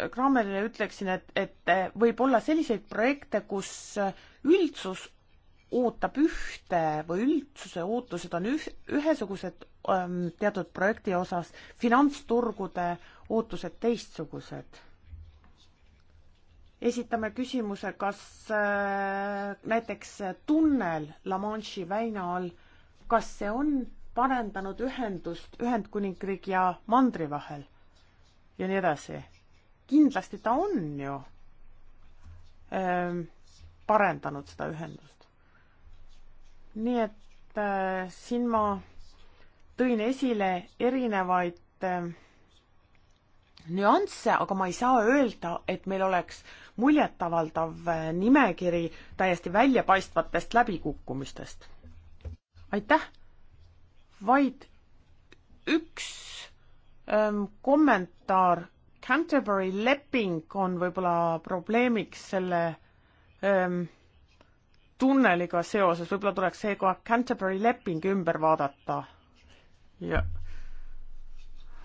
Krammerile ütleksin, et, et võib olla selliseid projekte, kus üldsus ootab ühte või üldsuse ootused on üh-, ühesugused ähm, teatud projekti osas, finantsturgude ootused teistsugused. esitame küsimuse, kas äh, näiteks tunnel La Manche'i väina all, kas see on parendanud ühendust Ühendkuningriigi ja mandri vahel ja nii edasi kindlasti ta on ju ähm, parendanud seda ühendust. nii et äh, siin ma tõin esile erinevaid äh, nüansse, aga ma ei saa öelda, et meil oleks muljetavaldav äh, nimekiri täiesti väljapaistvatest läbikukkumistest. aitäh! vaid üks ähm, kommentaar Canterbury leping on võib-olla probleemiks selle ähm, tunneliga seoses, võib-olla tuleks seega Canterbury leping ümber vaadata. ja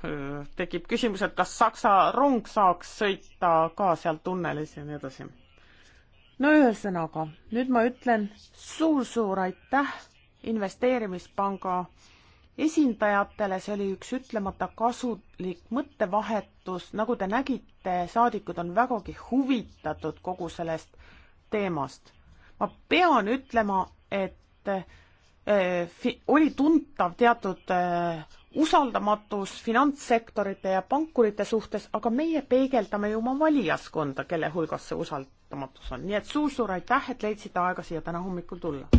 äh, tekib küsimus, et kas Saksa rong saaks sõita ka seal tunnelis ja nii edasi. no ühesõnaga, nüüd ma ütlen suur-suur aitäh investeerimispanga äh, esindajatele, see oli üks ütlemata kasulik mõttevahetus, nagu te nägite, saadikud on vägagi huvitatud kogu sellest teemast. ma pean ütlema, et äh, oli tuntav teatud äh, usaldamatus finantssektorite ja pankurite suhtes, aga meie peegeldame ju oma valijaskonda, kelle hulgas see usaldamatus on, nii et suur-suur aitäh, et leidsite aega siia täna hommikul tulla!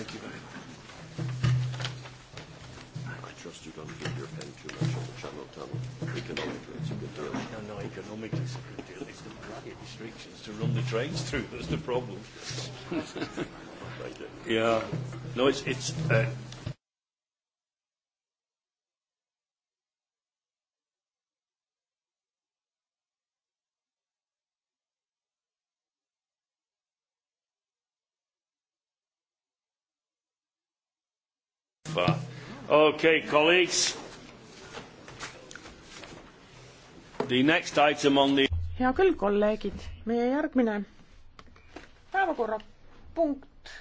Thank you very much. I trust you don't give your pen too much on the Channel Tunnel. Economically, it's a good deal. No, no, economically it's a good deal. It's the bloody restrictions to run the trains through that's the problem. Thank you. Yeah. No, it's, it's uh, Okay, colleagues. The next item on the... hea küll, kolleegid, meie järgmine päevakorrapunkt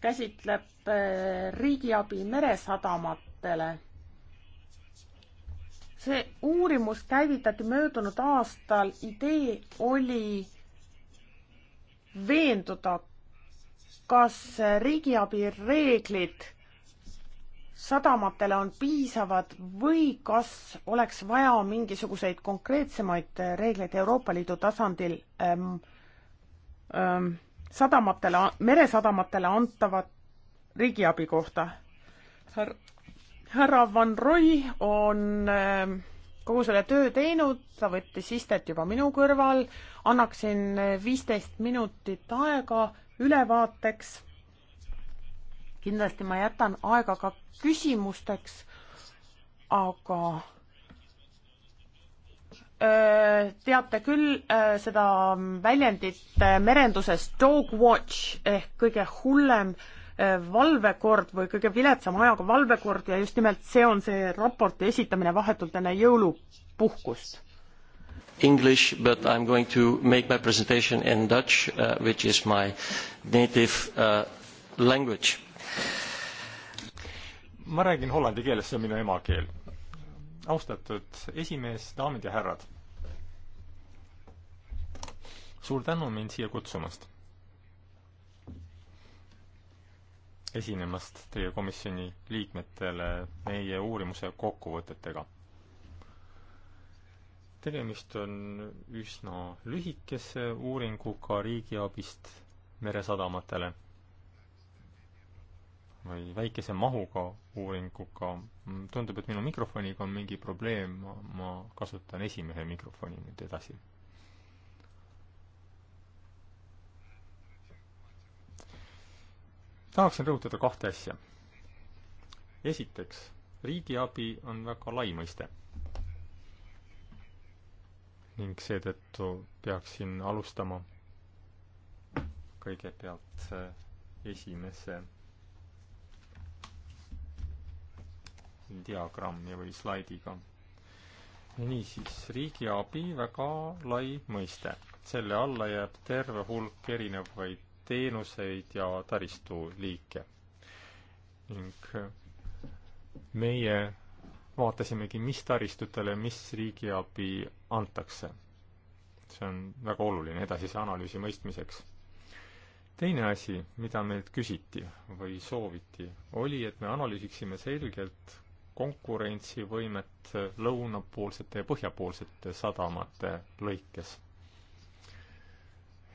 käsitleb eh, riigiabi meresadamatele. see uurimus käivitati möödunud aastal, idee oli veenduda, kas riigiabi reeglid sadamatele on piisavad või kas oleks vaja mingisuguseid konkreetsemaid reegleid Euroopa Liidu tasandil ähm, ähm, sadamatele, meresadamatele antavat riigiabi kohta? härra Van Roy on ähm, kogu selle töö teinud, ta võttis istet juba minu kõrval, annaksin äh, viisteist minutit aega ülevaateks. kindlasti ma jätan aega ka küsimusteks, aga teate küll seda väljendit merenduses dog watch ehk kõige hullem valvekord või kõige viletsama ajaga valvekord ja just nimelt see on see raporti esitamine vahetult enne jõulupuhkust English, but I'm going to make my presentation in Dutch, uh, which is my native uh, language. ma räägin hollandi keeles, see on minu emakeel. austatud esimees, daamid ja härrad. suur tänu mind siia kutsumast. esinemast teie komisjoni liikmetele meie uurimuse kokkuvõtetega tegemist on üsna lühikese uuringuga riigiabist meresadamatele või väikese mahuga uuringuga. tundub, et minu mikrofoniga on mingi probleem, ma kasutan esimehe mikrofoni nüüd edasi. tahaksin rõhutada kahte asja. esiteks, riigiabi on väga lai mõiste ning seetõttu peaksin alustama kõigepealt eh, esimese diagrammi või slaidiga. niisiis, riigiabi väga lai mõiste. selle alla jääb terve hulk erinevaid teenuseid ja taristuliike. ning eh, meie vaatasimegi, mis taristutele, mis riigiabi antakse. see on väga oluline edasise analüüsi mõistmiseks. teine asi, mida meilt küsiti või sooviti, oli, et me analüüsiksime selgelt konkurentsivõimet lõunapoolsete ja põhjapoolsete sadamate lõikes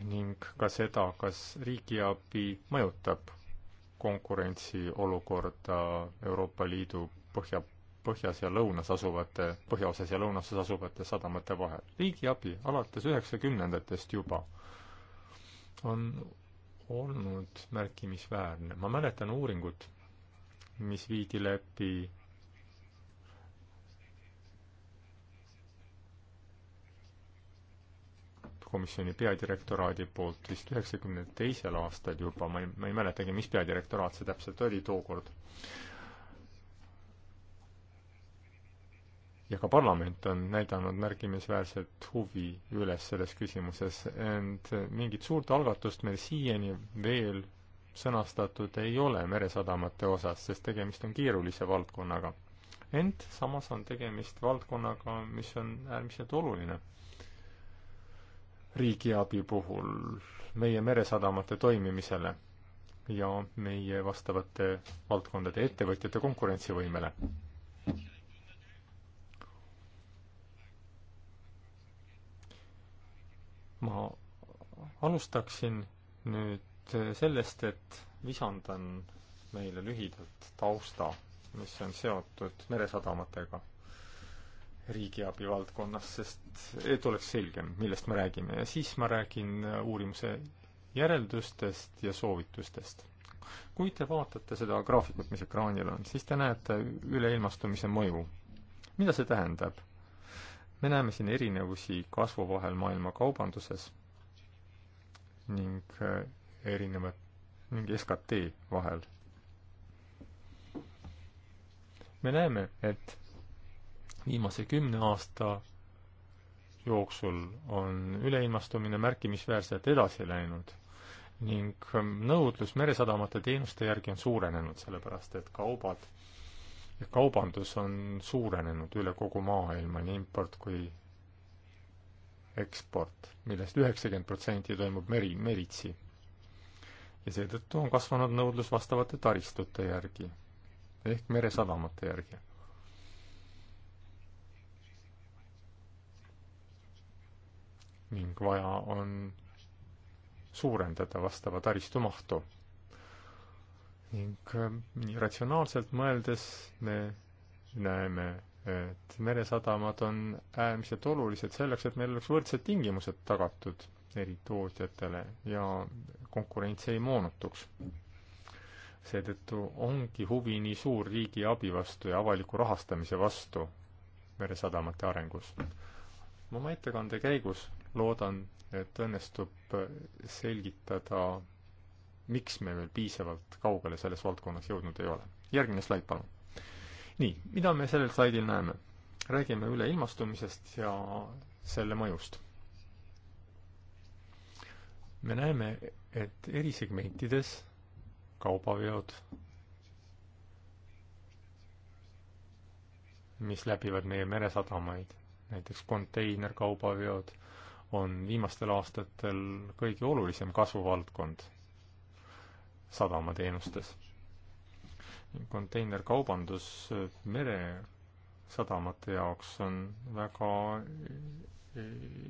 ning ka seda, kas riigiabi mõjutab konkurentsiolukorda Euroopa Liidu põhja, põhjas ja lõunas asuvate, põhjaosas ja lõunaosas asuvate sadamate vahel. riigiabi alates üheksakümnendatest juba on olnud märkimisväärne. ma mäletan uuringut, mis viidi läbi komisjoni peadirektoraadi poolt vist üheksakümne teisel aastal juba, ma ei, ma ei mäletagi, mis peadirektoraat see täpselt oli tookord ja ka parlament on näidanud märkimisväärset huvi üles selles küsimuses, ent mingit suurt algatust meil siiani veel sõnastatud ei ole meresadamate osas, sest tegemist on keerulise valdkonnaga. ent samas on tegemist valdkonnaga, mis on äärmiselt oluline riigiabi puhul meie meresadamate toimimisele ja meie vastavate valdkondade ettevõtjate konkurentsivõimele ma alustaksin nüüd sellest, et lisandan meile lühidalt tausta, mis on seotud meresadamatega riigiabi valdkonnas, sest et oleks selgem, millest me räägime ja siis ma räägin uurimuse järeldustest ja soovitustest. kui te vaatate seda graafikut, mis ekraanil on, siis te näete üleilmastumise mõju. mida see tähendab? me näeme siin erinevusi kasvu vahel maailma kaubanduses ning äh, erinevat, ning SKT vahel. me näeme, et viimase kümne aasta jooksul on üleilmastumine märkimisväärselt edasi läinud ning äh, nõudlus meresadamate teenuste järgi on suurenenud, sellepärast et kaubad kaubandus on suurenenud üle kogu maailma, nii import kui eksport millest, millest üheksakümmend protsenti toimub meri, meritsi. ja seetõttu on kasvanud nõudlus vastavate taristute järgi ehk meresadamate järgi. ning vaja on suurendada vastava taristu mahtu ning nii ähm, ratsionaalselt mõeldes me näeme, et meresadamad on äärmiselt olulised selleks, et meil oleks võrdsed tingimused tagatud eri tootjatele ja konkurents ei moonutuks. seetõttu ongi huvi nii suur riigi abi vastu ja avaliku rahastamise vastu meresadamate arengus. oma ettekande käigus loodan, et õnnestub selgitada miks me veel piisavalt kaugele selles valdkonnas jõudnud ei ole. järgmine slaid, palun. nii, mida me sellel slaidil näeme? räägime üleilmastumisest ja selle mõjust. me näeme, et eri segmentides kaubaveod, mis läbivad meie meresadamaid, näiteks konteinerkaubaveod, on viimastel aastatel kõige olulisem kasvuvaldkond sadamateenustes. konteinerkaubandus meresadamate jaoks on väga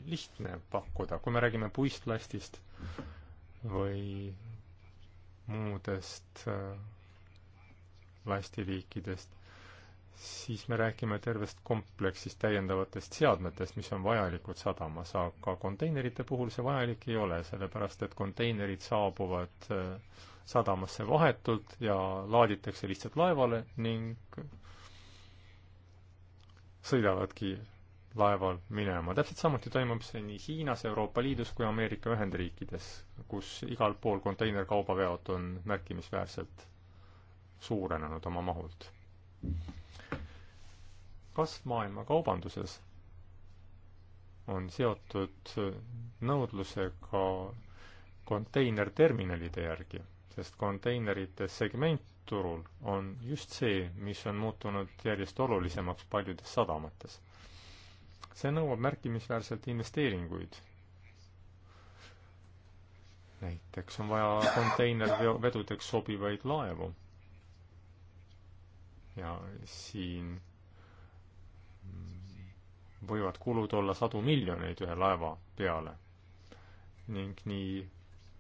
lihtne pakkuda, kui me räägime puistplastist või muudest plastiliikidest, äh, siis me räägime tervest kompleksist täiendavatest seadmetest, mis on vajalikud sadamas, aga konteinerite puhul see vajalik ei ole, sellepärast et konteinerid saabuvad äh, sadamasse vahetult ja laaditakse lihtsalt laevale ning sõidavadki laeval minema. täpselt samuti toimub see nii Hiinas, Euroopa Liidus kui Ameerika Ühendriikides, kus igal pool konteinerkaubaveod on märkimisväärselt suurenenud oma mahult. kasv maailma kaubanduses on seotud nõudlusega konteinerterminalide järgi sest konteinerite segment turul on just see, mis on muutunud järjest olulisemaks paljudes sadamates. see nõuab märkimisväärselt investeeringuid. näiteks on vaja konteinervedudeks sobivaid laevu. ja siin võivad kulud olla sadu miljoneid ühe laeva peale ning nii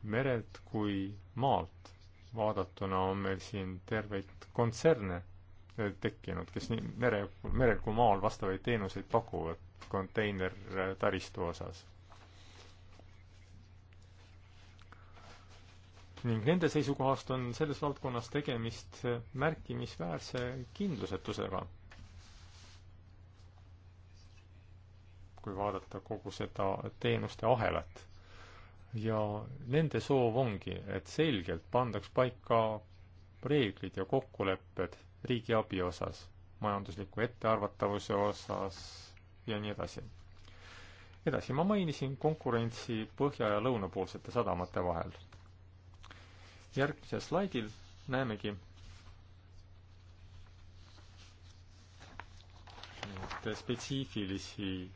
merelt kui maalt vaadatuna on meil siin terveid kontserne tekkinud, kes nii mere, merel kui maal vastavaid teenuseid pakuvad konteinertaristu äh, osas. ning nende seisukohast on selles valdkonnas tegemist äh, märkimisväärse kindlusetusega. kui vaadata kogu seda teenuste ahelat ja nende soov ongi, et selgelt pandaks paika reeglid ja kokkulepped riigiabi osas, majandusliku ettearvatavuse osas ja nii edasi. edasi, ma mainisin konkurentsi põhja- ja lõunapoolsete sadamate vahel. järgmisel slaidil näemegi, spetsiifilisi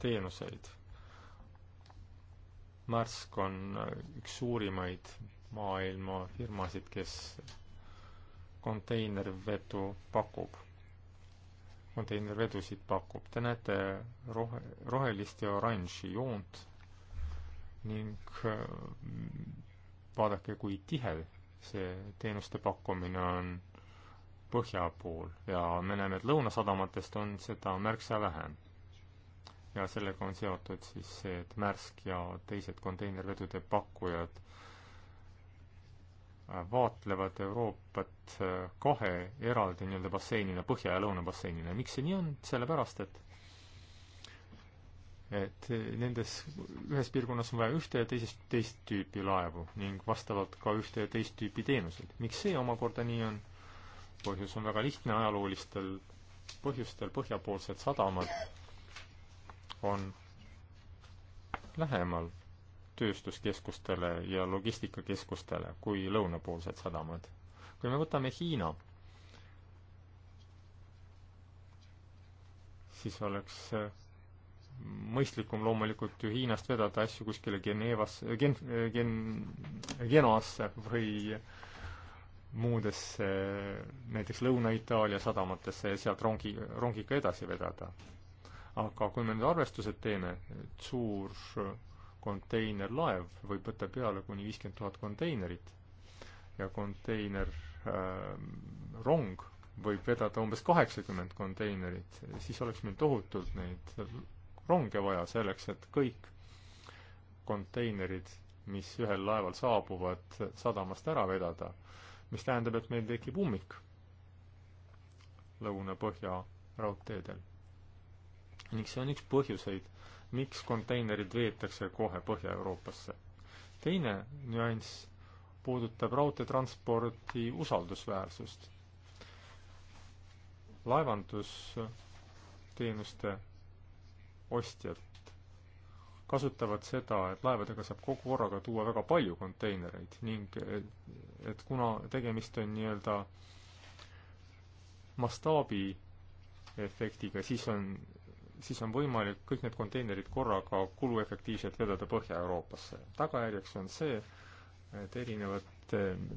teenuseid Maersk on üks suurimaid maailma firmasid, kes konteinervedu pakub, konteinervedusid pakub. Te näete rohe, rohelist ja oranži joont ning mm, vaadake, kui tihe see teenuste pakkumine on põhja pool ja me näeme, et lõunasadamatest on seda märksa vähem ja sellega on seotud siis see, et Märsk ja teised konteinervedude pakkujad äh, vaatlevad Euroopat äh, kahe eraldi nii-öelda basseinina, põhja- ja lõunabasseinina. miks see nii on? sellepärast, et et äh, nendes, ühes piirkonnas on vaja ühte ja teisest, teist tüüpi laevu ning vastavalt ka ühte ja teist tüüpi teenuseid. miks see omakorda nii on? põhjus on väga lihtne, ajaloolistel põhjustel põhjapoolsed sadamad on lähemal tööstuskeskustele ja logistikakeskustele kui lõunapoolsed sadamad. kui me võtame Hiina, siis oleks äh, mõistlikum loomulikult ju Hiinast vedada asju kuskile Geneevasse, äh, Gen-, äh, Gen-, Genoasse või muudesse näiteks Lõuna-Itaalia sadamatesse ja sealt rongi, rongiga edasi vedada aga kui me need arvestused teeme, et suur konteinerlaev võib võtta peale kuni viiskümmend tuhat konteinerit ja konteinerrong ähm, äh, võib vedada umbes kaheksakümmend konteinerit, siis oleks meil tohutult neid ronge vaja selleks, et kõik konteinerid, mis ühel laeval saabuvad, sadamast ära vedada, mis tähendab, et meil tekib ummik lõuna-põhja raudteedel ning see on üks põhjuseid, miks konteinerid veetakse kohe Põhja-Euroopasse. teine nüanss puudutab raudteetranspordi usaldusväärsust. laevandusteenuste ostjad kasutavad seda, et laevadega saab kogu korraga tuua väga palju konteinereid ning et, et kuna tegemist on nii-öelda mastaabi efektiga, siis on siis on võimalik kõik need konteinerid korraga kuluefektiivselt vedada Põhja-Euroopasse. tagajärjeks on see, et erinevate eh,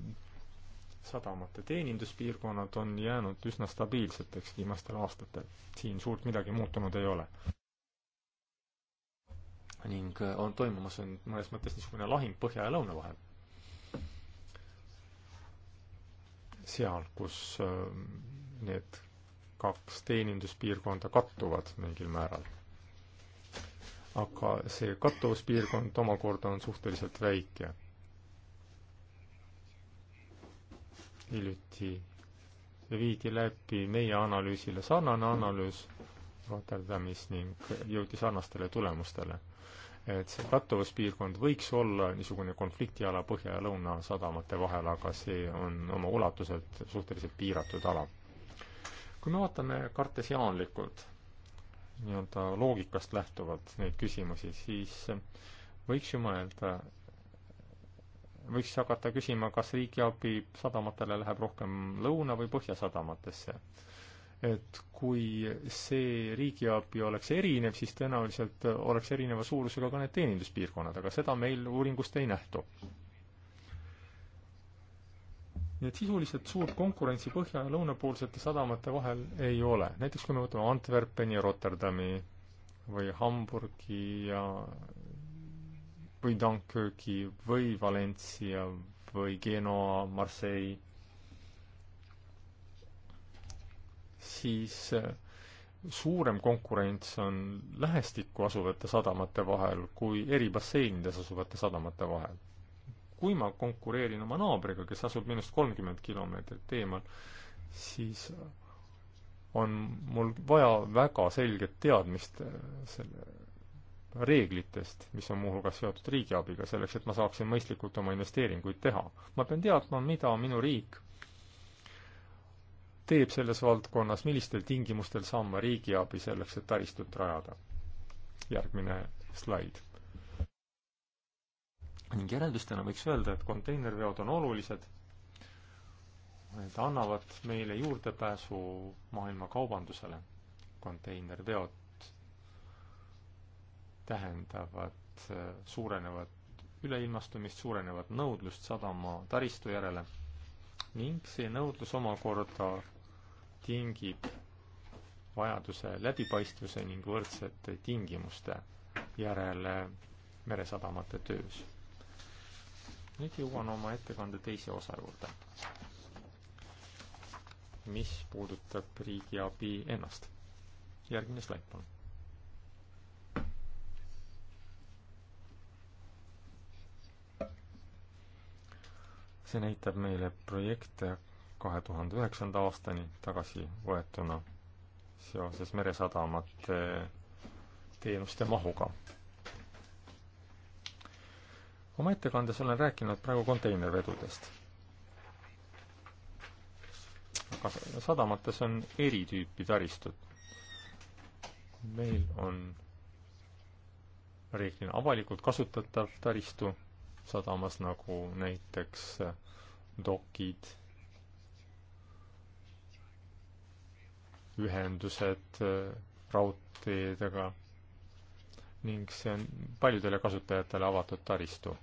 sadamate teeninduspiirkonnad on jäänud üsna stabiilseteks viimastel aastatel. siin suurt midagi muutunud ei ole. ning eh, on toimumas, on mõnes mõttes niisugune lahing põhja ja lõuna vahel. seal, kus eh, need kaks teeninduspiirkonda kattuvad mingil määral. aga see kattuvuspiirkond omakorda on suhteliselt väike. hiljuti viidi läbi meie analüüsile sarnane analüüs Rotterdamis ning jõuti sarnastele tulemustele. et see kattuvuspiirkond võiks olla niisugune konfliktiala Põhja ja Lõuna sadamate vahel, aga see on oma ulatuselt suhteliselt piiratud ala kui me vaatame kartesiaanlikult nii-öelda loogikast lähtuvalt neid küsimusi, siis võiks ju mõelda, võiks hakata küsima, kas riigiabi sadamatele läheb rohkem lõuna- või põhjasadamatesse. et kui see riigiabi oleks erinev, siis tõenäoliselt oleks erineva suurusega ka need teeninduspiirkonnad, aga seda meil uuringust ei nähtu nii et sisuliselt suurt konkurentsi põhja- ja lõunapoolsete sadamate vahel ei ole. näiteks kui me võtame Antwerpeni, Rotterdami või Hamburgi ja või Dunkirki või Valencia või Genoa, Marseille, siis äh, suurem konkurents on lähestikku asuvate sadamate vahel kui eri basseinides asuvate sadamate vahel kui ma konkureerin oma naabriga, kes asub minust kolmkümmend kilomeetrit eemal, siis on mul vaja väga selget teadmist äh, selle reeglitest, mis on muuhulgas seotud riigiabiga, selleks et ma saaksin mõistlikult oma investeeringuid teha. ma pean teadma, mida minu riik teeb selles valdkonnas, millistel tingimustel saan ma riigiabi selleks, et taristut rajada. järgmine slaid ning järeldustena võiks öelda, et konteinerveod on olulised, need annavad meile juurdepääsu maailma kaubandusele. konteinerveod tähendavad äh, suurenevat üleilmastumist, suurenevat nõudlust sadama taristu järele ning see nõudlus omakorda tingib vajaduse läbipaistvuse ning võrdsete tingimuste järele meresadamate töös nüüd jõuan oma ettekande teise osa juurde, mis puudutab riigiabi ennast. järgmine slaid, palun. see näitab meile projekte kahe tuhande üheksanda aastani tagasi võetuna seoses meresadamate teenuste mahuga oma ettekandes olen rääkinud praegu konteinervedudest. aga sadamates on eri tüüpi taristud. meil on reeglina avalikult kasutatav taristu sadamas, nagu näiteks äh, dokid, ühendused äh, raudteedega ning see on paljudele kasutajatele avatud taristu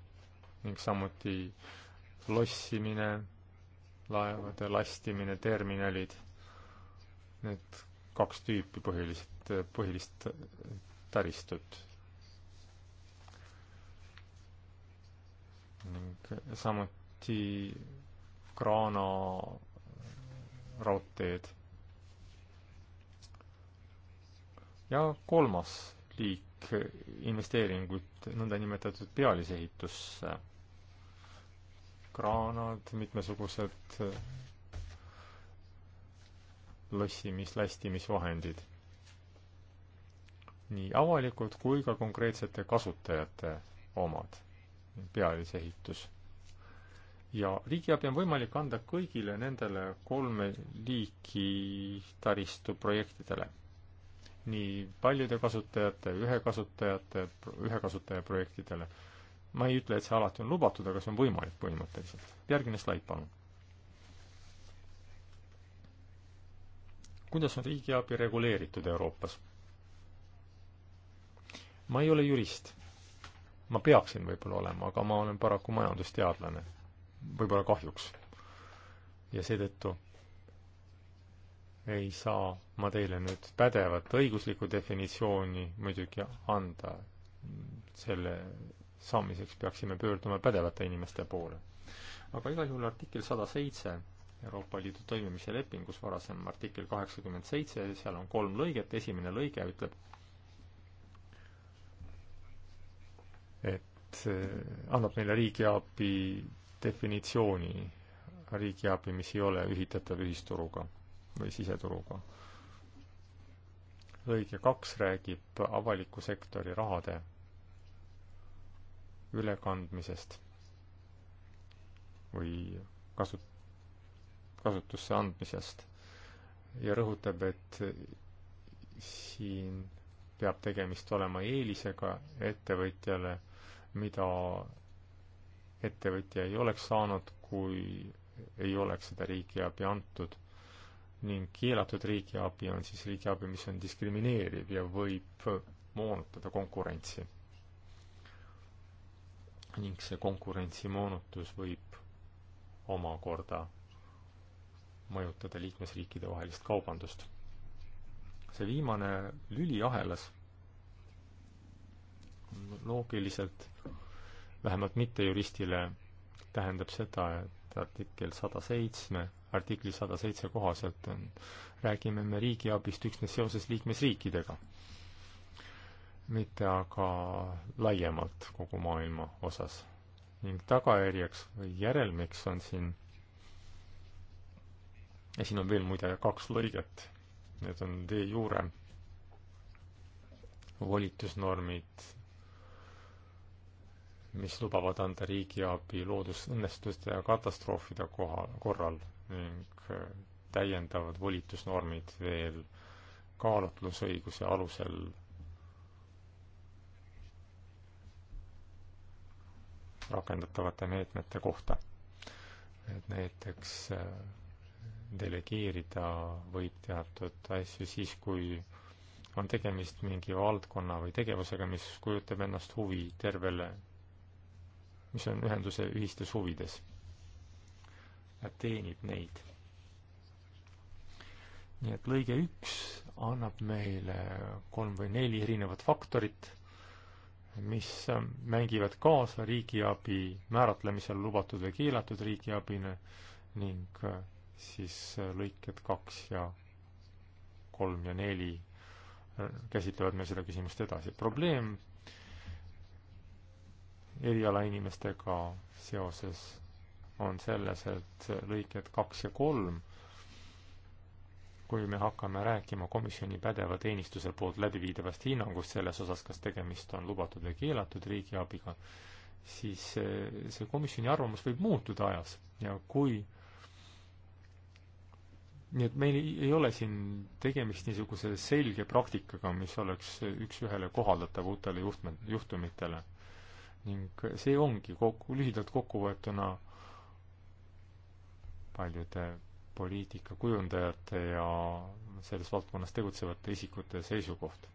ning samuti lossimine, laevade lastimine, terminalid, need kaks tüüpi põhiliselt, põhilist taristut. ning samuti kraana raudteed. ja kolmas liik investeeringuid nõndanimetatud pealisehitusse kraanad, mitmesugused äh, lossimis, lästimisvahendid. nii avalikud kui ka konkreetsete kasutajate omad, pealisehitus. ja riigiabi on võimalik anda kõigile nendele kolme liiki taristuprojektidele. nii paljude kasutajate, ühe kasutajate, ühe kasutaja projektidele ma ei ütle, et see alati on lubatud, aga see on võimalik põhimõtteliselt. järgmine slaid, palun. kuidas on riigiabi reguleeritud Euroopas? ma ei ole jurist. ma peaksin võib-olla olema, aga ma olen paraku majandusteadlane. võib-olla kahjuks. ja seetõttu ei saa ma teile nüüd pädevat õiguslikku definitsiooni muidugi anda selle saamiseks peaksime pöörduma pädevate inimeste poole. aga igal juhul artikkel sada seitse Euroopa Liidu toimimise lepingus, varasem artikkel kaheksakümmend seitse, seal on kolm lõiget, esimene lõige ütleb, et eh, annab meile riigiabi definitsiooni, riigiabi, mis ei ole ühitatav ühisturuga või siseturuga. lõige kaks räägib avaliku sektori rahade ülekandmisest või kasu-, kasutusse andmisest ja rõhutab, et siin peab tegemist olema eelisega ettevõtjale, mida ettevõtja ei oleks saanud, kui ei oleks seda riigiabi antud. ning keelatud riigiabi on siis riigiabi, mis on diskrimineeriv ja võib moonutada konkurentsi ning see konkurentsimoonutus võib omakorda mõjutada liikmesriikide vahelist kaubandust. see viimane lüli ahelas loogiliselt, vähemalt mittejuristile, tähendab seda, et artikkel sada seitsme, artikli sada seitse kohaselt on, räägime me riigiabist üksnes seoses liikmesriikidega mitte aga laiemalt kogu maailma osas. ning tagajärjeks või järelmiks on siin, ja siin on veel muide kaks lõiget, need on de jure volitusnormid, mis lubavad anda riigiabi loodusõnnetuste ja katastroofide koha, korral ning täiendavad volitusnormid veel kaalutlusõiguse alusel rakendatavate meetmete kohta. et näiteks äh, delegeerida võib teatud asju siis, kui on tegemist mingi valdkonna või tegevusega, mis kujutab ennast huvi tervele, mis on ühenduse ühistes huvides ja teenib neid. nii et lõige üks annab meile kolm või neli erinevat faktorit mis ähm, mängivad kaasa riigiabi määratlemisel lubatud või keelatud riigiabine ning äh, siis äh, lõiked kaks ja kolm ja neli äh, käsitlevad meil seda küsimust edasi. probleem erialainimestega seoses on selles, et lõiked kaks ja kolm kui me hakkame rääkima komisjoni pädeva teenistuse poolt läbiviidavast hinnangust selles osas, kas tegemist on lubatud või keelatud riigiabiga, siis see komisjoni arvamus võib muutuda ajas ja kui nii et meil ei ole siin tegemist niisuguse selge praktikaga, mis oleks üks-ühele kohaldatav uutele juhtme, juhtumitele. ning see ongi kokku, lühidalt kokkuvõetuna paljude poliitikakujundajate ja selles valdkonnas tegutsevate isikute seisukoht.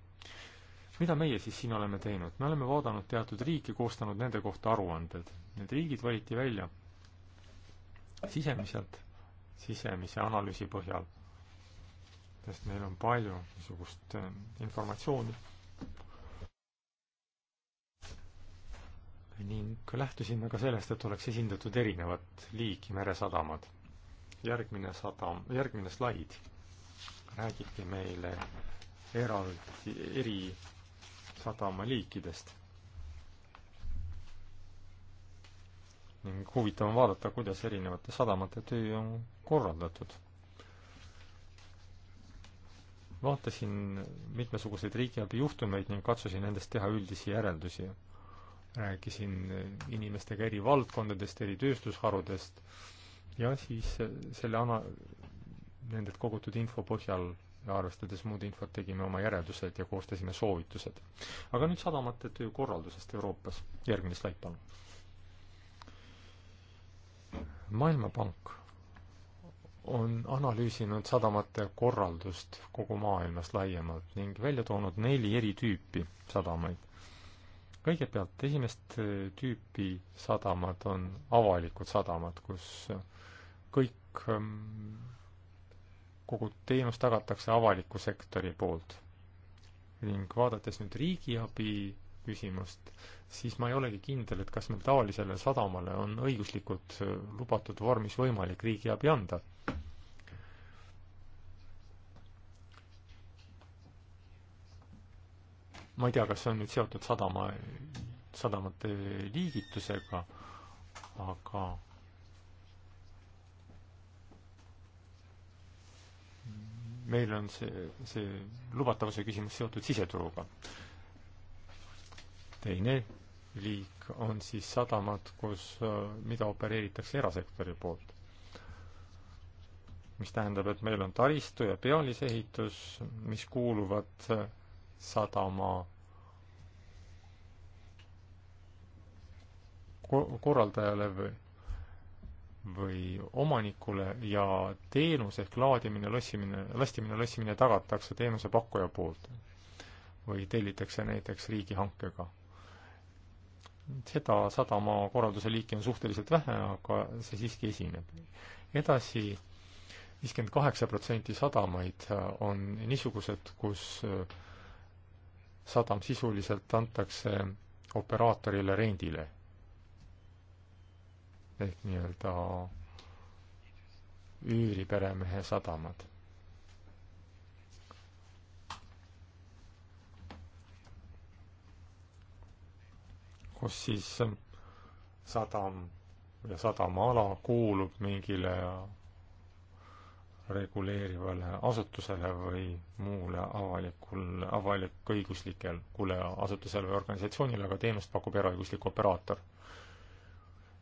mida meie siis siin oleme teinud? me oleme vaadanud teatud riike, koostanud nende kohta aruanded. Need riigid valiti välja sisemiselt, sisemise analüüsi põhjal, sest meil on palju niisugust äh, informatsiooni. ning lähtusime ka sellest, et oleks esindatud erinevat liiki meresadamad järgmine sadam, järgmine slaid räägiti meile eraldi, eri sadamaliikidest. ning huvitav on vaadata, kuidas erinevate sadamate töö on korraldatud. vaatasin mitmesuguseid riigiabi juhtumeid ning katsusin nendest teha üldisi järeldusi. rääkisin inimestega eri valdkondadest, eri tööstusharudest ja siis äh, selle ana-, nendelt kogutud info põhjal ja arvestades muud infot, tegime oma järeldused ja koostasime soovitused. aga nüüd sadamate töökorraldusest Euroopas, järgmine slaid palun. maailmapank on analüüsinud sadamate korraldust kogu maailmas laiemalt ning välja toonud neli eri tüüpi sadamaid. kõigepealt esimest tüüpi sadamad on avalikud sadamad, kus kõik, ähm, kogu teenus tagatakse avaliku sektori poolt. ning vaadates nüüd riigiabi küsimust, siis ma ei olegi kindel, et kas meil taolisele sadamale on õiguslikult äh, lubatud vormis võimalik riigiabi anda. ma ei tea, kas see on nüüd seotud sadama, sadamate liigitusega, aga meil on see, see lubatavuse küsimus seotud siseturuga. teine liik on siis sadamad, kus, äh, mida opereeritakse erasektori poolt. mis tähendab, et meil on taristu ja pealisehitus, mis kuuluvad äh, sadama korraldajale või või omanikule ja teenus ehk laadimine, lossimine, lastimine, lossimine tagatakse teenusepakkuja poolt või tellitakse näiteks riigihankega. seda sadamakorralduse liiki on suhteliselt vähe, aga see siiski esineb. edasi, viiskümmend kaheksa protsenti sadamaid äh, on niisugused, kus äh, sadam sisuliselt antakse operaatorile rendile ehk nii-öelda üüriperemehe sadamad. kus siis sadam ja sadamaala kuulub mingile reguleerivale asutusele või muule avalikul, avalik-õiguslikul asutusele või organisatsioonile, aga teenust pakub eraõiguslik operaator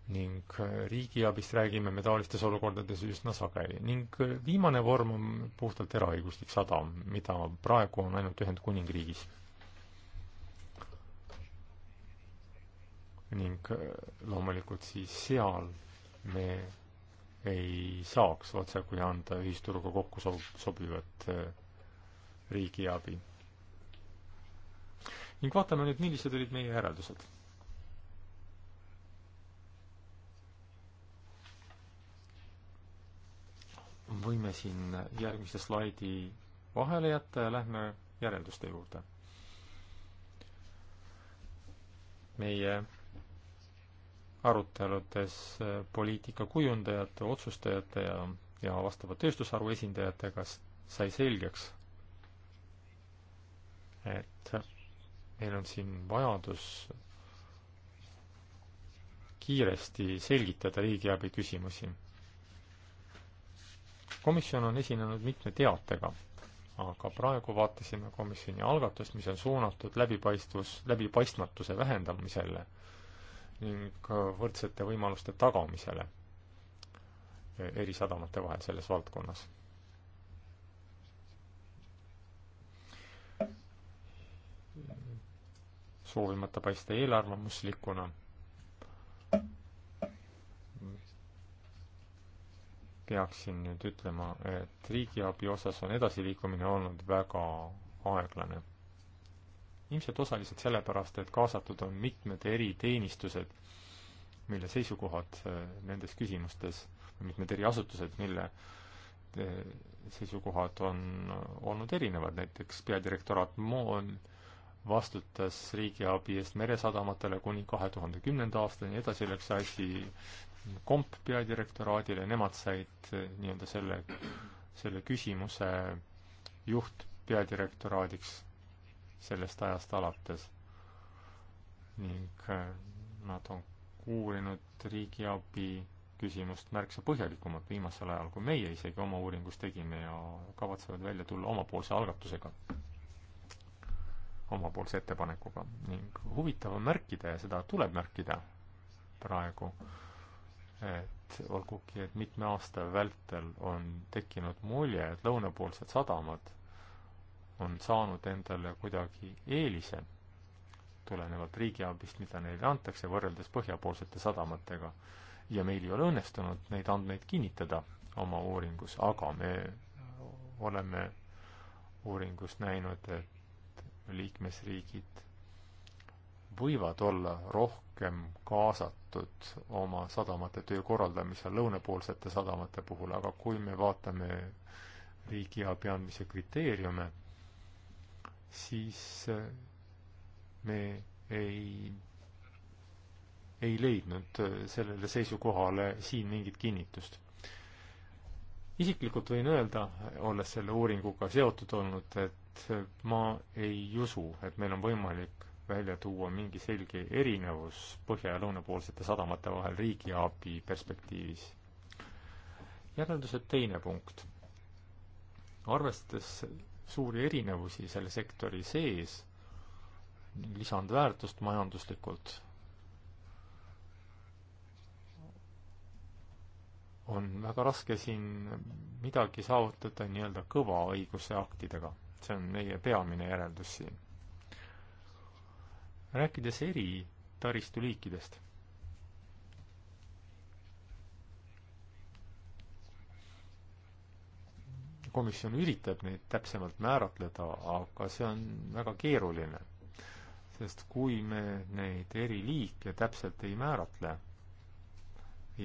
ning äh, riigiabist räägime me taolistes olukordades üsna sageli. ning äh, viimane vorm on puhtalt eraõiguslik sadam, mida praegu on ainult Ühendkuningriigis. ning äh, loomulikult siis seal me ei saaks otsekui anda ühisturuga kokku sob-, sobivat riigiabi. ning vaatame nüüd, millised olid meie järeldused võime siin järgmise slaidi vahele jätta ja lähme järelduste juurde. meie aruteludes poliitikakujundajate, otsustajate ja, ja vastava tööstusharu esindajatega sai selgeks, et meil on siin vajadus kiiresti selgitada riigiabi küsimusi komisjon on esinenud mitme teatega, aga praegu vaatasime komisjoni algatust, mis on suunatud läbipaistvus, läbipaistmatuse vähendamisele ning võrdsete võimaluste tagamisele eri sadamate vahel selles valdkonnas. soovimata paista eelarvamuslikuna peaksin nüüd ütlema, et riigiabi osas on edasiliikumine olnud väga aeglane. ilmselt osaliselt sellepärast, et kaasatud on mitmed eriteenistused, mille seisukohad äh, nendes küsimustes, mitmed eriasutused, mille äh, seisukohad on äh, olnud erinevad, näiteks peadirektoraat Moon vastutas riigiabi eest meresadamatele kuni kahe tuhande kümnenda aastani, edasi läks asi komp peadirektoraadile, nemad said eh, nii-öelda selle, selle küsimuse juht peadirektoraadiks sellest ajast alates. ning eh, nad on uurinud riigiabi küsimust märksa põhjalikumalt viimasel ajal, kui meie isegi oma uuringus tegime ja kavatsevad välja tulla omapoolse algatusega, omapoolse ettepanekuga ning huvitav on märkida ja seda tuleb märkida praegu, et olgugi, et mitme aasta vältel on tekkinud mulje, et lõunapoolsed sadamad on saanud endale kuidagi eelise tulenevalt riigiabist, mida neile antakse võrreldes põhjapoolsete sadamatega. ja meil ei ole õnnestunud neid andmeid kinnitada oma uuringus, aga me oleme uuringus näinud, et liikmesriigid võivad olla rohkem kaasatud oma sadamate töö korraldamisel lõunapoolsete sadamate puhul, aga kui me vaatame riigiabi andmise kriteeriume, siis eh, me ei, ei leidnud eh, sellele seisukohale siin mingit kinnitust. isiklikult võin öelda, olles selle uuringuga seotud olnud, et ma ei usu, et meil on võimalik välja tuua mingi selge erinevus põhja- ja lõunapoolsete sadamate vahel riigiabi perspektiivis. järelduse teine punkt. arvestades suuri erinevusi selle sektori sees ning lisandväärtust majanduslikult, on väga raske siin midagi saavutada nii-öelda kõva õiguse aktidega. see on meie peamine järeldus siin rääkides eri taristuliikidest komisjon üritab neid täpsemalt määratleda, aga see on väga keeruline. sest kui me neid eri liike täpselt ei määratle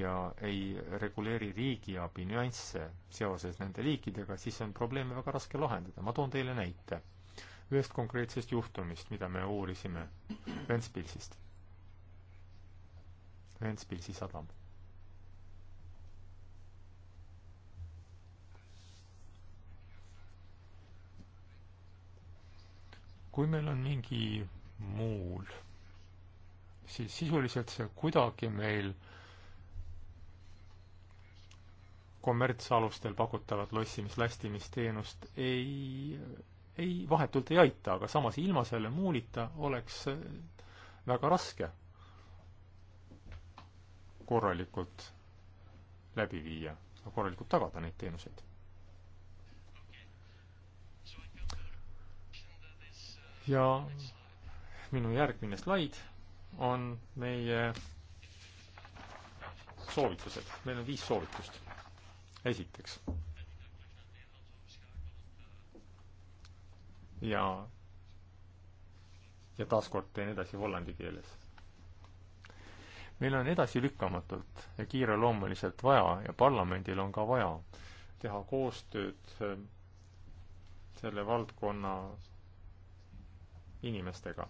ja ei reguleeri riigiabi nüansse seoses nende liikidega, siis on probleeme väga raske lahendada. ma toon teile näite ühest konkreetsest juhtumist, mida me uurisime Ventspilsist. Ventspilsi sadam. kui meil on mingi muul, siis sisuliselt see kuidagi meil kommertsalustel pakutavat lossimis-lästimisteenust ei ei, vahetult ei aita, aga samas ilma selle muulita oleks väga raske korralikult läbi viia, korralikult tagada neid teenuseid. ja minu järgmine slaid on meie soovitused, meil on viis soovitust. esiteks ja, ja taaskord teen edasi hollandi keeles. meil on edasilükkamatult ja kiireloomuliselt vaja ja parlamendil on ka vaja teha koostööd eh, selle valdkonna inimestega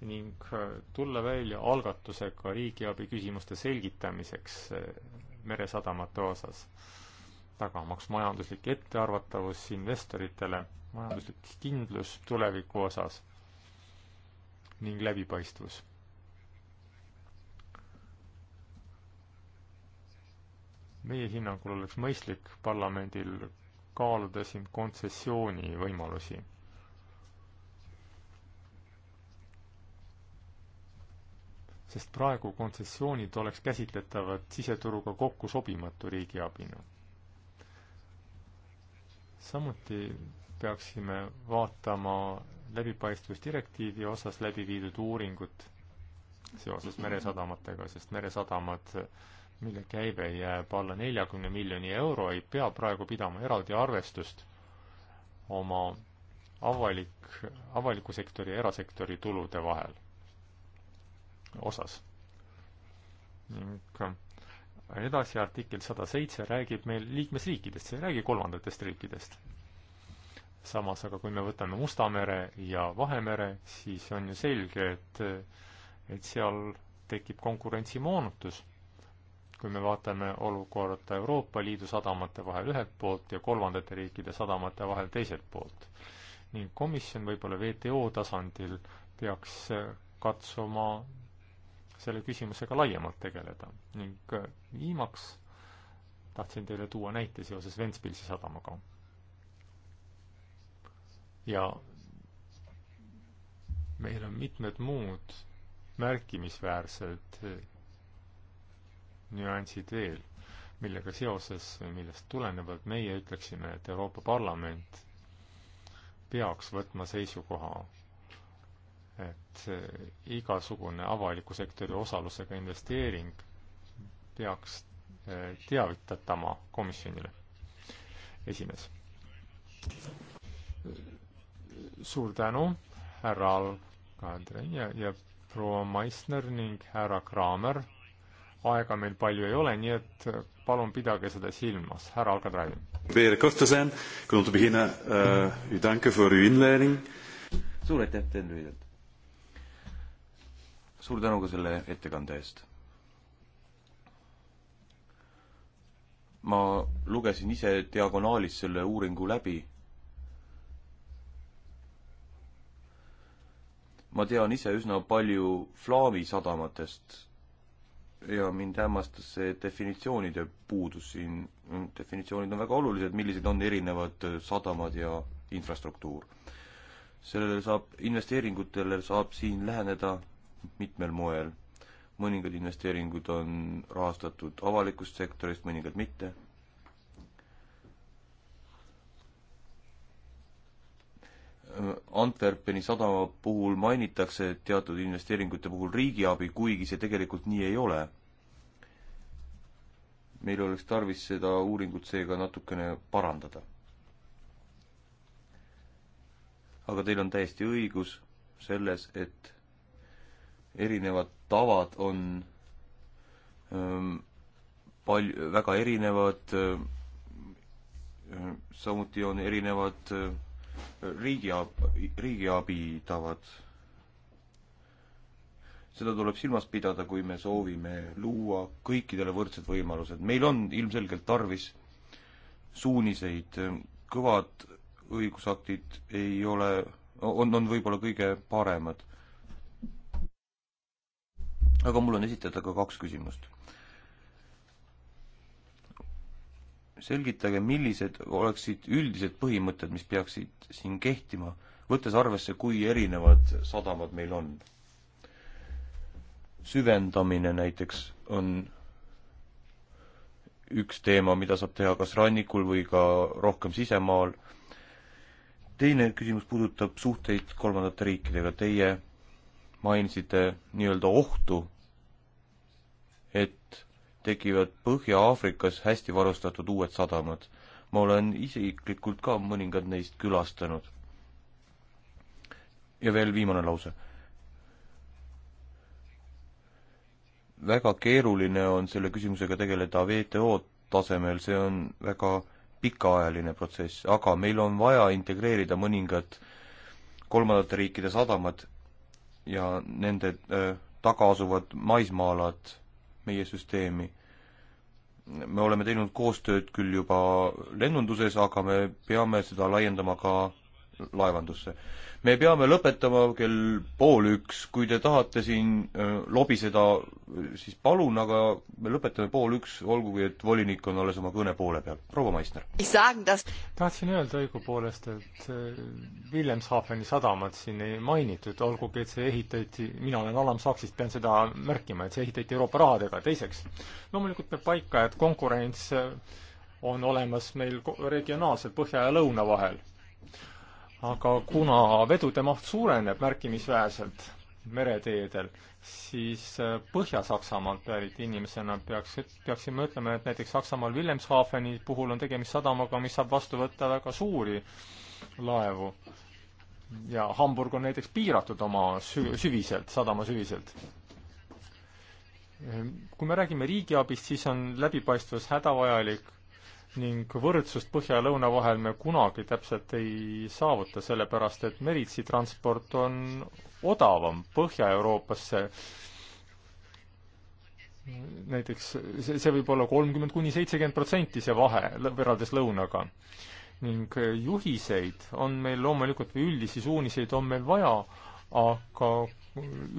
ning eh, tulla välja algatusega riigiabi küsimuste selgitamiseks eh, meresadamate osas, tagamaks majanduslik ettearvatavus investoritele majanduslik kindlus tuleviku osas ning läbipaistvus. meie hinnangul oleks mõistlik parlamendil kaaluda siin kontsessiooni võimalusi. sest praegu kontsessioonid oleks käsitletavad siseturuga kokku sobimatu riigiabina. samuti peaksime vaatama läbipaistvusdirektiivi osas läbi viidud uuringut seoses meresadamatega, sest meresadamad, mille käive jääb alla neljakümne miljoni euro, ei pea praegu pidama eraldi arvestust oma avalik, avaliku sektori ja erasektori tulude vahel osas. ning edasi artikkel sada seitse räägib meil liikmesriikidest, see ei räägi kolmandatest riikidest samas aga kui me võtame Musta mere ja Vahemere, siis on ju selge, et, et seal tekib konkurentsimoonutus. kui me vaatame olukorda Euroopa Liidu sadamate vahel ühelt poolt ja kolmandate riikide sadamate vahel teiselt poolt. ning komisjon võib-olla WTO tasandil peaks katsuma selle küsimusega laiemalt tegeleda ning viimaks tahtsin teile tuua näite seoses Ventspilsi sadamaga ja meil on mitmed muud märkimisväärsed eh, nüansid veel, millega seoses, millest tulenevalt meie ütleksime, et Euroopa Parlament peaks võtma seisukoha, et eh, igasugune avaliku sektori osalusega investeering peaks eh, teavitatama komisjonile. esimees suur tänu, härra Alkandrin ja, ja proua Meissner ning härra Kraamer. aega meil palju ei ole, nii et palun pidage seda silmas, härra Alkandrin. Äh, suur aitäh teile lühidalt. suur tänu ka selle ettekande eest. ma lugesin ise diagonaalis selle uuringu läbi ma tean ise üsna palju Flaavi sadamatest ja mind hämmastas see definitsioonide puudus siin. definitsioonid on väga olulised, millised on erinevad sadamad ja infrastruktuur. sellele saab, investeeringutele saab siin läheneda mitmel moel. mõningad investeeringud on rahastatud avalikust sektorist, mõningad mitte Antwerpeni sadama puhul mainitakse teatud investeeringute puhul riigiabi, kuigi see tegelikult nii ei ole. meil oleks tarvis seda uuringut seega natukene parandada. aga teil on täiesti õigus selles, et erinevad tavad on ähm, palju, väga erinevad ähm,, samuti on erinevad ähm, riigiab-, riigiabi tavad. seda tuleb silmas pidada, kui me soovime luua kõikidele võrdsed võimalused. meil on ilmselgelt tarvis suuniseid, kõvad õigusaktid ei ole, on, on võib-olla kõige paremad. aga mul on esitada ka kaks küsimust selgitage, millised oleksid üldised põhimõtted, mis peaksid siin kehtima, võttes arvesse, kui erinevad sadamad meil on. süvendamine näiteks on üks teema, mida saab teha kas rannikul või ka rohkem sisemaal. teine küsimus puudutab suhteid kolmandate riikidega. Teie mainisite nii-öelda ohtu, et tekivad Põhja-Aafrikas hästi varustatud uued sadamad. ma olen isiklikult ka mõningad neist külastanud. ja veel viimane lause. väga keeruline on selle küsimusega tegeleda WTO tasemel, see on väga pikaajaline protsess, aga meil on vaja integreerida mõningad kolmandate riikide sadamad ja nende äh, taga asuvad maismaa-alad meie süsteemi me oleme teinud koostööd küll juba lennunduses, aga me peame seda laiendama ka laevandusse. me peame lõpetama kell pool üks, kui te tahate siin äh, lobiseda, siis palun, aga me lõpetame pool üks, olgugi et volinik on alles oma kõne poole peal. proua Maisner. tahtsin öelda õigupoolest, et äh, Wilhelmshaveni sadamat siin ei mainitud, olgugi et see ehitati, mina olen alamsaksist, pean seda märkima, et see ehitati Euroopa rahadega. teiseks, loomulikult peab paika, et konkurents äh, on olemas meil regionaalselt põhja ja lõuna vahel aga kuna vedude maht suureneb märkimisväärselt mereteedel, siis äh, Põhja-Saksamaalt pärit inimesena peaks, peaksime ütlema, et näiteks Saksamaal Wilhelmshafeni puhul on tegemist sadamaga, mis saab vastu võtta väga suuri laevu. ja Hamburg on näiteks piiratud oma sü-, süviselt, sadama süviselt. Ehm, kui me räägime riigiabist, siis on läbipaistvus hädavajalik ning võrdsust põhja ja lõuna vahel me kunagi täpselt ei saavuta, sellepärast et meritsi transport on odavam Põhja-Euroopasse. näiteks see, see võib olla kolmkümmend kuni seitsekümmend protsenti, see vahe võrreldes lõunaga. ning juhiseid on meil loomulikult või üldisi suuniseid on meil vaja, aga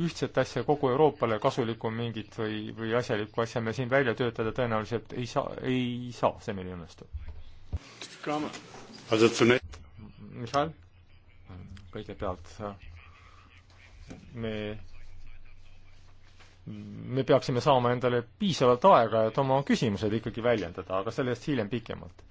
ühtset asja kogu Euroopale kasulikku mingit või, või asjalikku asja me siin välja töötada tõenäoliselt ei saa, ei saa, see meil ei õnnestu. Mihhail, kõigepealt me, me peaksime saama endale piisavalt aega, et oma küsimused ikkagi väljendada, aga sellest hiljem pikemalt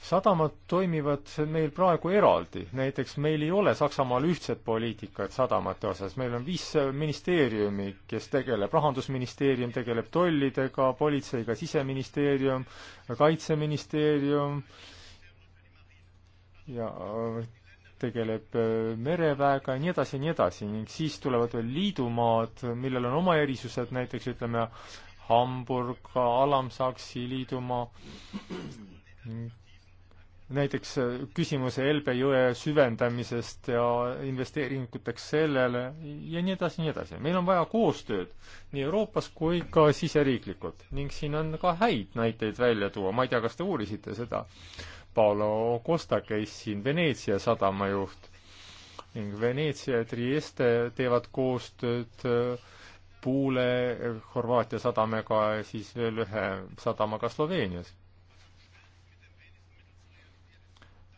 sadamad toimivad meil praegu eraldi, näiteks meil ei ole Saksamaal ühtset poliitikat sadamate osas, meil on viis ministeeriumi, kes tegeleb, rahandusministeerium tegeleb tollidega, politseiga siseministeerium, kaitseministeerium ja äh, tegeleb äh, mereväega ja nii edasi ja nii edasi ning siis tulevad veel liidumaad, millel on oma erisused, näiteks ütleme, Hamburg, Alam-Saksi liidumaa Mm. näiteks äh, küsimuse Elbe jõe süvendamisest ja investeeringuteks sellele ja nii edasi, nii edasi. meil on vaja koostööd nii Euroopas kui ka siseriiklikult ning siin on ka häid näiteid välja tuua, ma ei tea, kas te uurisite seda. Paolo Costa käis siin Veneetsia sadama juht ning Veneetsia ja Trieste teevad koostööd äh, Puule Horvaatia sadamaga ja siis veel ühe sadamaga Sloveenias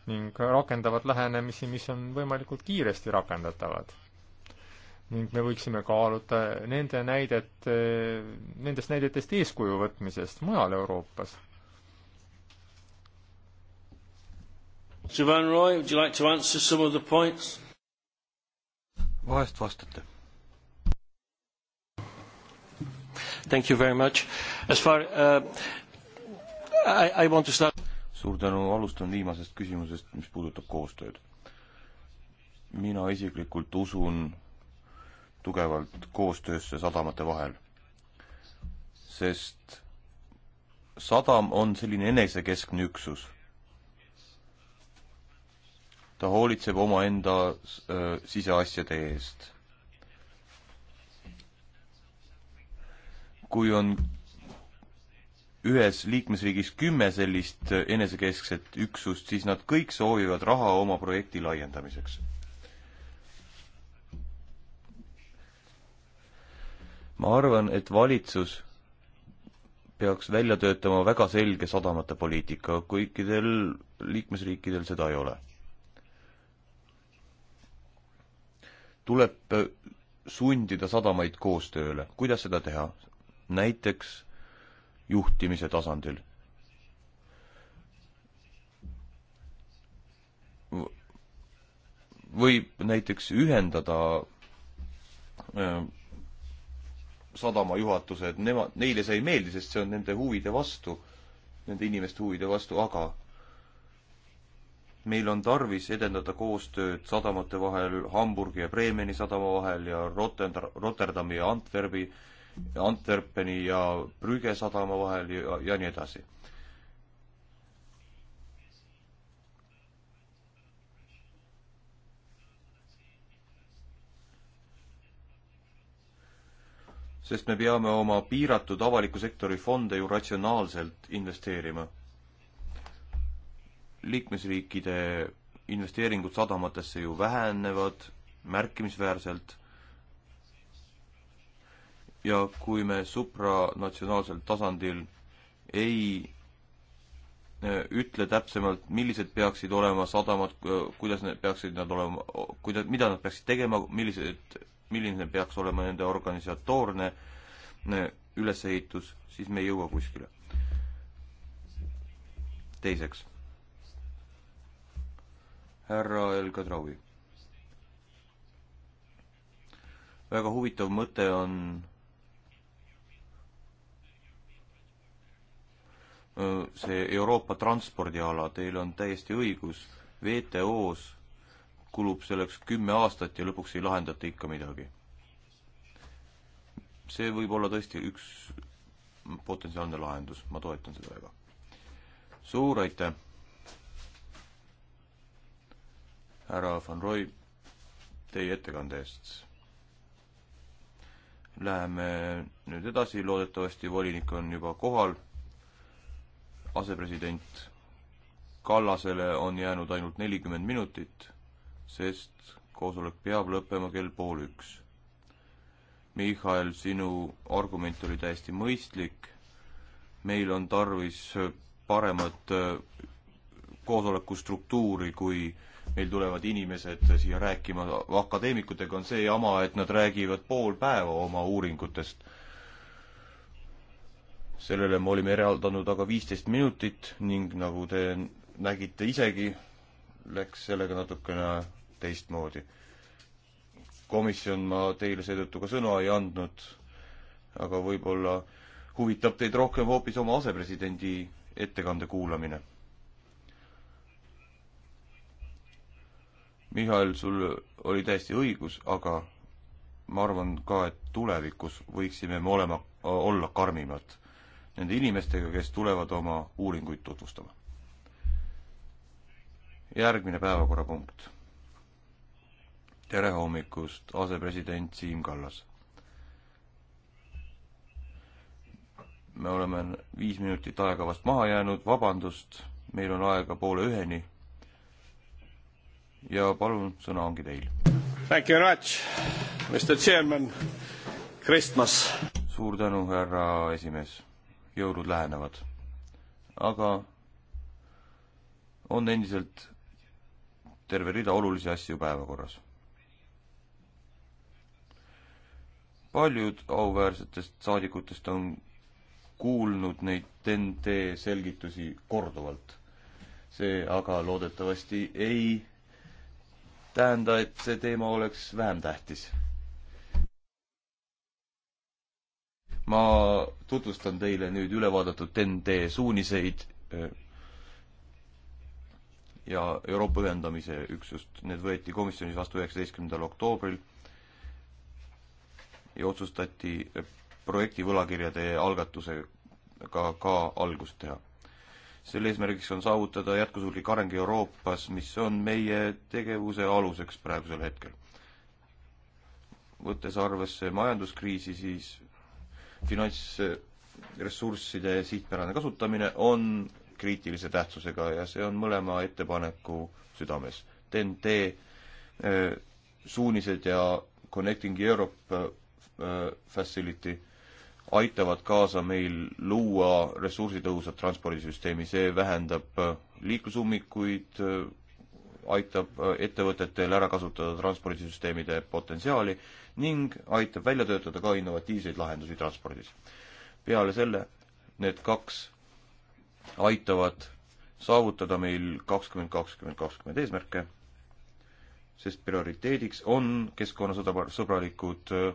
ning rakendavad lähenemisi, mis on võimalikult kiiresti rakendatavad. ning me võiksime kaaluda nende näidet, nendest näidetest eeskuju võtmisest mujal Euroopas. Mr Van Roy, would you like to answer some of the points? vahest vastate. Thank you very much. As far uh, I, I want to start suur tänu, alustan viimasest küsimusest, mis puudutab koostööd. mina isiklikult usun tugevalt koostöösse sadamate vahel, sest sadam on selline enesekeskne üksus. ta hoolitseb omaenda äh, siseasjade eest. kui on ühes liikmesriigis kümme sellist enesekeskset üksust, siis nad kõik soovivad raha oma projekti laiendamiseks. ma arvan, et valitsus peaks välja töötama väga selge sadamate poliitika, kõikidel liikmesriikidel seda ei ole. tuleb sundida sadamaid koostööle, kuidas seda teha? näiteks juhtimise tasandil. võib näiteks ühendada äh, sadama juhatused, nemad, neile see ei meeldi, sest see on nende huvide vastu, nende inimeste huvide vastu, aga meil on tarvis edendada koostööd sadamate vahel, Hamburgi ja Bremeni sadama vahel ja Rotterdam, Rotterdami ja Antwerpi Antwerpeni ja Brügge sadama vahel ja, ja nii edasi. sest me peame oma piiratud avaliku sektori fonde ju ratsionaalselt investeerima. liikmesriikide investeeringud sadamatesse ju vähenevad märkimisväärselt ja kui me supranatsionaalsel tasandil ei äh, ütle täpsemalt, millised peaksid olema sadamad, äh, kuidas need peaksid nad olema, kuida-, mida nad peaksid tegema, millised, milline peaks olema nende organisatoorne äh, ülesehitus, siis me ei jõua kuskile. teiseks. härra El Kadraoui. väga huvitav mõte on see Euroopa transpordiala, teil on täiesti õigus, WTO-s kulub selleks kümme aastat ja lõpuks ei lahendata ikka midagi. see võib olla tõesti üks potentsiaalne lahendus, ma toetan seda väga. suur aitäh! härra Van Roy, teie ettekande eest. Läheme nüüd edasi, loodetavasti volinik on juba kohal asepresident Kallasele on jäänud ainult nelikümmend minutit, sest koosolek peab lõppema kell pool üks. Mihhail, sinu argument oli täiesti mõistlik, meil on tarvis paremat äh, koosoleku struktuuri, kui meil tulevad inimesed siia rääkima, akadeemikutega on see jama, et nad räägivad pool päeva oma uuringutest sellele me olime eraldanud aga viisteist minutit ning nagu te nägite isegi, läks sellega natukene teistmoodi. komisjon ma teile seetõttu ka sõna ei andnud, aga võib-olla huvitab teid rohkem hoopis oma asepresidendi ettekande kuulamine. Mihhail, sul oli täiesti õigus, aga ma arvan ka, et tulevikus võiksime me olema, olla karmimad nende inimestega, kes tulevad oma uuringuid tutvustama. järgmine päevakorrapunkt. tere hommikust, asepresident Siim Kallas. me oleme viis minutit ajakavast maha jäänud, vabandust, meil on aega poole üheni. ja palun, sõna ongi teil. Thank you very much, Mr Chairman, Christmas. suur tänu, härra esimees jõulud lähenevad. aga on endiselt terve rida olulisi asju päevakorras. paljud auväärsetest saadikutest on kuulnud neid TNT selgitusi korduvalt. see aga loodetavasti ei tähenda, et see teema oleks vähem tähtis ma tutvustan teile nüüd üle vaadatud TEN-T suuniseid eh, ja Euroopa ühendamise üksust. Need võeti komisjonis vastu üheksateistkümnendal oktoobril ja otsustati eh, projekti võlakirjade algatusega ka algust teha. selle eesmärgiks on saavutada jätkusuutlik areng Euroopas, mis on meie tegevuse aluseks praegusel hetkel. võttes arvesse majanduskriisi, siis finantsressursside sihtpärane kasutamine on kriitilise tähtsusega ja see on mõlema ettepaneku südames. TNT äh, suunised ja Connecting Europe äh, Facility aitavad kaasa meil luua ressursitõhusat transpordisüsteemi, see vähendab äh, liiklusummikuid, aitab äh, ettevõtetel ära kasutada transpordisüsteemide potentsiaali ning aitab välja töötada ka innovatiivseid lahendusi transpordis. peale selle need kaks aitavad saavutada meil kakskümmend kakskümmend kakskümmend eesmärke, sest prioriteediks on keskkonnasõbralikud äh,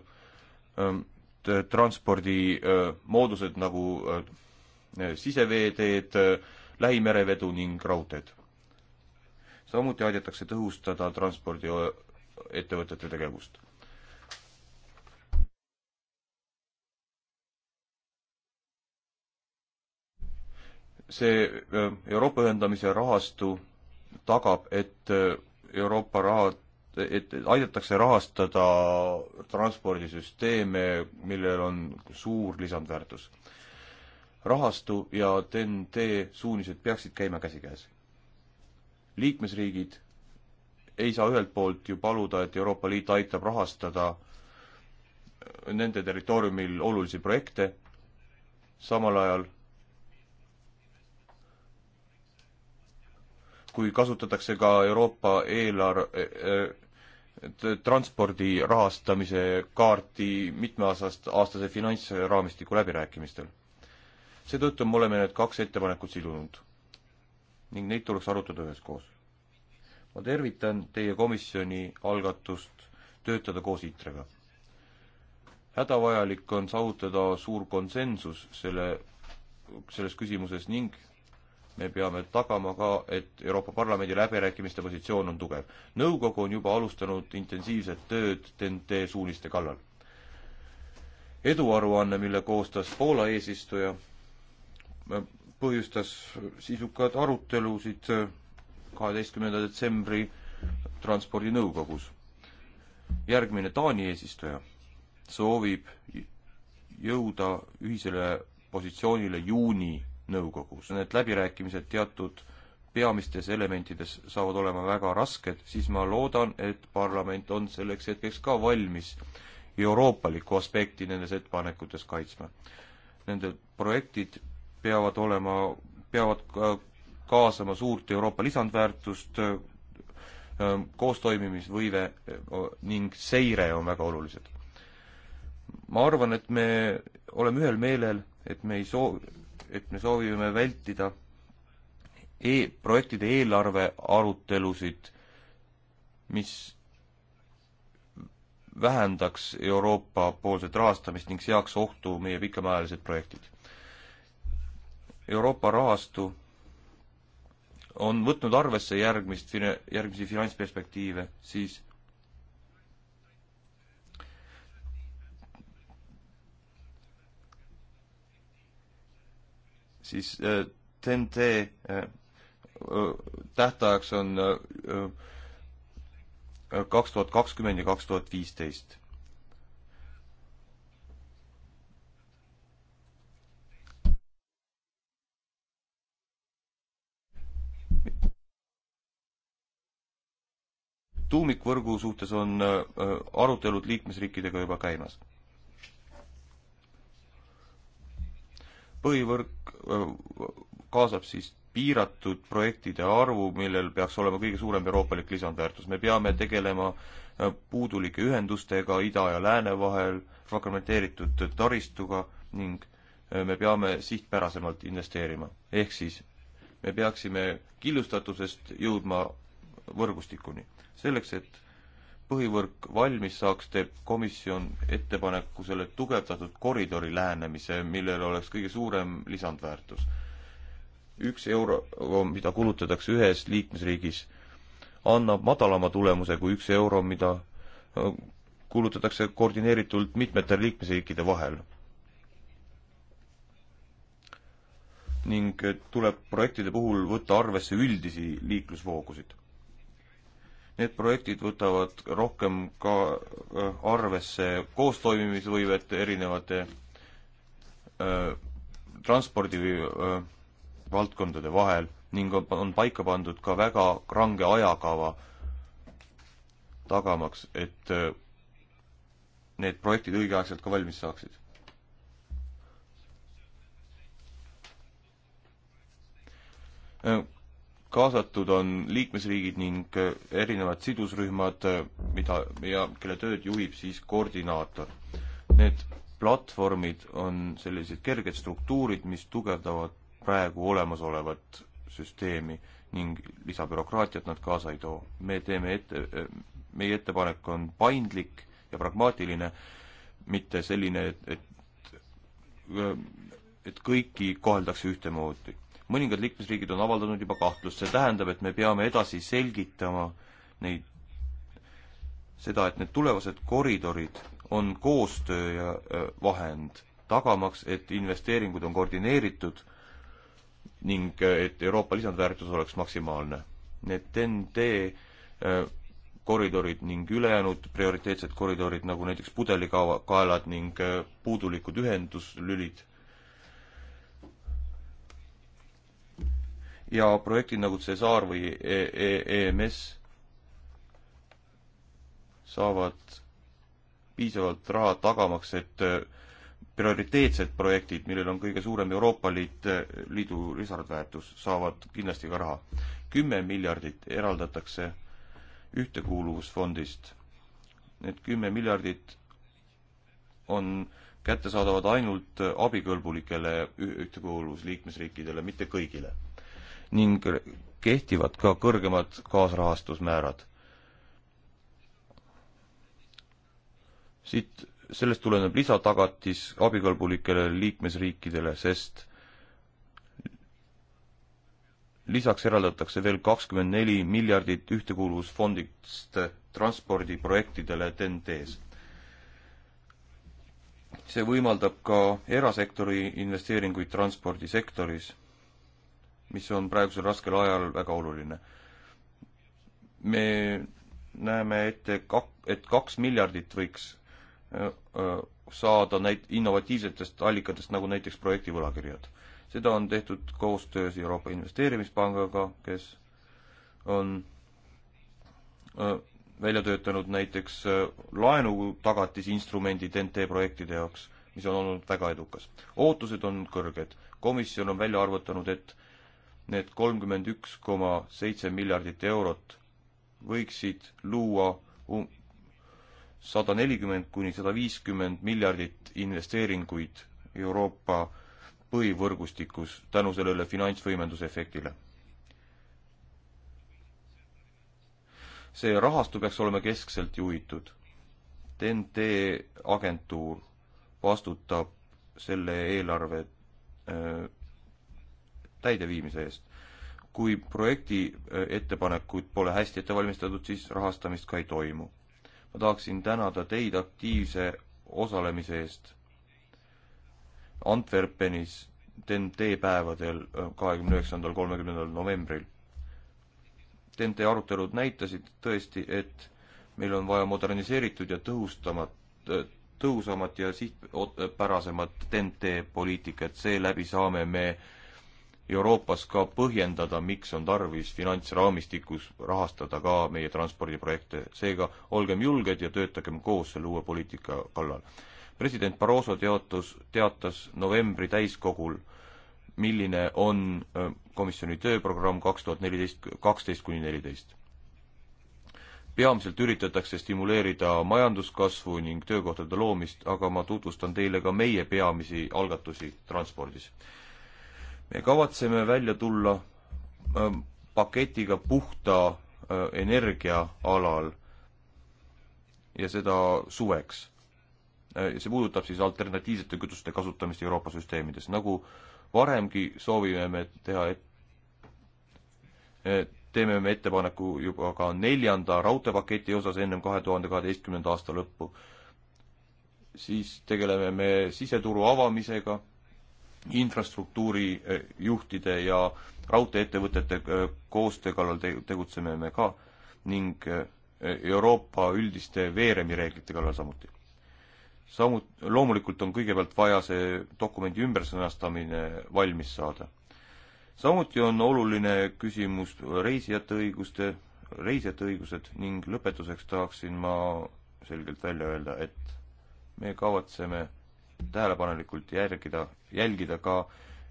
ähm, transpordimoodused äh, nagu siseveeteed, lähimerevedu ning raudteed samuti aidatakse tõhustada transpordiettevõtete tegevust. see äh, Euroopa ühendamise rahastu tagab, et äh, Euroopa rahad et aidatakse rahastada transpordisüsteeme, millel on suur lisandväärtus. rahastu ja TEN-T suunised peaksid käima käsikäes liikmesriigid ei saa ühelt poolt ju paluda, et Euroopa Liit aitab rahastada nende territooriumil olulisi projekte, samal ajal kui kasutatakse ka Euroopa eelar- äh,, transpordi rahastamise kaarti mitmeaastast, aastase finantsraamistiku läbirääkimistel. seetõttu me oleme need kaks ettepanekut sidunud ning neid tuleks arutada üheskoos. ma tervitan teie komisjoni algatust töötada koos ITRE-ga. hädavajalik on saavutada suur konsensus selle, selles küsimuses ning me peame tagama ka, et Euroopa Parlamendi läbirääkimiste positsioon on tugev. nõukogu on juba alustanud intensiivset tööd TNT suuniste kallal. eduaruanne, mille koostas Poola eesistuja, põhjustas sisukad arutelusid kaheteistkümnenda detsembri transpordinõukogus. järgmine Taani eesistuja soovib jõuda ühisele positsioonile juuni nõukogus. Need läbirääkimised teatud peamistes elementides saavad olema väga rasked, siis ma loodan, et parlament on selleks hetkeks ka valmis euroopalikku aspekti nendes ettepanekutes kaitsma. Nende projektid peavad olema, peavad kaasama suurt Euroopa lisandväärtust, äh, koostoimimisvõive äh, ning seire on väga olulised. ma arvan, et me oleme ühel meelel, et me ei soo-, et me soovime vältida e-, projektide eelarve arutelusid, mis vähendaks Euroopa-poolset rahastamist ning seaks ohtu meie pikemaajalised projektid Euroopa rahastu on võtnud arvesse järgmist, järgmisi finantsperspektiive, siis siis TNT äh, äh, äh, tähtajaks on kaks tuhat kakskümmend ja kaks tuhat viisteist tuumikvõrgu suhtes on äh, arutelud liikmesriikidega juba käimas. põhivõrk äh, kaasab siis piiratud projektide arvu, millel peaks olema kõige suurem euroopalik lisandväärtus. me peame tegelema äh, puudulike ühendustega ida ja lääne vahel, fragmenteeritud taristuga ning me peame sihtpärasemalt investeerima. ehk siis me peaksime killustatusest jõudma võrgustikuni. selleks, et põhivõrk valmis saaks, teeb komisjon ettepaneku selle tugevdatud koridori lähenemise, millel oleks kõige suurem lisandväärtus. üks euro, mida kulutatakse ühes liikmesriigis, annab madalama tulemuse kui üks euro, mida kulutatakse koordineeritult mitmete liikmesriikide vahel. ning tuleb projektide puhul võtta arvesse üldisi liiklusvoogusid Need projektid võtavad rohkem ka äh, arvesse koostoimimisvõimet erinevate äh, transpordi äh, valdkondade vahel ning on, on paika pandud ka väga range ajakava tagamaks, et äh, need projektid õigeaegselt ka valmis saaksid. Äh, kaasatud on liikmesriigid ning äh, erinevad sidusrühmad, äh, mida ja kelle tööd juhib siis koordinaator. Need platvormid on sellised kerged struktuurid, mis tugevdavad praegu olemasolevat süsteemi ning lisabürokraatiat nad kaasa ei too. me teeme ette, äh, meie ettepanek on paindlik ja pragmaatiline, mitte selline, et, et et kõiki koheldakse ühtemoodi mõningad liikmesriigid on avaldanud juba kahtlust, see tähendab, et me peame edasi selgitama neid, seda, et need tulevased koridorid on koostöö ja äh, vahend, tagamaks, et investeeringud on koordineeritud ning äh, et Euroopa lisandväärtus oleks maksimaalne. Need TEN-T äh, koridorid ning ülejäänud prioriteetsed koridorid, nagu näiteks pudelikaelad ning puudulikud ühenduslülid, ja projektid nagu Cesar või EEMS e saavad piisavalt raha tagamaks, et äh, prioriteetsed projektid, millel on kõige suurem Euroopa Liit, äh, Liidu lisandväärtus, saavad kindlasti ka raha. kümme miljardit eraldatakse ühtekuuluvusfondist. Need kümme miljardit on kättesaadavad ainult äh, abikõlbulikele ühtekuuluvusliikmesriikidele, mitte kõigile ning kehtivad ka kõrgemad kaasrahastusmäärad. siit, sellest tuleneb lisatagatis abikõlbulikele liikmesriikidele, sest lisaks eraldatakse veel kakskümmend neli miljardit ühtekuuluvusfondist transpordiprojektidele TEN-T-s. see võimaldab ka erasektori investeeringuid transpordisektoris mis on praegusel raskel ajal väga oluline. me näeme ette kak-, et kaks miljardit võiks äh, äh, saada näit-, innovatiivsetest allikatest, nagu näiteks projektivõlakirjad. seda on tehtud koostöös Euroopa Investeerimispangaga, kes on äh, välja töötanud näiteks laenutagatisinstrumendid NT projektide jaoks, mis on olnud väga edukas. ootused on kõrged. komisjon on välja arvutanud, et need kolmkümmend üks koma seitse miljardit eurot võiksid luua sada nelikümmend kuni sada viiskümmend miljardit investeeringuid Euroopa põhivõrgustikus tänu sellele finantsvõimendusefektile. see rahastu peaks olema keskselt juhitud. TNT agentuur vastutab selle eelarve öö, äh, täideviimise eest. kui projekti äh, ettepanekud pole hästi ette valmistatud, siis rahastamist ka ei toimu. ma tahaksin tänada teid aktiivse osalemise eest Antwerpenis TNT päevadel äh, kahekümne üheksandal, kolmekümnendal novembril. TNT arutelud näitasid tõesti, et meil on vaja moderniseeritud ja tõhustamat, äh, tõhusamat ja sihtpärasemat TNT poliitikat, seeläbi saame me Euroopas ka põhjendada, miks on tarvis finantsraamistikus rahastada ka meie transpordiprojekte. seega olgem julged ja töötagem koos selle uue poliitika kallal. president Barroso teatus, teatas novembri täiskogul, milline on komisjoni tööprogramm kaks tuhat neliteist, kaksteist kuni neliteist. peamiselt üritatakse stimuleerida majanduskasvu ning töökohtade loomist, aga ma tutvustan teile ka meie peamisi algatusi transpordis me kavatseme välja tulla äh, paketiga puhta äh, energia alal ja seda suveks. Äh, see puudutab siis alternatiivsete kütuste kasutamist Euroopa süsteemides, nagu varemgi soovime me teha et, et teeme me ettepaneku juba ka neljanda raudteepaketi osas ennem kahe tuhande kaheteistkümnenda aasta lõppu. siis tegeleme me siseturu avamisega infrastruktuuri eh, juhtide ja raudteeettevõtete eh, koostöö kallal tegutseme me ka ning eh, Euroopa üldiste veeremireeglite kallal samuti. Samut-, loomulikult on kõigepealt vaja see dokumendi ümbersõnastamine valmis saada. samuti on oluline küsimus reisijate õiguste, reisijate õigused ning lõpetuseks tahaksin ma selgelt välja öelda, et me kavatseme tähelepanelikult järgida, jälgida ka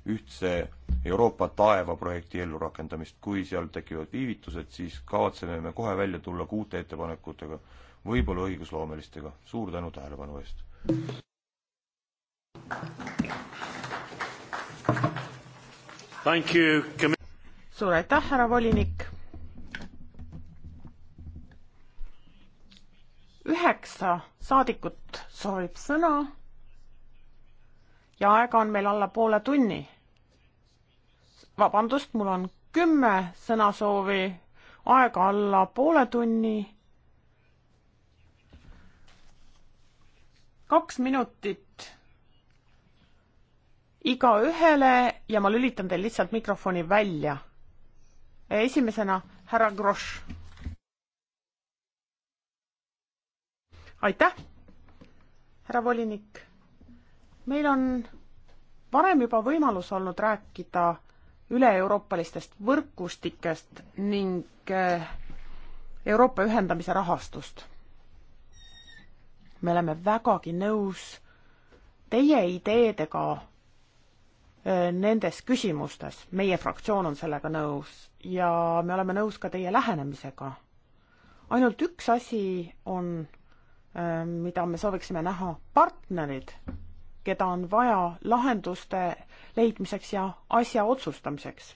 ühtse Euroopa taeva projekti ellurakendamist. kui seal tekivad viivitused, siis kavatseme me kohe välja tulla ka uute ettepanekutega, võib-olla õigusloomelistega. suur tänu tähelepanu eest! suur aitäh, härra volinik! üheksa saadikut soovib sõna ja aega on meil alla poole tunni. vabandust, mul on kümme sõnasoovi, aega alla poole tunni. kaks minutit igaühele ja ma lülitan teil lihtsalt mikrofoni välja. esimesena härra Grosch. aitäh, härra volinik meil on varem juba võimalus olnud rääkida üle-euroopalistest võrgustikest ning eh, Euroopa ühendamise rahastust. me oleme vägagi nõus teie ideedega eh, nendes küsimustes, meie fraktsioon on sellega nõus ja me oleme nõus ka teie lähenemisega. ainult üks asi on, eh, mida me sooviksime näha, partnerid keda on vaja lahenduste leidmiseks ja asja otsustamiseks.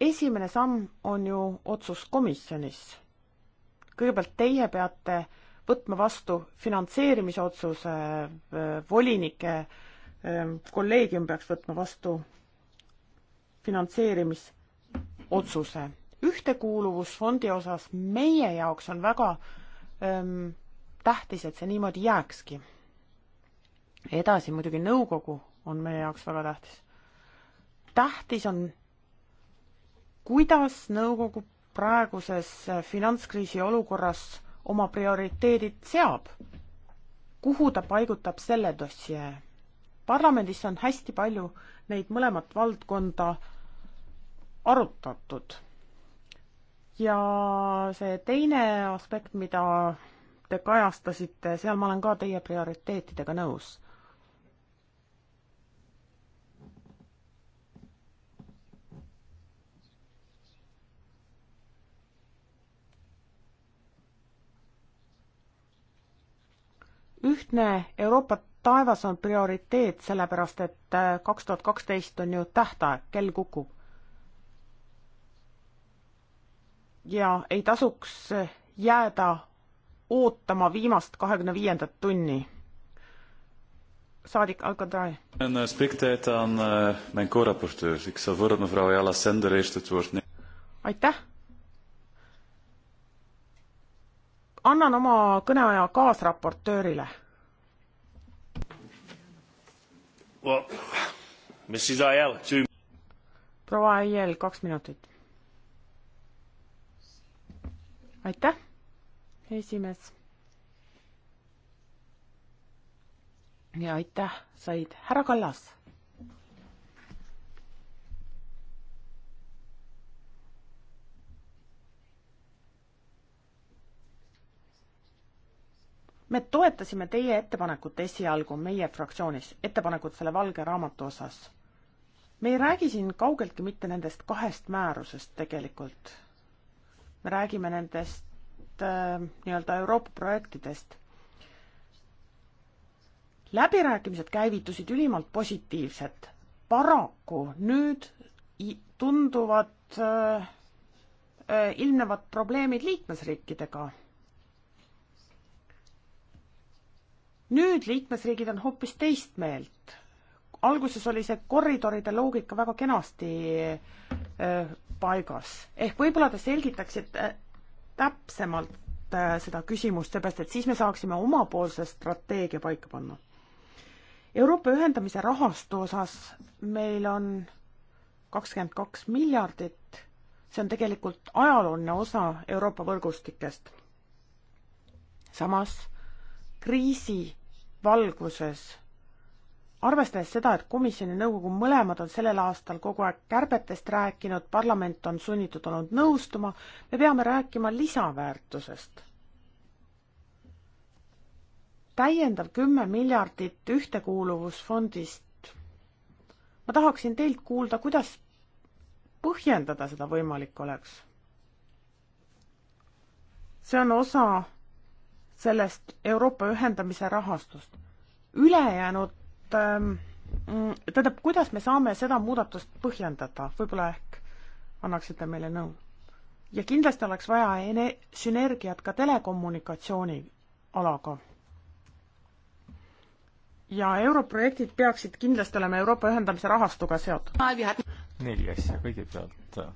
esimene samm on ju otsus komisjonis. kõigepealt teie peate võtma vastu finantseerimise otsuse, äh, volinike ähm, kolleegium peaks võtma vastu finantseerimisotsuse. ühtekuuluvusfondi osas meie jaoks on väga ähm, tähtis, et see niimoodi jääkski edasi muidugi nõukogu on meie jaoks väga tähtis. tähtis on, kuidas nõukogu praeguses finantskriisi olukorras oma prioriteedid seab, kuhu ta paigutab selle dossier. parlamendis on hästi palju neid mõlemat valdkonda arutatud. ja see teine aspekt, mida te kajastasite, seal ma olen ka teie prioriteetidega nõus ühtne Euroopa taevas on prioriteet, sellepärast et äh, kaks tuhat kaksteist on ju tähtaeg, kell kukub. ja ei tasuks äh, jääda ootama viimast kahekümne viiendat tunni. saadik Alcadrai. Een eh, spreektijd aan eh, mijn co-rapporteurs. Ik stel voor dat mevrouw Jala Sender eerst het woord neemt. aitäh annan oma kõneaja kaasraportöörile. proua Aiel, kaks minutit. aitäh, esimees. ja aitäh, said härra Kallas me toetasime teie ettepanekut esialgu meie fraktsioonis, ettepanekut selle valge raamatu osas. me ei räägi siin kaugeltki mitte nendest kahest määrusest tegelikult. me räägime nendest äh, nii-öelda Euroopa projektidest. läbirääkimised käivitusid ülimalt positiivselt. paraku nüüd tunduvad äh, äh, ilmnevad probleemid liikmesriikidega nüüd liikmesriigid on hoopis teist meelt. alguses oli see koridoride loogika väga kenasti äh, paigas, ehk võib-olla te selgitaksite äh, täpsemalt äh, seda küsimust, seepärast et siis me saaksime omapoolse strateegia paika panna. Euroopa ühendamise rahastu osas meil on kakskümmend kaks miljardit, see on tegelikult ajalooline osa Euroopa võrgustikest. samas kriisi valguses, arvestades seda, et komisjon ja nõukogu mõlemad on sellel aastal kogu aeg kärbetest rääkinud, parlament on sunnitud olnud nõustuma, me peame rääkima lisaväärtusest. täiendav kümme miljardit ühtekuuluvusfondist. ma tahaksin teilt kuulda, kuidas põhjendada seda võimalik oleks? see on osa sellest Euroopa ühendamise rahastust. ülejäänud ähm, tähendab, kuidas me saame seda muudatust põhjendada, võib-olla ehk annaksite meile nõu? ja kindlasti oleks vaja ene-, sünergiat ka telekommunikatsiooni alaga. ja europrojektid peaksid kindlasti olema Euroopa ühendamise rahastuga seotud. neli asja, kõigepealt äh,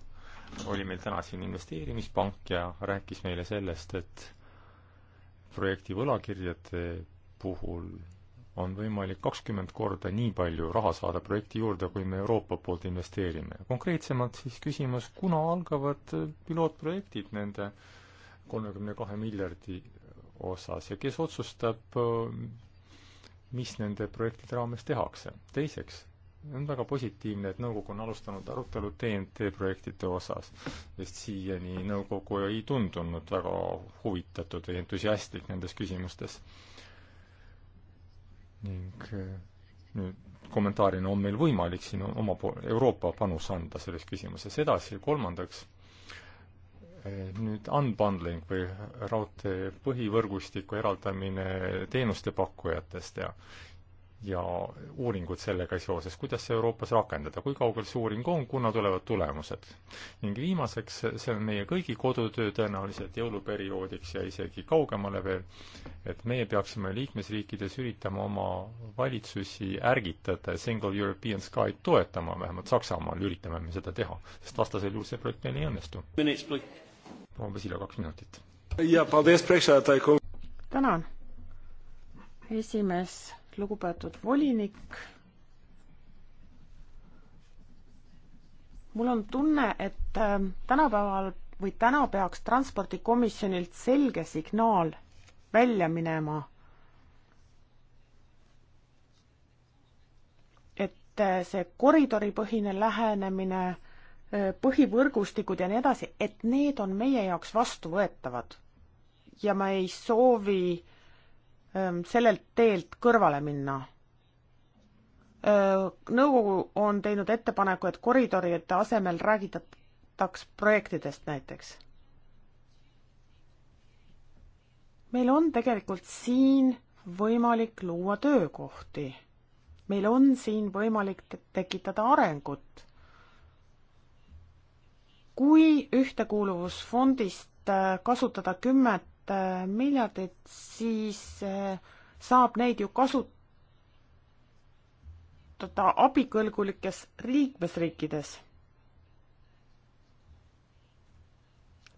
oli meil täna siin investeerimispank ja rääkis meile sellest, et projekti võlakirjade puhul on võimalik kakskümmend korda nii palju raha saada projekti juurde, kui me Euroopa poolt investeerime. konkreetsemalt siis küsimus, kuna algavad pilootprojektid nende kolmekümne kahe miljardi osas ja kes otsustab, mis nende projektide raames tehakse? teiseks on väga positiivne, et nõukogu on alustanud arutelu TNT projektide osas, sest siiani nõukogu ei tundunud väga huvitatud või entusiastlik nendes küsimustes. ning eh, nüüd kommentaarina on meil võimalik siin oma po-, Euroopa panus anda selles küsimuses edasi, kolmandaks, eh, nüüd unbundling või raudtee põhivõrgustiku eraldamine teenuste pakkujatest ja ja uuringud sellega seoses, kuidas see Euroopas rakendada, kui kaugel see uuring on, kuna tulevad tulemused. ning viimaseks, see on meie kõigi kodutöö tõenäoliselt jõuluperioodiks ja isegi kaugemale veel, et meie peaksime liikmesriikides üritama oma valitsusi ärgitada ja Single European Sky toetama, vähemalt Saksamaal üritame me seda teha, sest vastasel juhul see projekt meil ei õnnestu. proua Pesila, kaks minutit. tänan, esimees lugupeetud volinik. mul on tunne, et äh, tänapäeval või täna peaks transpordikomisjonilt selge signaal välja minema, et äh, see koridoripõhine lähenemine, äh, põhivõrgustikud ja nii edasi, et need on meie jaoks vastuvõetavad. ja ma ei soovi äh, Ähm, sellelt teelt kõrvale minna. Äh, nõukogu on teinud ettepaneku, et koridoride asemel räägitaks projektidest näiteks. meil on tegelikult siin võimalik luua töökohti. meil on siin võimalik te tekitada arengut. kui ühtekuuluvusfondist äh, kasutada kümmet Äh, miljardit, siis äh, saab neid ju kasutada abikõlgulikes liikmesriikides.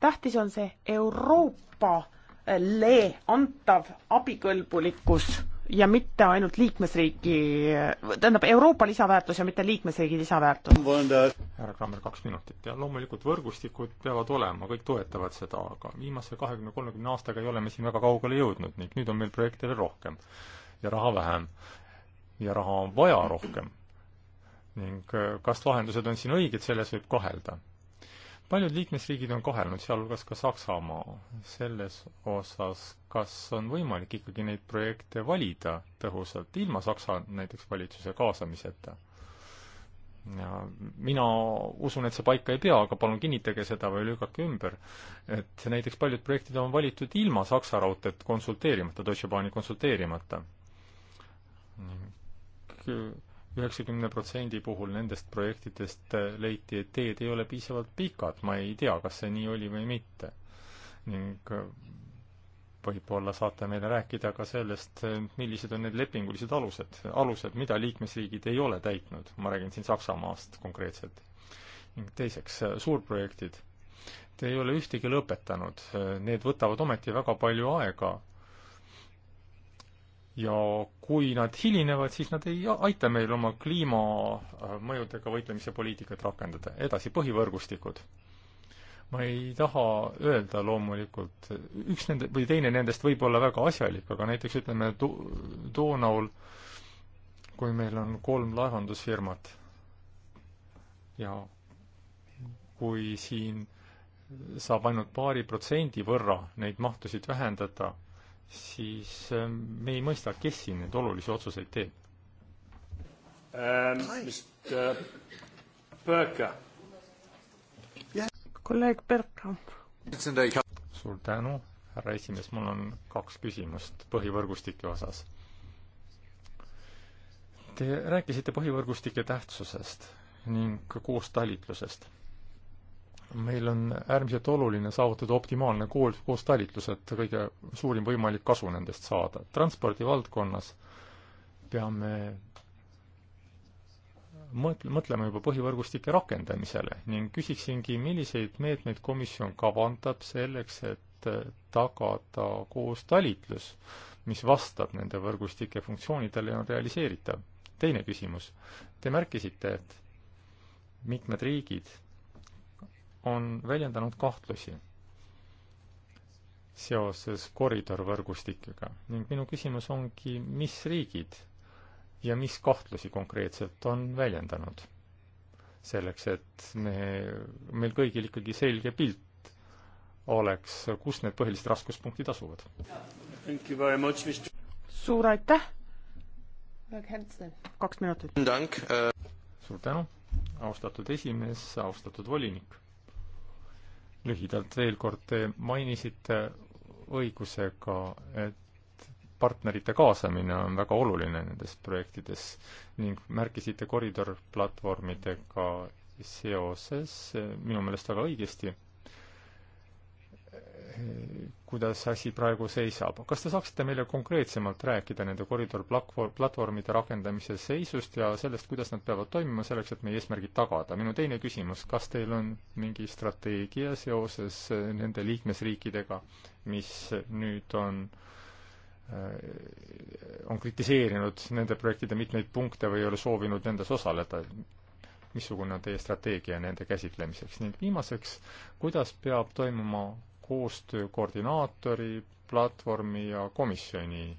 tähtis on see Euroopale äh, antav abikõlbulikkus ja mitte ainult liikmesriigi, tähendab Euroopa lisaväärtus ja mitte liikmesriigi lisaväärtus. härra Krammer, kaks minutit. ja loomulikult võrgustikud peavad olema, kõik toetavad seda, aga viimase kahekümne, kolmekümne aastaga ei ole me siin väga kaugele jõudnud ning nüüd on meil projekte veel rohkem ja raha vähem. ja raha on vaja rohkem. ning eh, kas lahendused on siin õiged, selles võib kahelda paljud liikmesriigid on kahelnud, sealhulgas ka Saksamaa, selles osas, kas on võimalik ikkagi neid projekte valida tõhusalt, ilma Saksa näiteks valitsuse kaasamiseta. ja mina usun, et see paika ei pea, aga palun kinnitage seda või lükake ümber, et näiteks paljud projektid on valitud ilma Saksa raudteed konsulteerimata, Deutsche Bahni konsulteerimata ning üheksakümne protsendi puhul nendest projektidest eh, leiti, et teed ei ole piisavalt pikad, ma ei tea, kas see nii oli või mitte. ning eh, võib-olla saate meile rääkida ka sellest, eh, millised on need lepingulised alused, alused, mida liikmesriigid ei ole täitnud, ma räägin siin Saksamaast konkreetselt. ning teiseks, suurprojektid. Te ei ole ühtegi lõpetanud, need võtavad ometi väga palju aega ja kui nad hilinevad, siis nad ei aita meil oma kliimamõjudega võitlemise poliitikat rakendada. edasi, põhivõrgustikud. ma ei taha öelda loomulikult, üks nende või teine nendest võib olla väga asjalik, aga näiteks ütleme Do-, Donaul, kui meil on kolm laevandusfirmat ja kui siin saab ainult paari protsendi võrra neid mahtusid vähendada siis ähm, me ei mõista, kes siin neid olulisi otsuseid teeb ähm,. kolleeg Berka. suur tänu, härra esimees, mul on kaks küsimust põhivõrgustike osas. Te rääkisite põhivõrgustike tähtsusest ning koostalitlusest meil on äärmiselt oluline saavutada optimaalne koos, koostalitlus, et kõige suurim võimalik kasu nendest saada. transpordi valdkonnas peame mõtle, mõtlema juba põhivõrgustike rakendamisele ning küsiksingi, milliseid meetmeid komisjon kavandab selleks, et tagada koostalitlus, mis vastab nende võrgustike funktsioonidele ja on realiseeritav. teine küsimus. Te märkisite, et mitmed riigid on väljendanud kahtlusi seoses koridorvõrgustikega ning minu küsimus ongi, mis riigid ja mis kahtlusi konkreetselt on väljendanud? selleks, et me, meil kõigil ikkagi selge pilt oleks, kus need põhilised raskuspunktid asuvad. suur aitäh! kaks minutit. Äh- suur tänu, austatud esimees, austatud volinik lühidalt veel kord, te mainisite õigusega, et partnerite kaasamine on väga oluline nendes projektides ning märkisite koridorplatvormidega seoses minu meelest väga õigesti, kuidas asi praegu seisab. kas te saaksite meile konkreetsemalt rääkida nende koridor platvormide rakendamise seisust ja sellest, kuidas nad peavad toimima selleks, et meie eesmärgid tagada? minu teine küsimus, kas teil on mingi strateegia seoses äh, nende liikmesriikidega, mis nüüd on äh, on kritiseerinud nende projektide mitmeid punkte või ei ole soovinud nendes osaleda, missugune on teie strateegia nende käsitlemiseks ning viimaseks, kuidas peab toimuma koostöö koordinaatori, platvormi ja komisjoni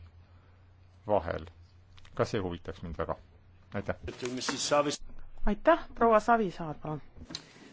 vahel. ka see huvitaks mind väga. aitäh! aitäh, proua Savisaar, palun!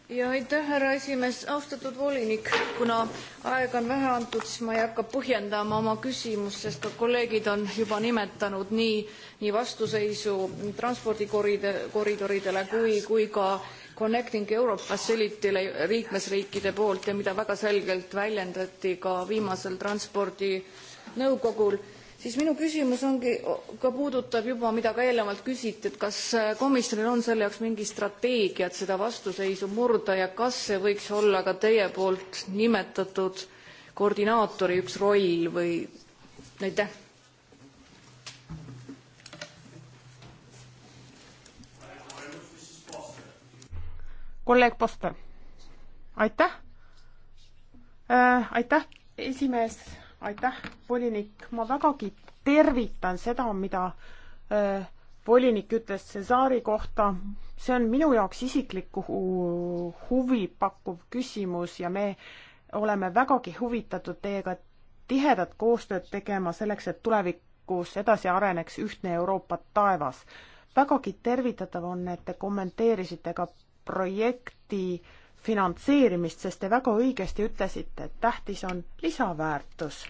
ja aitäh, härra esimees, austatud volinik, kuna aega on vähe antud, siis ma ei hakka põhjendama oma küsimust, sest ka kolleegid on juba nimetanud nii, nii vastuseisu transpordikoridoridele kui, kui ka Connecting Europe Facility'le liikmesriikide poolt ja mida väga selgelt väljendati ka viimasel transpordinõukogul, siis minu küsimus ongi, ka puudutab juba, mida ka eelnevalt küsiti, et kas komisjonil on selle jaoks mingi strateegia, et seda vastuseisu murda ja kas see võiks olla ka teie poolt nimetatud koordinaatori üks roll või aitäh kolleeg Poster. aitäh äh,. aitäh, esimees, aitäh, volinik, ma vägagi tervitan seda, mida äh, volinik ütles Cesari kohta, see on minu jaoks isiklikku hu huvi pakkuv küsimus ja me oleme vägagi huvitatud teiega tihedat koostööd tegema selleks, et tulevikus edasi areneks ühtne Euroopa taevas. vägagi tervitatav on, et te kommenteerisite ka projekti finantseerimist, sest te väga õigesti ütlesite, et tähtis on lisaväärtus.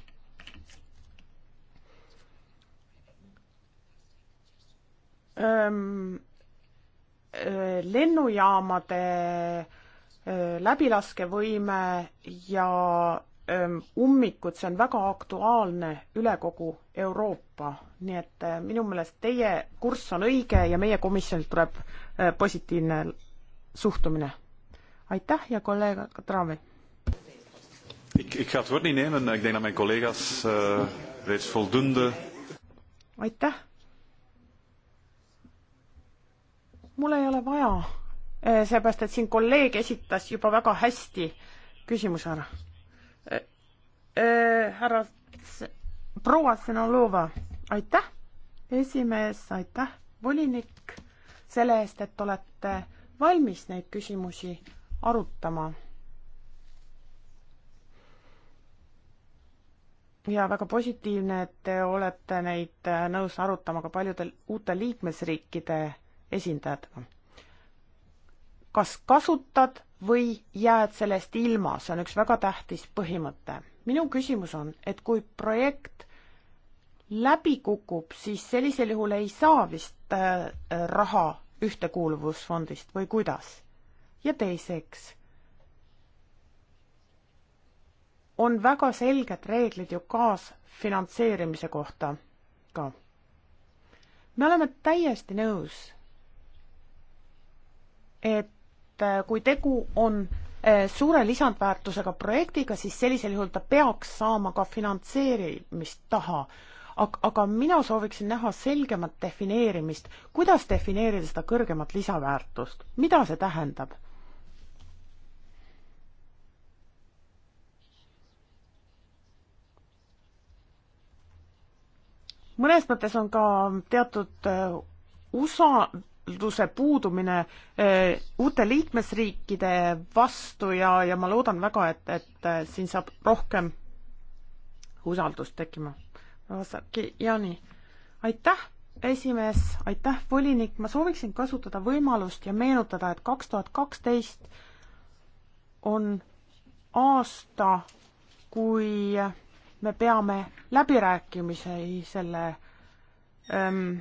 lennujaamade läbilaskevõime ja ummikud, see on väga aktuaalne üle kogu Euroopa, nii et äh, minu meelest teie kurss on õige ja meie komisjonilt tuleb äh, positiivne suhtumine. aitäh ja kolleeg Katravi. Ik, ik ga het woord niet nemen. Ik denk dat mijn collega's uh, reeds voldoende. Aitäh. mul ei ole vaja, eh, seepärast et siin kolleeg esitas juba väga hästi küsimuse ära. Eh, härra proua Senolova, aitäh, esimees, aitäh, volinik, selle eest, et olete valmis neid küsimusi arutama. ja väga positiivne, et te olete neid äh, nõus arutama ka paljude uute liikmesriikide esindajatega. kas kasutad või jääd sellest ilma, see on üks väga tähtis põhimõte. minu küsimus on, et kui projekt läbi kukub, siis sellisel juhul ei saa vist äh, äh raha ühtekuuluvusfondist või kuidas? ja teiseks, on väga selged reeglid ju kaasfinantseerimise kohta ka. me oleme täiesti nõus, et äh, kui tegu on äh, suure lisandväärtusega projektiga, siis sellisel juhul ta peaks saama ka finantseerimist taha aga mina sooviksin näha selgemat defineerimist, kuidas defineerida seda kõrgemat lisaväärtust, mida see tähendab? mõnes mõttes on ka teatud äh, usalduse puudumine äh, uute liikmesriikide vastu ja, ja ma loodan väga, et, et äh, siin saab rohkem usaldust tekkima Vasaki, Jaani. aitäh, esimees, aitäh, volinik, ma sooviksin kasutada võimalust ja meenutada, et kaks tuhat kaksteist on aasta, kui me peame läbirääkimisi selle ähm,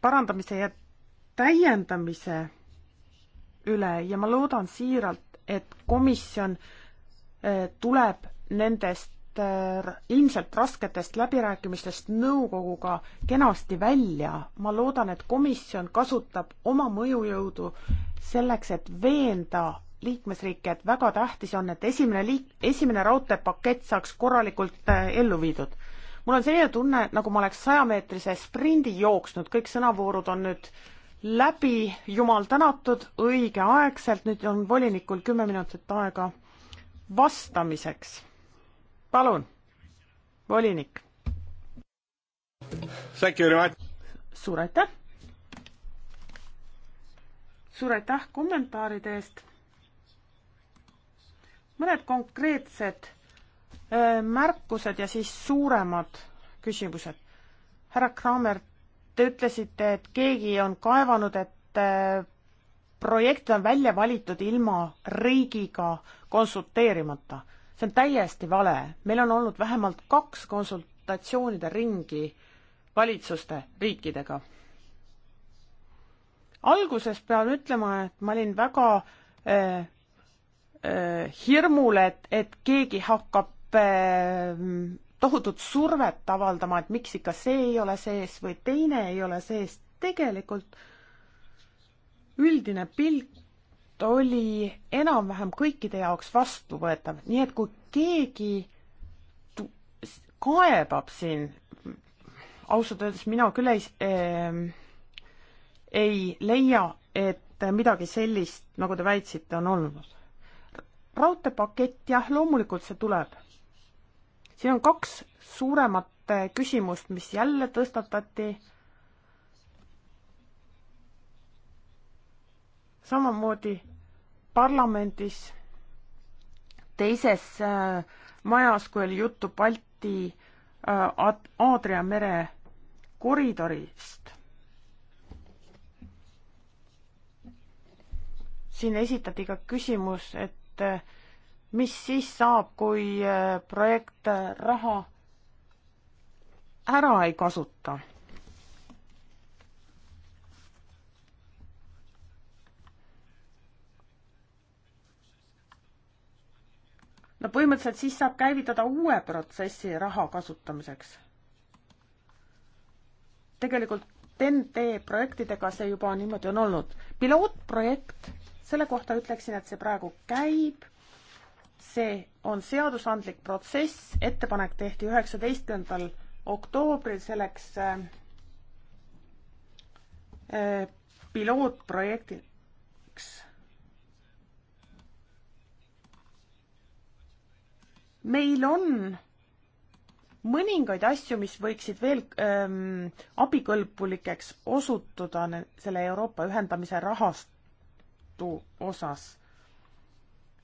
parandamise ja täiendamise üle ja ma loodan siiralt, et komisjon äh, tuleb nendest Äh, ilmselt rasketest läbirääkimistest nõukoguga kenasti välja. ma loodan, et komisjon kasutab oma mõjujõudu selleks, et veenda liikmesriike, et väga tähtis on, et esimene liik-, esimene raudteepakett saaks korralikult äh, ellu viidud. mul on selline tunne, nagu ma oleks sajameetrise sprindi jooksnud, kõik sõnavoorud on nüüd läbi, jumal tänatud, õigeaegselt, nüüd on volinikul kümme minutit aega vastamiseks palun, volinik. suur aitäh. suur aitäh kommentaaride eest. mõned konkreetsed öö, märkused ja siis suuremad küsimused. härra Kramer, te ütlesite, et keegi on kaevanud, et öö, projekt on välja valitud ilma riigiga konsulteerimata see on täiesti vale, meil on olnud vähemalt kaks konsultatsioonide ringi valitsuste riikidega. alguses pean ütlema, et ma olin väga äh, äh, hirmul, et, et keegi hakkab äh, tohutut survet avaldama, et miks ikka see ei ole sees või teine ei ole sees, tegelikult üldine pilt oli enam-vähem kõikide jaoks vastuvõetav, nii et kui keegi kaebab siin, ausalt öeldes mina küll ei äh,, ei leia, et midagi sellist, nagu te väitsite, on olnud. raudteepakett, jah, loomulikult see tuleb. siin on kaks suuremat eh, küsimus, mis jälle tõstatati samamoodi parlamendis teises äh, majas, kui oli juttu Balti äh, Aadria mere koridorist. siin esitati ka küsimus, et äh, mis siis saab, kui projekt raha ära ei kasuta no põhimõtteliselt siis saab käivitada uue protsessi raha kasutamiseks. tegelikult TEN-T projektidega see juba niimoodi on olnud. pilootprojekt, selle kohta ütleksin, et see praegu käib, see on seadusandlik protsess, ettepanek tehti üheksateistkümnendal oktoobril selleks äh, äh pilootprojektiks meil on mõningaid asju, mis võiksid veel ähm, abikõlbulikeks osutuda selle Euroopa ühendamise rahastu osas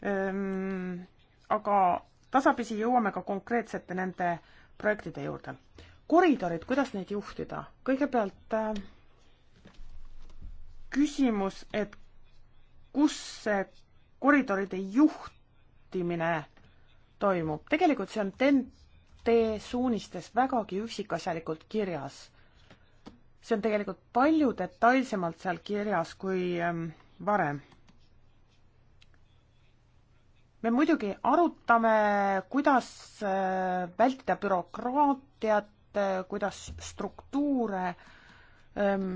ähm,. aga tasapisi jõuame ka konkreetsete nende projektide juurde. koridorid, kuidas neid juhtida? kõigepealt äh, küsimus, et kus see koridoride juhtimine toimub. tegelikult see on TEN-T suunistes vägagi üksikasjalikult kirjas. see on tegelikult palju detailsemalt seal kirjas kui ähm, varem. me muidugi arutame, kuidas äh, vältida bürokraatiat, äh, kuidas struktuure ähm,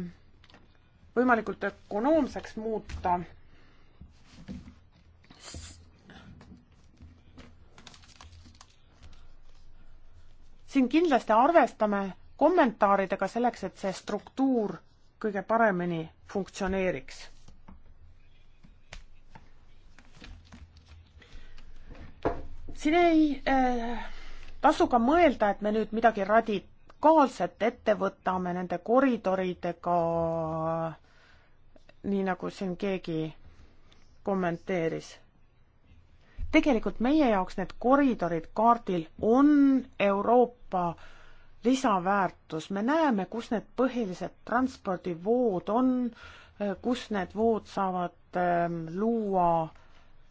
võimalikult ökonoomseks muuta siin kindlasti arvestame kommentaaridega selleks, et see struktuur kõige paremini funktsioneeriks. siin ei äh, tasu ka mõelda, et me nüüd midagi radikaalset ette võtame nende koridoridega, nii nagu siin keegi kommenteeris tegelikult meie jaoks need koridorid kaardil on Euroopa lisaväärtus, me näeme, kus need põhilised transpordivood on, kus need vood saavad ähm, luua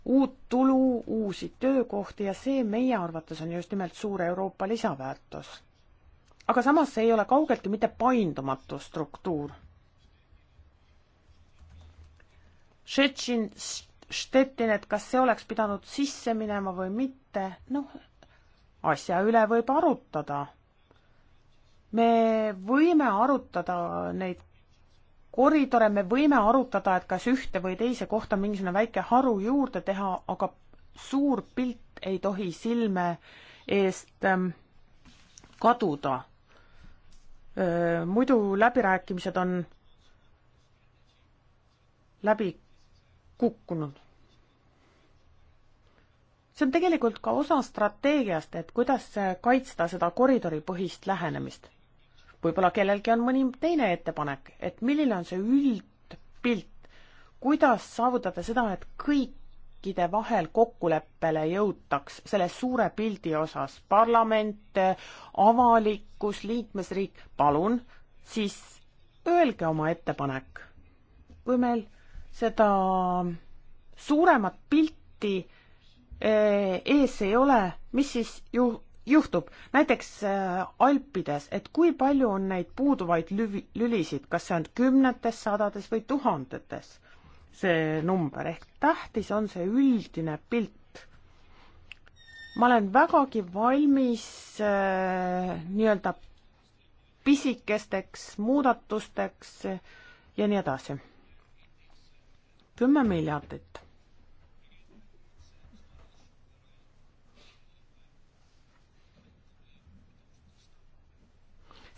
uut tulu, uusi töökohti ja see meie arvates on just nimelt suur Euroopa lisaväärtus. aga samas see ei ole kaugeltki mitte paindumatu struktuur. Šetšin Stettin, et kas see oleks pidanud sisse minema või mitte, noh, asja üle võib arutada. me võime arutada neid koridore, me võime arutada, et kas ühte või teise kohta mingisugune väike haru juurde teha, aga suur pilt ei tohi silme eest ähm, kaduda. Äh, muidu läbirääkimised on läbi kukkunud. see on tegelikult ka osa strateegiast, et kuidas kaitsta seda koridoripõhist lähenemist. võib-olla kellelgi on mõni teine ettepanek, et milline on see üldpilt, kuidas saavutada seda, et kõikide vahel kokkuleppele jõutaks selle suure pildi osas, parlament, avalikkus, liikmesriik, palun, siis öelge oma ettepanek. kui meil seda suuremat pilti eh, ees ei ole, mis siis ju juhtub, näiteks eh, Alpides, et kui palju on neid puuduvaid lüvi, lülisid, kas see on kümnetes, sadades või tuhandetes, see number, ehk tähtis on see üldine pilt. ma olen vägagi valmis äh, nii-öelda pisikesteks muudatusteks ja nii edasi kümme miljardit.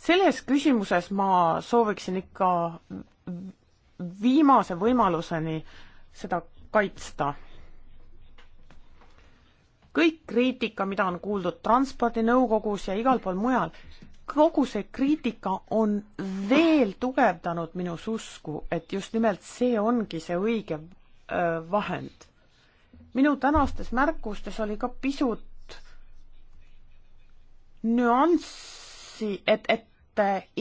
selles küsimuses ma sooviksin ikka viimase võimaluseni seda kaitsta. kõik kriitika, mida on kuuldud Transpordinõukogus ja igal pool mujal, kogu see kriitika on veel tugevdanud minus usku, et just nimelt see ongi see õige öö, vahend. minu tänastes märkustes oli ka pisut nüanssi, et, et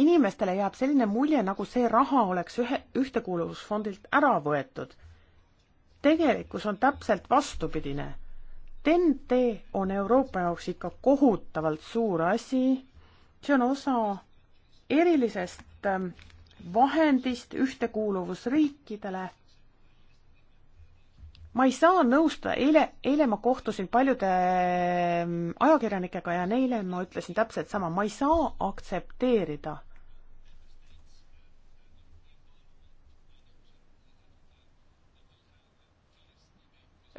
inimestele jääb selline mulje, nagu see raha oleks ühe, ühtekuuluvusfondilt ära võetud. tegelikkus on täpselt vastupidine. TEN-T on Euroopa jaoks ikka kohutavalt suur asi see on osa erilisest ähm, vahendist ühtekuuluvusriikidele. ma ei saa nõustuda, eile, eile ma kohtusin paljude ähm, ajakirjanikega ja neile ma ütlesin täpselt sama, ma ei saa aktsepteerida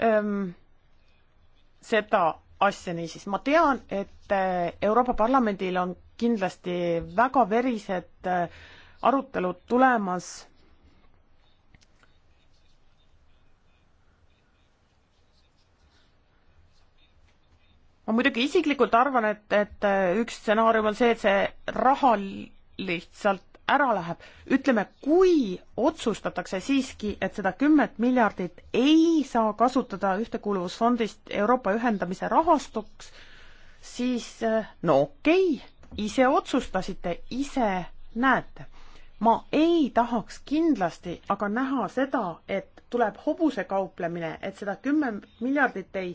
ähm, seda asja niisiis. ma tean, et äh, Euroopa Parlamendil on kindlasti väga verised äh, arutelud tulemas. ma muidugi isiklikult arvan, et, et äh, üks stsenaarium on see, et see raha lihtsalt ära läheb. ütleme, kui otsustatakse siiski, et seda kümmet miljardit ei saa kasutada ühtekuuluvusfondist Euroopa ühendamise rahastuks, siis äh, no okei okay ise otsustasite, ise näete. ma ei tahaks kindlasti aga näha seda, et tuleb hobusekauplemine, et seda kümme miljardit ei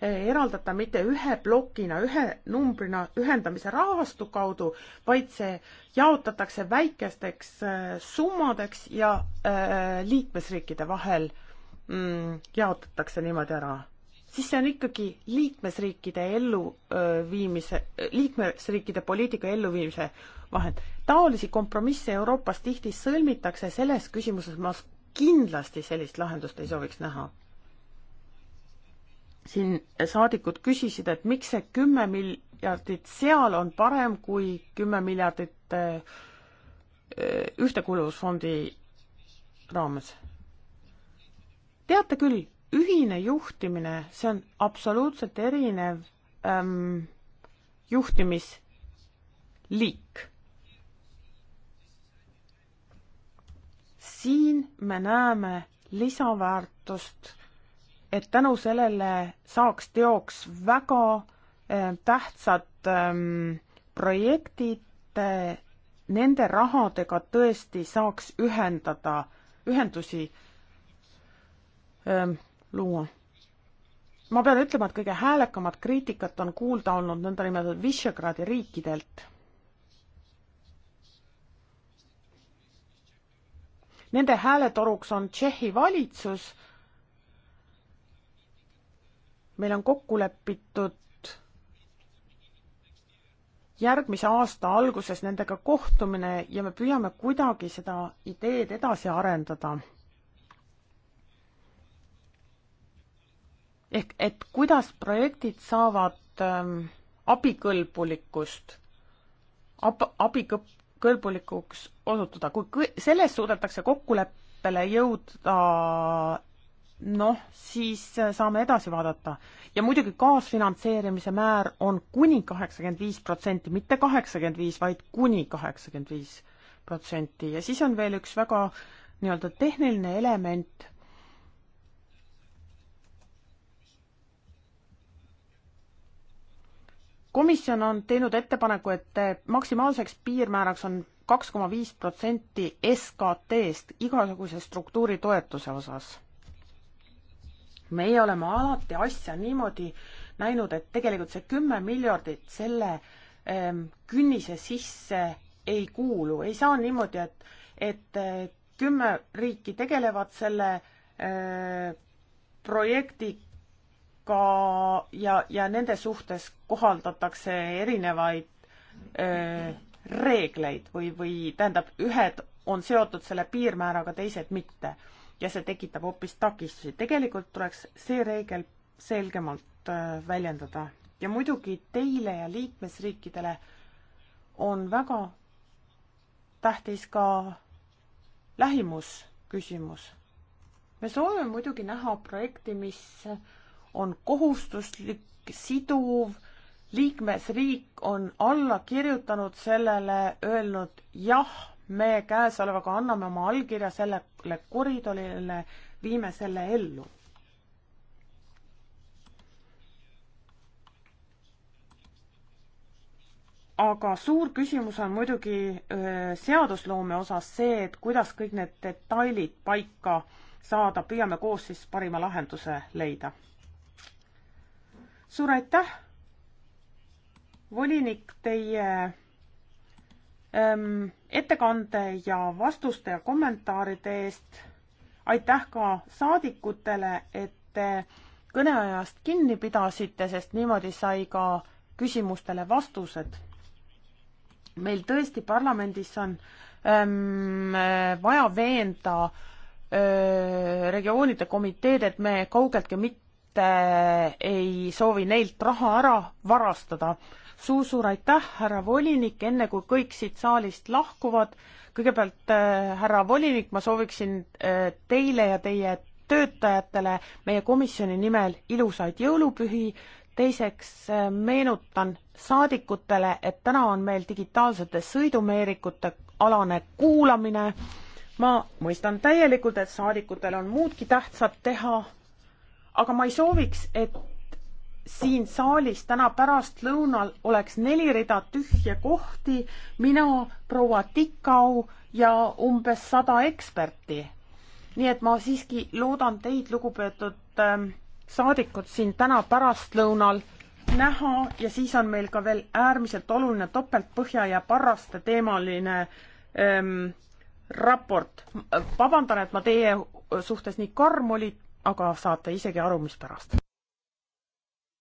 eh, eraldata mitte ühe plokina, ühe numbrina ühendamise rahastu kaudu, vaid see jaotatakse väikesteks eh, summadeks ja eh, liikmesriikide vahel mm, jaotatakse niimoodi ära siis see on ikkagi liikmesriikide elluviimise, liikmesriikide poliitika elluviimise vahend. taolisi kompromisse Euroopas tihti sõlmitakse, selles küsimuses ma kindlasti sellist lahendust ei sooviks näha. siin saadikud küsisid, et miks see kümme miljardit seal on parem kui kümme miljardit ühtekuuluvusfondi raames. teate küll ühine juhtimine, see on absoluutselt erinev ähm, juhtimisliik. siin me näeme lisaväärtust, et tänu sellele saaks teoks väga äh, tähtsad ähm, projektid äh,, nende rahadega tõesti saaks ühendada, ühendusi ähm, luua. ma pean ütlema, et kõige häälekamat kriitikat on kuulda olnud nõndanimetatud Visegradi riikidelt. Nende hääletoruks on Tšehhi valitsus. meil on kokku lepitud järgmise aasta alguses nendega kohtumine ja me püüame kuidagi seda ideed edasi arendada ehk et kuidas projektid saavad ähm, abikõlbulikkust ab,, abikõlbulikuks osutuda, kui kõ-, selles suudetakse kokkuleppele jõuda noh, siis äh, saame edasi vaadata. ja muidugi kaasfinantseerimise määr on kuni kaheksakümmend viis protsenti, mitte kaheksakümmend viis, vaid kuni kaheksakümmend viis protsenti ja siis on veel üks väga nii-öelda tehniline element komisjon on teinud ettepaneku, et maksimaalseks piirmääraks on kaks koma viis protsenti SKT-st igasuguse struktuuritoetuse osas. meie oleme alati asja niimoodi näinud, et tegelikult see kümme miljardit selle ähm, künnise sisse ei kuulu, ei saa niimoodi, et, et eh, kümme riiki tegelevad selle äh, projekti ka ja, ja nende suhtes kohaldatakse erinevaid öö, äh, reegleid või, või tähendab, ühed on seotud selle piirmääraga, teised mitte. ja see tekitab hoopis takistusi. tegelikult tuleks see reegel selgemalt öö, äh, väljendada. ja muidugi teile ja liikmesriikidele on väga tähtis ka lähimusküsimus. me soovime muidugi näha projekti, mis on kohustuslik, siduv, liikmesriik on alla kirjutanud sellele, öelnud jah, me käesolevaga anname oma allkirja sellele koridorile, viime selle ellu. aga suur küsimus on muidugi öö, seadusloome osas see, et kuidas kõik need detailid paika saada, püüame koos siis parima lahenduse leida suur aitäh, volinik, teie ähm, ettekande ja vastuste ja kommentaaride eest. aitäh ka saadikutele, et te kõneajast kinni pidasite, sest niimoodi sai ka küsimustele vastused. meil tõesti parlamendis on ähm, vaja veenda öö, äh, regioonide komiteed, et me kaugeltki mitte Äh, ei soovi neilt raha ära varastada suur-suur aitäh, härra volinik, enne kui kõik siit saalist lahkuvad, kõigepealt äh, härra volinik, ma sooviksin äh, teile ja teie töötajatele meie komisjoni nimel ilusaid jõulupühi, teiseks äh, meenutan saadikutele, et täna on meil digitaalsete sõidumeerikute alane kuulamine, ma mõistan täielikult, et saadikutel on muudki tähtsat teha, aga ma ei sooviks, et siin saalis täna pärastlõunal oleks neli rida tühje kohti, mina, proua Tikau ja umbes sada eksperti. nii et ma siiski loodan teid, lugupeetud ähm, saadikud, siin täna pärastlõunal näha ja siis on meil ka veel äärmiselt oluline topeltpõhja ja parraste teemaline ähm, raport. vabandan, et ma teie suhtes nii karm olin aga saate isegi aru, mispärast.